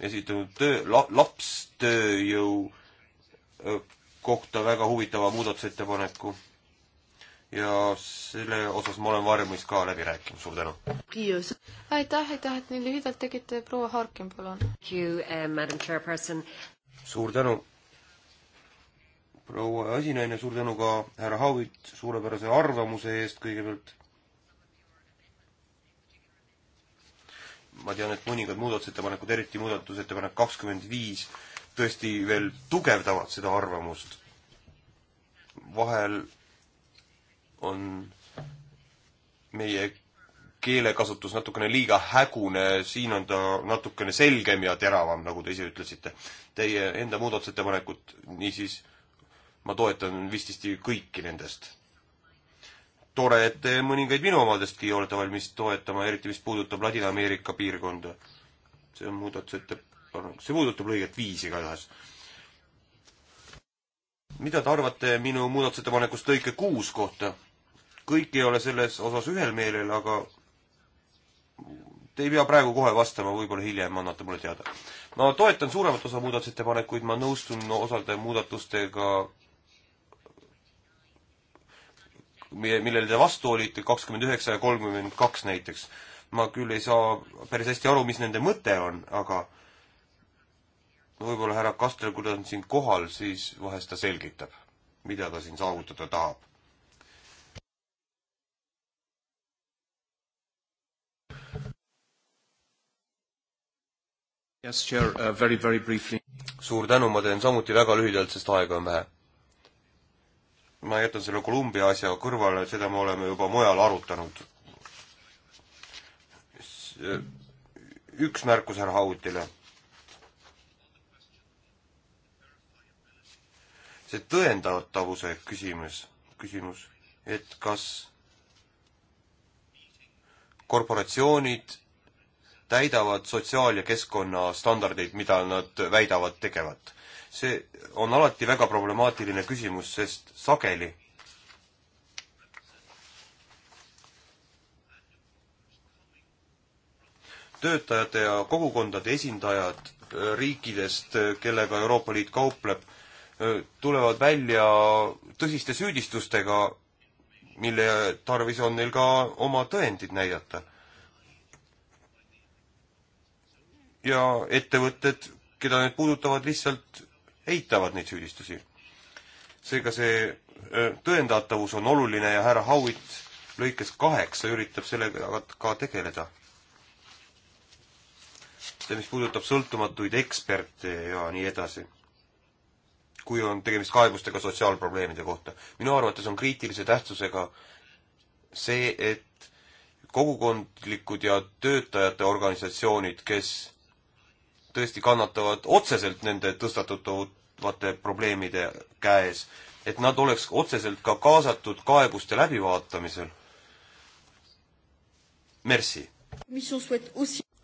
esitanud töö la,, lapstööjõu kohta väga huvitava muudatusettepaneku. ja selle osas ma olen valmis ka läbi rääkima, suur tänu. aitäh, aitäh, et nii lühidalt tegite, proua Harkin, palun. Eh, suur tänu proua esinaine, suur tänu ka härra Haavit suurepärase arvamuse eest kõigepealt. ma tean, et mõningad muudatusettepanekud, eriti muudatusettepanek kakskümmend viis, tõesti veel tugevdavad seda arvamust. vahel on meie keelekasutus natukene liiga hägune, siin on ta natukene selgem ja teravam, nagu te ise ütlesite. Teie enda muudatusettepanekut, niisiis ma toetan vististi kõiki nendest tore, et te mõningaid minu omadestki olete valmis toetama, eriti mis puudutab Ladina-Ameerika piirkonda. see on muudatusettepanek, see puudutab lõiget viis igatahes. mida te arvate minu muudatusettepanekust lõike kuus kohta? kõik ei ole selles osas ühel meelel, aga te ei pea praegu kohe vastama, võib-olla hiljem annate mulle teada. ma toetan suuremat osa muudatusettepanekuid, ma nõustun osade muudatustega millele te vastu olite, kakskümmend üheksa ja kolmkümmend kaks näiteks. ma küll ei saa päris hästi aru, mis nende mõte on, aga võib-olla härra Kastel, kui ta on siin kohal, siis vahest ta selgitab, mida ta siin saavutada tahab. Yes, sure, uh, very, very briefly. suur tänu, ma teen samuti väga lühidalt, sest aega on vähe ma jätan selle Kolumbia asja kõrvale, seda me oleme juba mujal arutanud. üks märkus härra Hautile. see tõendatavuse küsimus, küsimus, et kas korporatsioonid täidavad sotsiaal- ja keskkonnastandardeid, mida nad väidavad tegevat see on alati väga problemaatiline küsimus, sest sageli töötajate ja kogukondade esindajad äh, riikidest, äh, kellega Euroopa Liit kaupleb, äh, tulevad välja tõsiste süüdistustega, mille tarvis on neil ka oma tõendid näidata. ja ettevõtted, keda need puudutavad, lihtsalt eitavad neid süüdistusi. seega see tõendatavus on oluline ja härra Howitt lõikes kaheksa üritab sellega ka tegeleda. see, mis puudutab sõltumatuid eksperte ja nii edasi. kui on tegemist kaebustega sotsiaalprobleemide kohta. minu arvates on kriitilise tähtsusega see, et kogukondlikud ja töötajate organisatsioonid, kes tõesti kannatavad otseselt nende tõstatatud puudutavate probleemide käes, et nad oleks otseselt ka kaasatud kaebuste läbivaatamisel. Merci.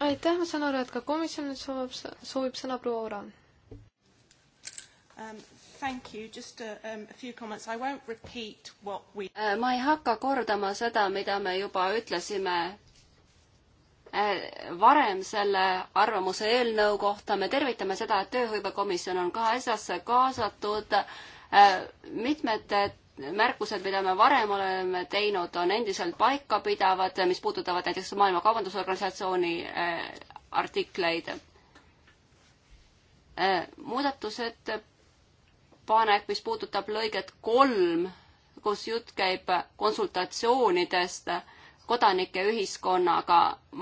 aitäh, ma saan aru, et ka komisjon nüüd soovib, soovib sõna proua Oran um,. Thank you. Just a, uh, um, a few comments. I won't repeat what we... Äh, ma ei hakka kordama seda, mida me juba ütlesime Äh, varem selle arvamuse eelnõu kohta. me tervitame seda, et Tööhõivekomisjon on ka asjasse kaasatud. Äh, mitmed äh, märkused, mida me varem oleme teinud, on endiselt paikapidavad, mis puudutavad näiteks Maailma Kaubandusorganisatsiooni artikleid. muudatusettepanek, mis puudutab lõiget kolm, kus jutt käib konsultatsioonidest kodanike ühiskonnaga.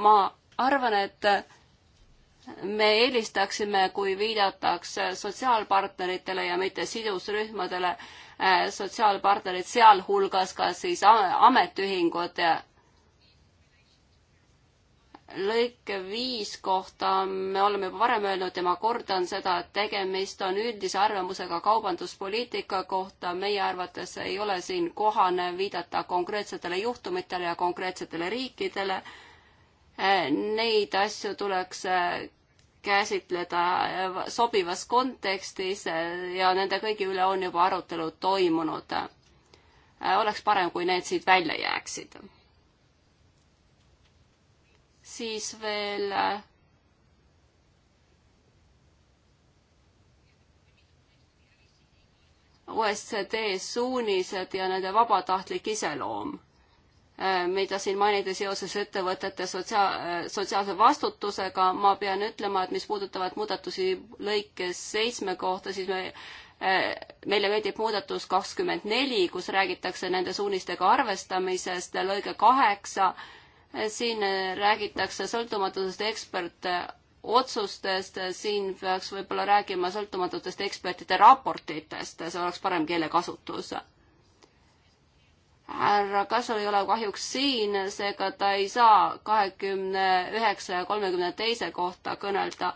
ma arvan, et me eelistaksime, kui viidatakse sotsiaalpartneritele ja mitte sidusrühmadele, sotsiaalpartnerid sealhulgas ka siis ametiühingud ja lõike viis kohta me oleme juba varem öelnud ja ma kordan seda, et tegemist on üldise arvamusega kaubanduspoliitika kohta. meie arvates ei ole siin kohane viidata konkreetsetele juhtumitele ja konkreetsetele riikidele. Neid asju tuleks käsitleda sobivas kontekstis ja nende kõigi üle on juba arutelud toimunud. oleks parem, kui need siit välja jääksid siis veel OSCD äh, suunised ja nende vabatahtlik iseloom, äh, mida siin mainiti seoses ettevõtete sotsiaal, äh, sotsiaalse vastutusega, ma pean ütlema, et mis puudutavad muudatusi lõikes seitsme kohta, siis me meile meeldib muudatus kakskümmend neli, kus räägitakse nende suunistega arvestamisest, lõige kaheksa siin räägitakse sõltumatusest ekspertotsustest, siin peaks võib-olla rääkima sõltumatutest ekspertide raportitest, see oleks parem keelekasutus. härra Kasu ei ole kahjuks siin, seega ta ei saa kahekümne üheksa ja kolmekümne teise kohta kõnelda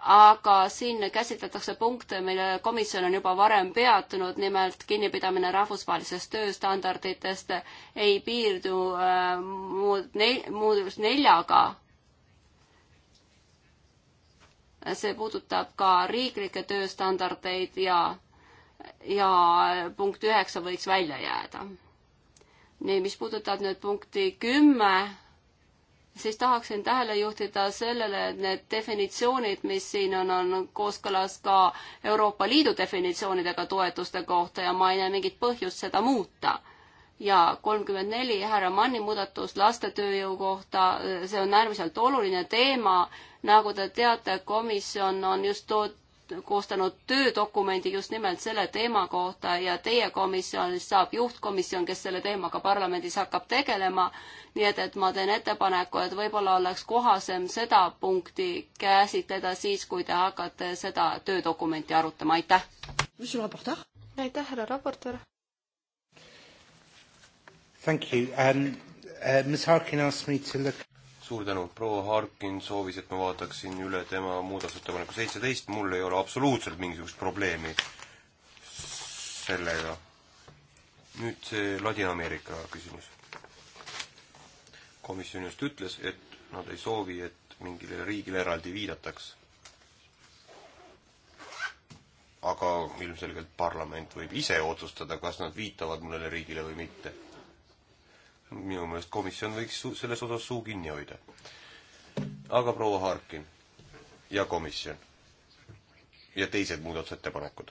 aga siin käsitletakse punkte, mille komisjon on juba varem peatunud, nimelt kinnipidamine rahvusvahelisest tööstandarditest ei piirdu äh, muud nel-, muudus neljaga. see puudutab ka riiklikke tööstandardeid ja, ja punkt üheksa võiks välja jääda. nii, mis puudutab nüüd punkti kümme siis tahaksin tähele juhtida sellele, et need definitsioonid, mis siin on, on kooskõlas ka Euroopa Liidu definitsioonidega toetuste kohta ja ma ei näe mingit põhjust seda muuta. ja kolmkümmend neli härra Manni muudatus laste tööjõu kohta, see on äärmiselt oluline teema. nagu te teate, komisjon on just tood-, koostanud töödokumendi just nimelt selle teema kohta ja teie komisjonist saab juhtkomisjon, kes selle teemaga parlamendis hakkab tegelema. nii et, et ma teen ettepaneku, et võib-olla oleks kohasem seda punkti käsitleda siis, kui te hakkate seda töödokumenti arutama, aitäh. aitäh, härra raportöör. Thank you um,. Uh, Ms Harkin asked me to look suur tänu, proua Harkin soovis, et ma vaataksin üle tema muudatusettepaneku seitseteist, mul ei ole absoluutselt mingisugust probleemi sellega. nüüd see Ladina-Ameerika küsimus. komisjon just ütles, et nad ei soovi, et mingile riigile eraldi viidataks. aga ilmselgelt parlament võib ise otsustada, kas nad viitavad mõnele riigile või mitte minu meelest komisjon võiks su-, selles osas suu kinni hoida. aga proua Harkin ja komisjon ja teised muudatusettepanekud.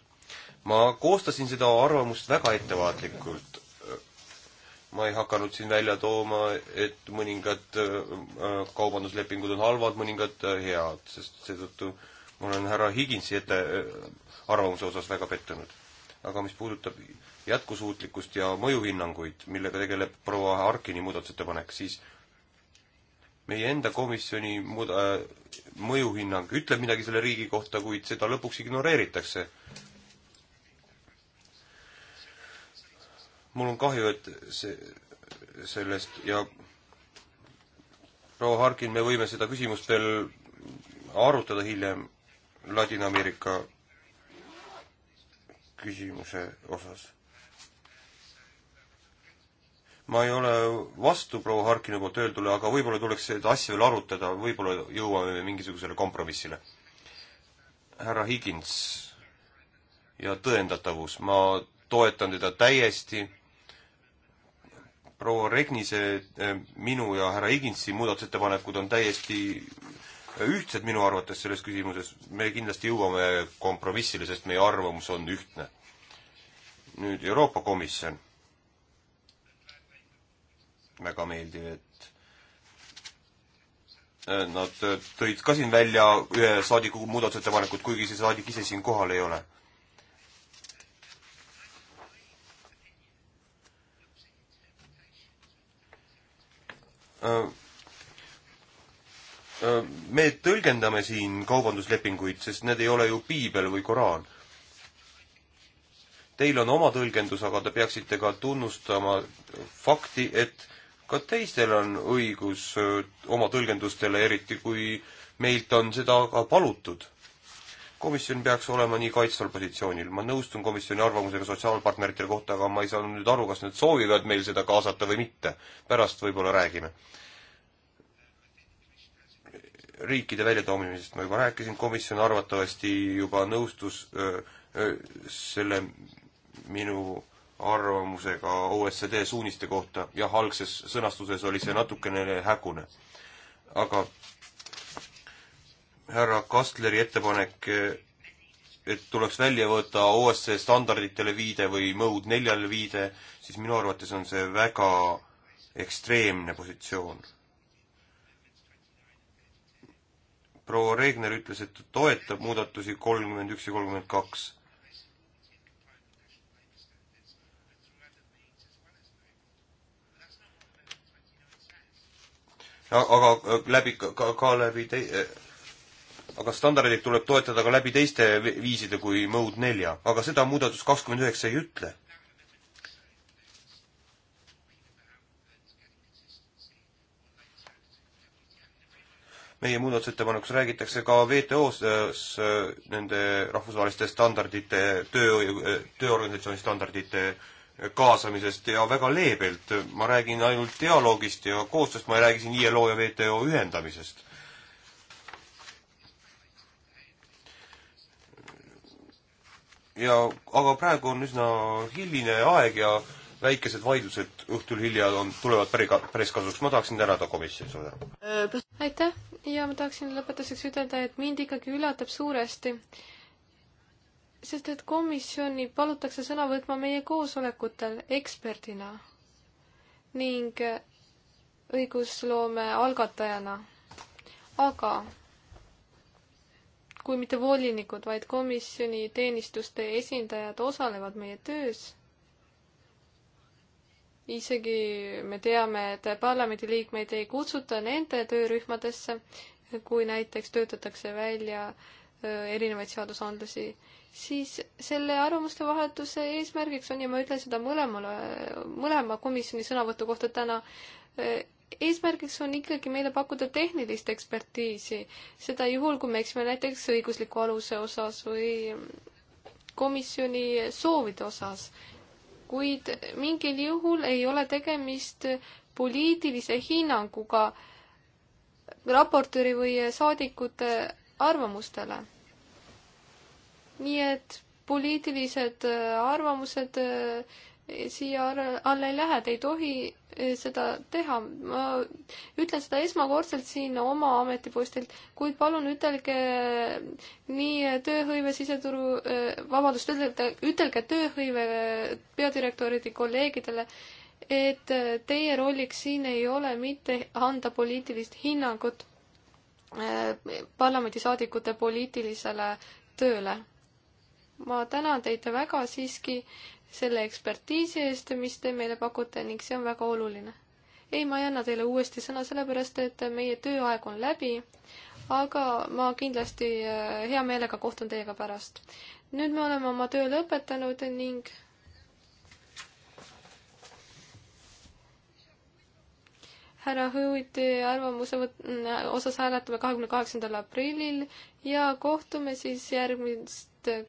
ma koostasin seda arvamust väga ettevaatlikult. ma ei hakanud siin välja tooma, et mõningad äh, kaubanduslepingud on halvad, mõningad äh, head, sest seetõttu ma olen härra Higinsi ette äh, arvamuse osas väga pettunud. aga mis puudutab jätkusuutlikkust ja mõjuhinnanguid, millega tegeleb proua Harkini muudatusettepanek, siis meie enda komisjoni muud- äh,, mõjuhinnang ütleb midagi selle riigi kohta, kuid seda lõpuks ignoreeritakse. mul on kahju, et see, sellest ja proua Harkin, me võime seda küsimust veel arutada hiljem Ladina-Ameerika küsimuse osas ma ei ole vastu proua Harkini poolt öeldule, aga võib-olla tuleks seda asja veel arutada, võib-olla jõuame mingisugusele kompromissile. härra Higins ja tõendatavus, ma toetan teda täiesti. proua Regnise, eh, minu ja härra Higinsi muudatusettepanekud on täiesti ühtsed minu arvates selles küsimuses, me kindlasti jõuame kompromissile, sest meie arvamus on ühtne. nüüd Euroopa Komisjon väga meeldiv, et äh, nad äh, tõid ka siin välja ühe saadiku muudatusettepanekut, kuigi see saadik ise siin kohal ei ole. Äh, me tõlgendame siin kaubanduslepinguid, sest need ei ole ju piibel või koraan teil on oma tõlgendus, aga te peaksite ka tunnustama fakti, et ka teistel on õigus äh, oma tõlgendustele, eriti kui meilt on seda ka palutud. komisjon peaks olema nii kaitsval positsioonil, ma nõustun komisjoni arvamusega sotsiaalpartnerite kohta, aga ma ei saanud nüüd aru, kas nad soovivad meil seda kaasata või mitte. pärast võib-olla räägime. riikide väljatoomisest ma juba rääkisin, komisjon arvatavasti juba nõustus öö, äh, öö, äh, selle minu öö, arvamusega OSCD suuniste kohta, jah, algses sõnastuses oli see natukene hägune. aga härra Kastleri ettepanek, et tuleks välja võtta OSCE standarditele viide või Mode neljale viide, siis minu arvates on see väga ekstreemne positsioon. proua Regner ütles, et toetab muudatusi kolmkümmend üks ja kolmkümmend kaks aga äh, läbi, ka, ka läbi tei-, äh, aga standardeid tuleb toetada ka läbi teiste viiside kui Mode nelja, aga seda muudatus kakskümmend üheksa ei ütle. meie muudatusettepanekus räägitakse ka WTO-s äh, nende rahvusvaheliste standardite, töö, tööorganisatsiooni standardite äh, kaasamisest ja väga leebelt, ma räägin ainult dialoogist ja koostööst, ma ei räägi siin ILO ja WTO ühendamisest. ja, aga praegu on üsna hiline aeg ja väikesed vaidlused õhtul hilja on, tulevad päri, päris kasuks, ma tahaksin tänada komisjoni sulle. Äh, aitäh ja ma tahaksin lõpetuseks ütelda, et mind ikkagi üllatab suuresti äh, sest et komisjoni palutakse sõna võtma meie koosolekutel eksperdina ning õigusloome algatajana. aga kui mitte volinikud, vaid komisjoni teenistuste esindajad osalevad meie töös, isegi me teame, et parlamendiliikmeid ei kutsuta nende töörühmadesse, kui näiteks töötatakse välja äh, erinevaid seadusandlusi siis selle arvamuste vahetuse eesmärgiks on ja ma ütlen seda mõlemale, mõlema komisjoni sõnavõtu kohta täna, eh, eesmärgiks on ikkagi meile pakkuda tehnilist ekspertiisi, seda juhul, kui me eksime näiteks õigusliku aluse osas või komisjoni soovide osas. kuid mingil juhul ei ole tegemist poliitilise hinnanguga raportööri või saadikute arvamustele nii et poliitilised äh, arvamused äh, siia alla ei lähe, te ei tohi äh, seda teha. ma ütlen seda esmakordselt siin oma ametipostilt, kuid palun ütelge nii tööhõive siseturu, vabandust, ütelge, ütelge tööhõive peadirektoride kolleegidele, et teie rolliks siin ei ole mitte anda poliitilist hinnangut parlamendisaadikute poliitilisele tööle ma tänan teid väga siiski selle ekspertiisi eest, mis te meile pakute ning see on väga oluline. ei, ma ei anna teile uuesti sõna, sellepärast et meie tööaeg on läbi, aga ma kindlasti äh, hea meelega kohtun teiega pärast. nüüd me oleme oma töö lõpetanud ning härra Hõuti arvamuse osas hääletame kahekümne kaheksandal aprillil ja kohtume siis järgmist